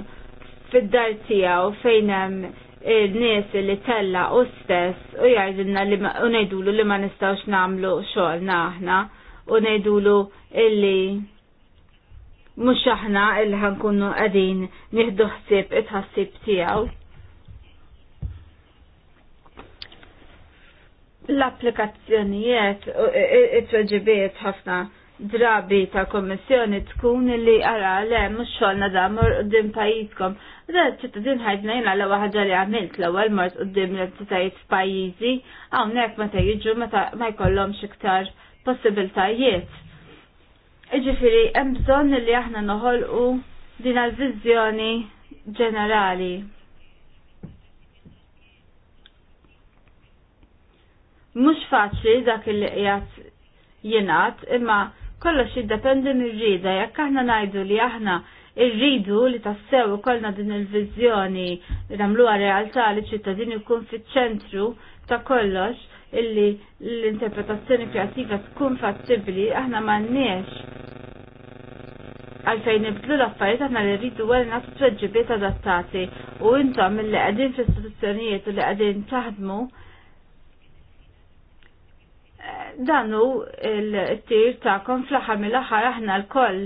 fid-dar tiegħu fejn hemm nies li tella u stess u jgħidilna li u ngħidulu li ma nistgħux nagħmlu xogħolna aħna u ngħidulu illi mhux aħna illi ħankunu qegħdin nieħdu ħsieb it-ħassib tiegħu. L-applikazzjonijiet u it-tweġibiet ħafna drabi ta' kommissjoni tkun li għara le mhux xogħolna damur din pajjiżkom Da ċittadin ħajdna jina l ħaġa li għamilt l ewwel mort d-dim l pajizi, f'pajjiżi hawnhekk meta jiġu meta ma jkollhomx iktar possibiltajiet. Iġifieri hemm bżonn li aħna noħolqu din għal viżjoni ġenerali. Mhux faċli dak li qiegħed jingħad imma kollox jiddependi mir rida jekk aħna ngħidu li aħna irridu li tassew kolna din il-vizjoni li nagħmluha realtà li ċittadini jkun fiċ-ċentru ta' kollox illi l-interpretazzjoni kreativa tkun fattibli, aħna m'għandniex għalfejn nibdlu l-affarijiet aħna li rridu għal nagħtu tweġibiet adattati u intom mill-li qegħdin fl-istituzzjonijiet u li qegħdin taħdmu eh, danu il-tir ta' fl-aħħar mill-aħħar aħna l-koll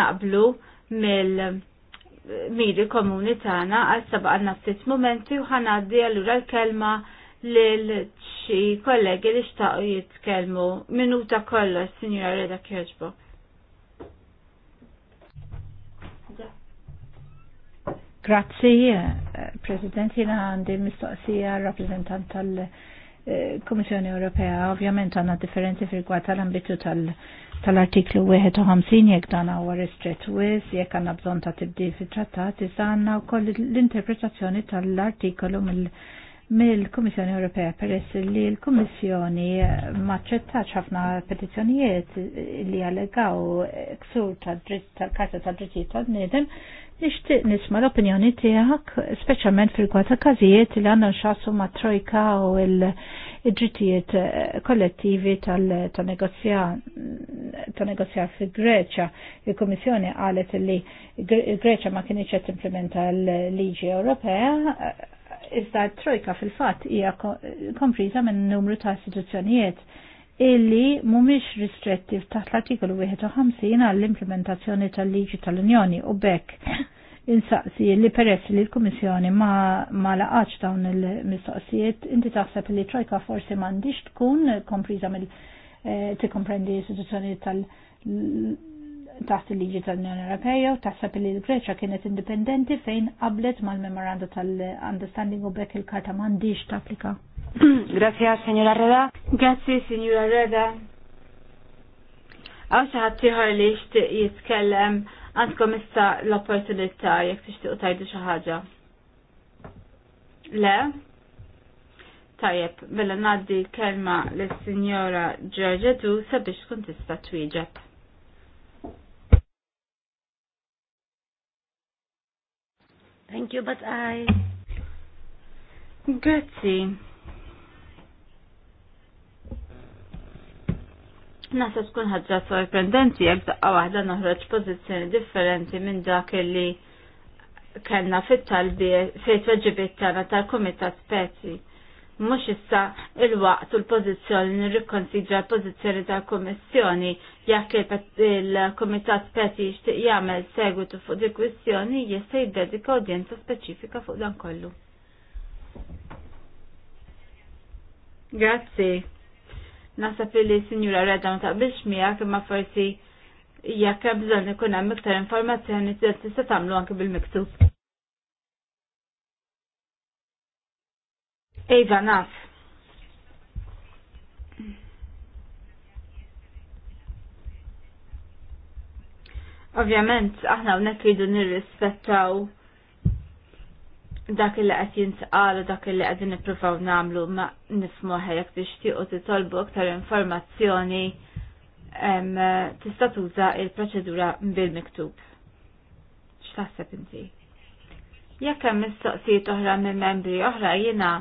naqblu mill- miri komuni tagħna għal sabqa għandna ftit momenti u ħanaddi allura l-kelma lil xi kollegi li xtaqgħu jitkellmu minuta s Sinjora Reda Kirchbo. Grazzi, President, jina għandi mistoqsija rappresentant tal-Komissjoni Ewropea. Ovvjament għanna differenzi fil-gwa tal-ambitu tal-, -ambitu tal ambitu tal-artiklu 51 jekk dan huwa restret wis jekk għandna bżonn ta' tibdil fit-trattat iżda għandna wkoll l-interpretazzjoni tal artiklu mill-Kummissjoni Ewropea peress li l-Kummissjoni ma ċettax ħafna petizzjonijiet li allegaw ksur tad-dritt tal-Karta tad-Drittijiet tal-Bniedem nixtieq nisma' l-opinjoni tiegħek speċjalment fil-kwata każijiet li għandna nxassu ma' trojka u l- id-drittijiet eh, kollettivi tal negozja fi Greċa. Il-Komissjoni għalet li Greċa ma kienieċ qed implementa l-liġi Ewropea, eh, iżda trojka fil-fatt hija kompriża minn numru ta' istituzzjonijiet illi mumiex ristrettiv taħt l-artikolu 51 għall-implementazzjoni tal-liġi tal-Unjoni u bekk insaqsi li peress li l-Kummissjoni ma, ma laqax dawn il-mistoqsijiet, inti taħseb li trojka forsi mandiġ tkun kompriza mill eh, ti komprendi istituzzjoni tal taħt il-liġi tal-Unjoni Ewropea u taħseb li l-Greċa kienet indipendenti fejn qablet mal-memoranda tal-understanding u bekk il-karta mandiġ tapplika. Grazie, signora Reda. Grazie, signora Reda. Għaw saħat tiħor li jitkellem Għandkom issa l-opportunità jekk tixtiequ tajdu xi ħaġa. Le? Tajjeb, mela ngħaddi l-kelma lis-Sinjora Georgia Du sabiex tkun tista' twieġeb. Thank you, but I... Grazzi. Nasa tkun ħadra sorprendenti jekk daqqa waħda noħroġ pożizzjoni differenti minn dak li kellna fit-talbi fejt tweġibiet tagħna tal-Kumitat speċi. Mhux issa il-waqt u l-pożizzjoni nirrikkonsidra l-pożizzjoni tal-Kummissjoni jekk il-Kumitat Speċi jixtieq jagħmel segwitu fuq dik kwistjoni jista' jiddedika udjenza speċifika fuq dan kollu. Grazie. Naħseb li sinjura Redda ma taqbilx miegħek imma forsi jekk hemm bżonn ikun hemm iktar informazzjoni tista' tagħmlu anke bil-miktub. Iva naf. Ovvjament, aħna unnek rridu nirrispettaw dak il-li qed jintqal u dak il-li qegħdin nippruvaw nagħmlu ma nifmu jekk tixtiequ titolbu aktar informazzjoni tista' tuża il-proċedura bil-miktub. X'taħseb inti? Jekk hemm mistoqsijiet oħra minn membri oħra jiena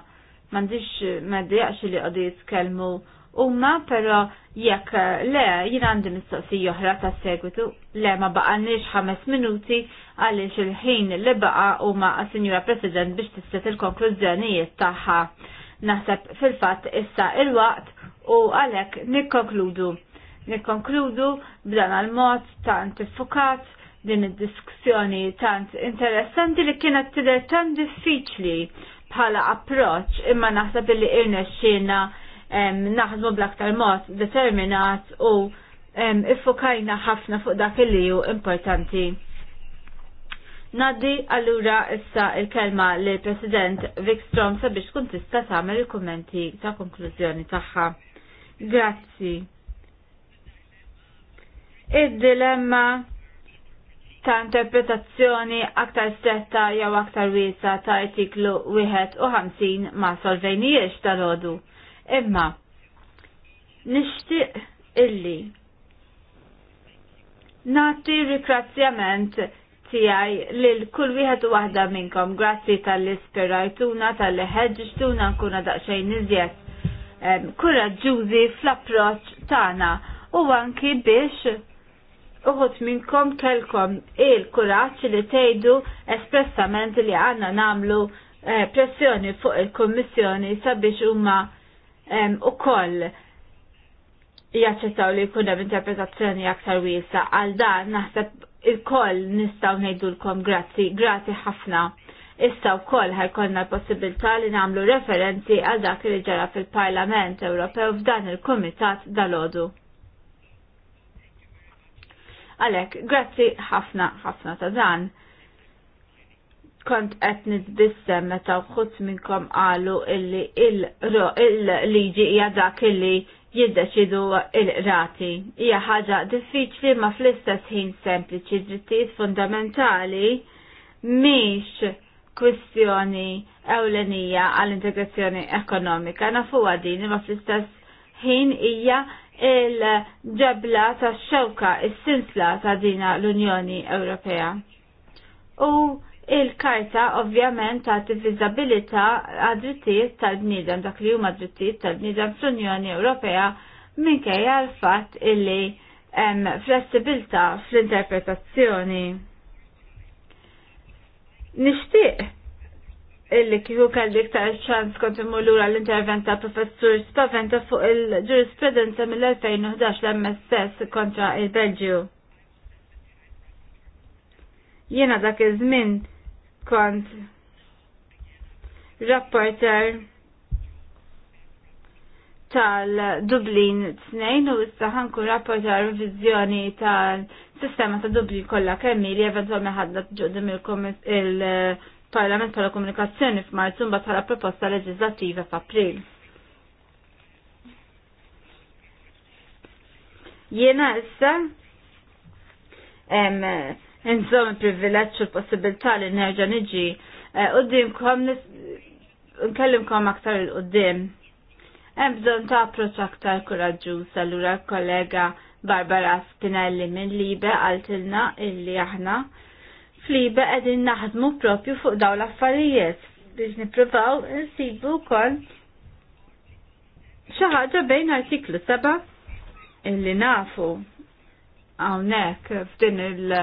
m'għandix ma li qogħdu jitkellmu huma però Jekk eh, le, jien għandi mistoqsi oħra ta' segwitu, le ma baqanniex ħames minuti għaliex il-ħin li baqa u ma' Sinjura President biex tisset il-konklużjonijiet tagħha. Naħseb fil-fatt issa il-waqt u għalhekk nikkonkludu. Nikkonkludu b'dan għal-mod tant iffukat din id-diskussjoni tant interessanti li kienet tidher tant diffiċli bħala approċ imma naħseb li irnexxina xina naħdmu bl-aktar mod determinat u iffokajna ħafna fuq dak li ju importanti. Naddi allura issa il-kelma li President Vikstrom sabiex kun tista tagħmel il-kummenti ta' konklużjoni tagħha. Grazzi. Id-dilemma ta' interpretazzjoni aktar stretta jew aktar wiesa ta' artiklu 51 ma' solvejnijiex tal-ħodu. Imma, nishtiq illi nati rikrazzjament tijaj lil kull wieħed u waħda minnkom. Grazzi tal ispirajtuna tal-li ħedġtuna nkuna daqsxejn iżjed kuraġġużi fl approċċ tagħna u anki biex uħut minnkom kelkom il-kuraġġ li tgħidu espressament li għandna namlu eh, pressjoni fuq il-Kommissjoni sabiex huma u koll jaċċettaw li jkun hemm interpretazzjoni aktar wiesa għal dan naħseb il-koll nistgħu ngħidulkom grazzi, grazzi ħafna. Issa wkoll ħajkonna l-possibilità li nagħmlu referenzi għal dak li ġara fil-Parlament Ewropew f'dan il-Kumitat odu Għalhekk, grazzi ħafna ħafna ta' dan kont qed nitbissem meta wħud minnkom qalu illi il-liġi hija dak illi jiddeċidu il-rati. Hija ħaġa diffiċli ma fl-istess ħin sempliċi drittijiet fundamentali miex kwistjoni ewlenija għall-integrazzjoni ekonomika. Nafuha din ma fl-istess ħin hija il-ġebla tax-xewka, il sinsla ta' dina l-Unjoni Ewropea. U Il-karta ovvjament ta' divizabilità għad-drittijiet tal-bnidem, dak li huma drittijiet tal-bnidem fl-Unjoni Ewropea minkejja l-fatt illi hemm flessibilità fl-interpretazzjoni. Nixtieq illi kieku kelli iktar ċans kont imur lura l-intervent ta' professur Spaventa fuq il-ġurisprudenza mill-2011 l-MSS kontra il-Belġju. Jiena dak iż-żmien kont rapporter tal-Dublin 2 u issa ħanku rapporter revizjoni tal-sistema ta' Dublin kollha kemmi li eventwalment ħadda tġodim il-Parlament tal komunikazzjoni f'Marzu mbagħad bħala proposta leġislattiva f'April. Jiena issa nżom il privileċ u l-possibilità li nerġa' niġi eh, qudiemkom nkellimkom aktar il qudiem Hemm bżonn ta' approċċ aktar kuraġġuż allura kollega Barbara Spinelli minn Libe għaltilna illi aħna flibe qegħdin naħdmu propju fuq dawn l-affarijiet biex nippruvaw insibu wkoll xi ħaġa bejn artiklu seba' illi nafu hawnhekk f'din il-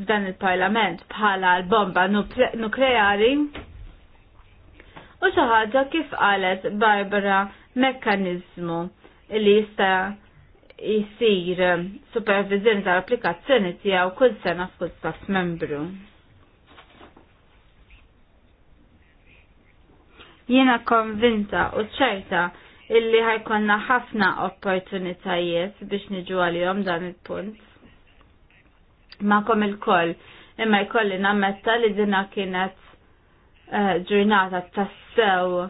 f'dan il-parlament bħala l-bomba nukleari u xi ħaġa kif qalet Barbara mekkaniżmu li jista' jisir supervizjoni tal-applikazzjoni tiegħu kull sena f'kull staff membru. Jiena konvinta u ċerta illi ħajkonna ħafna opportunitajiet biex niġu għalihom dan il-punt ma'kom il-koll. Imma jkolli nammetta li dina kienet eh, ġurnata tassew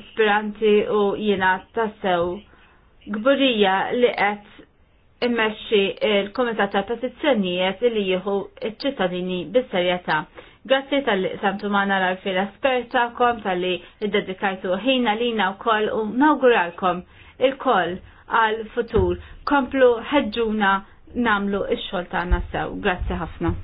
ispiranti u jina tassew gburija li qed immexxi il-Komitat tal-Petizzjonijiet li jieħu iċ-ċittadini bis-serjetà. Grazzi tal-li samtu maħna l-arfi l-espertakom, tal-li id-dedikajtu ħina lina u koll u nawguralkom il-koll għal-futur. Komplu ħedġuna namlu ix-xogħol tagħna sew. Grazzi ħafna.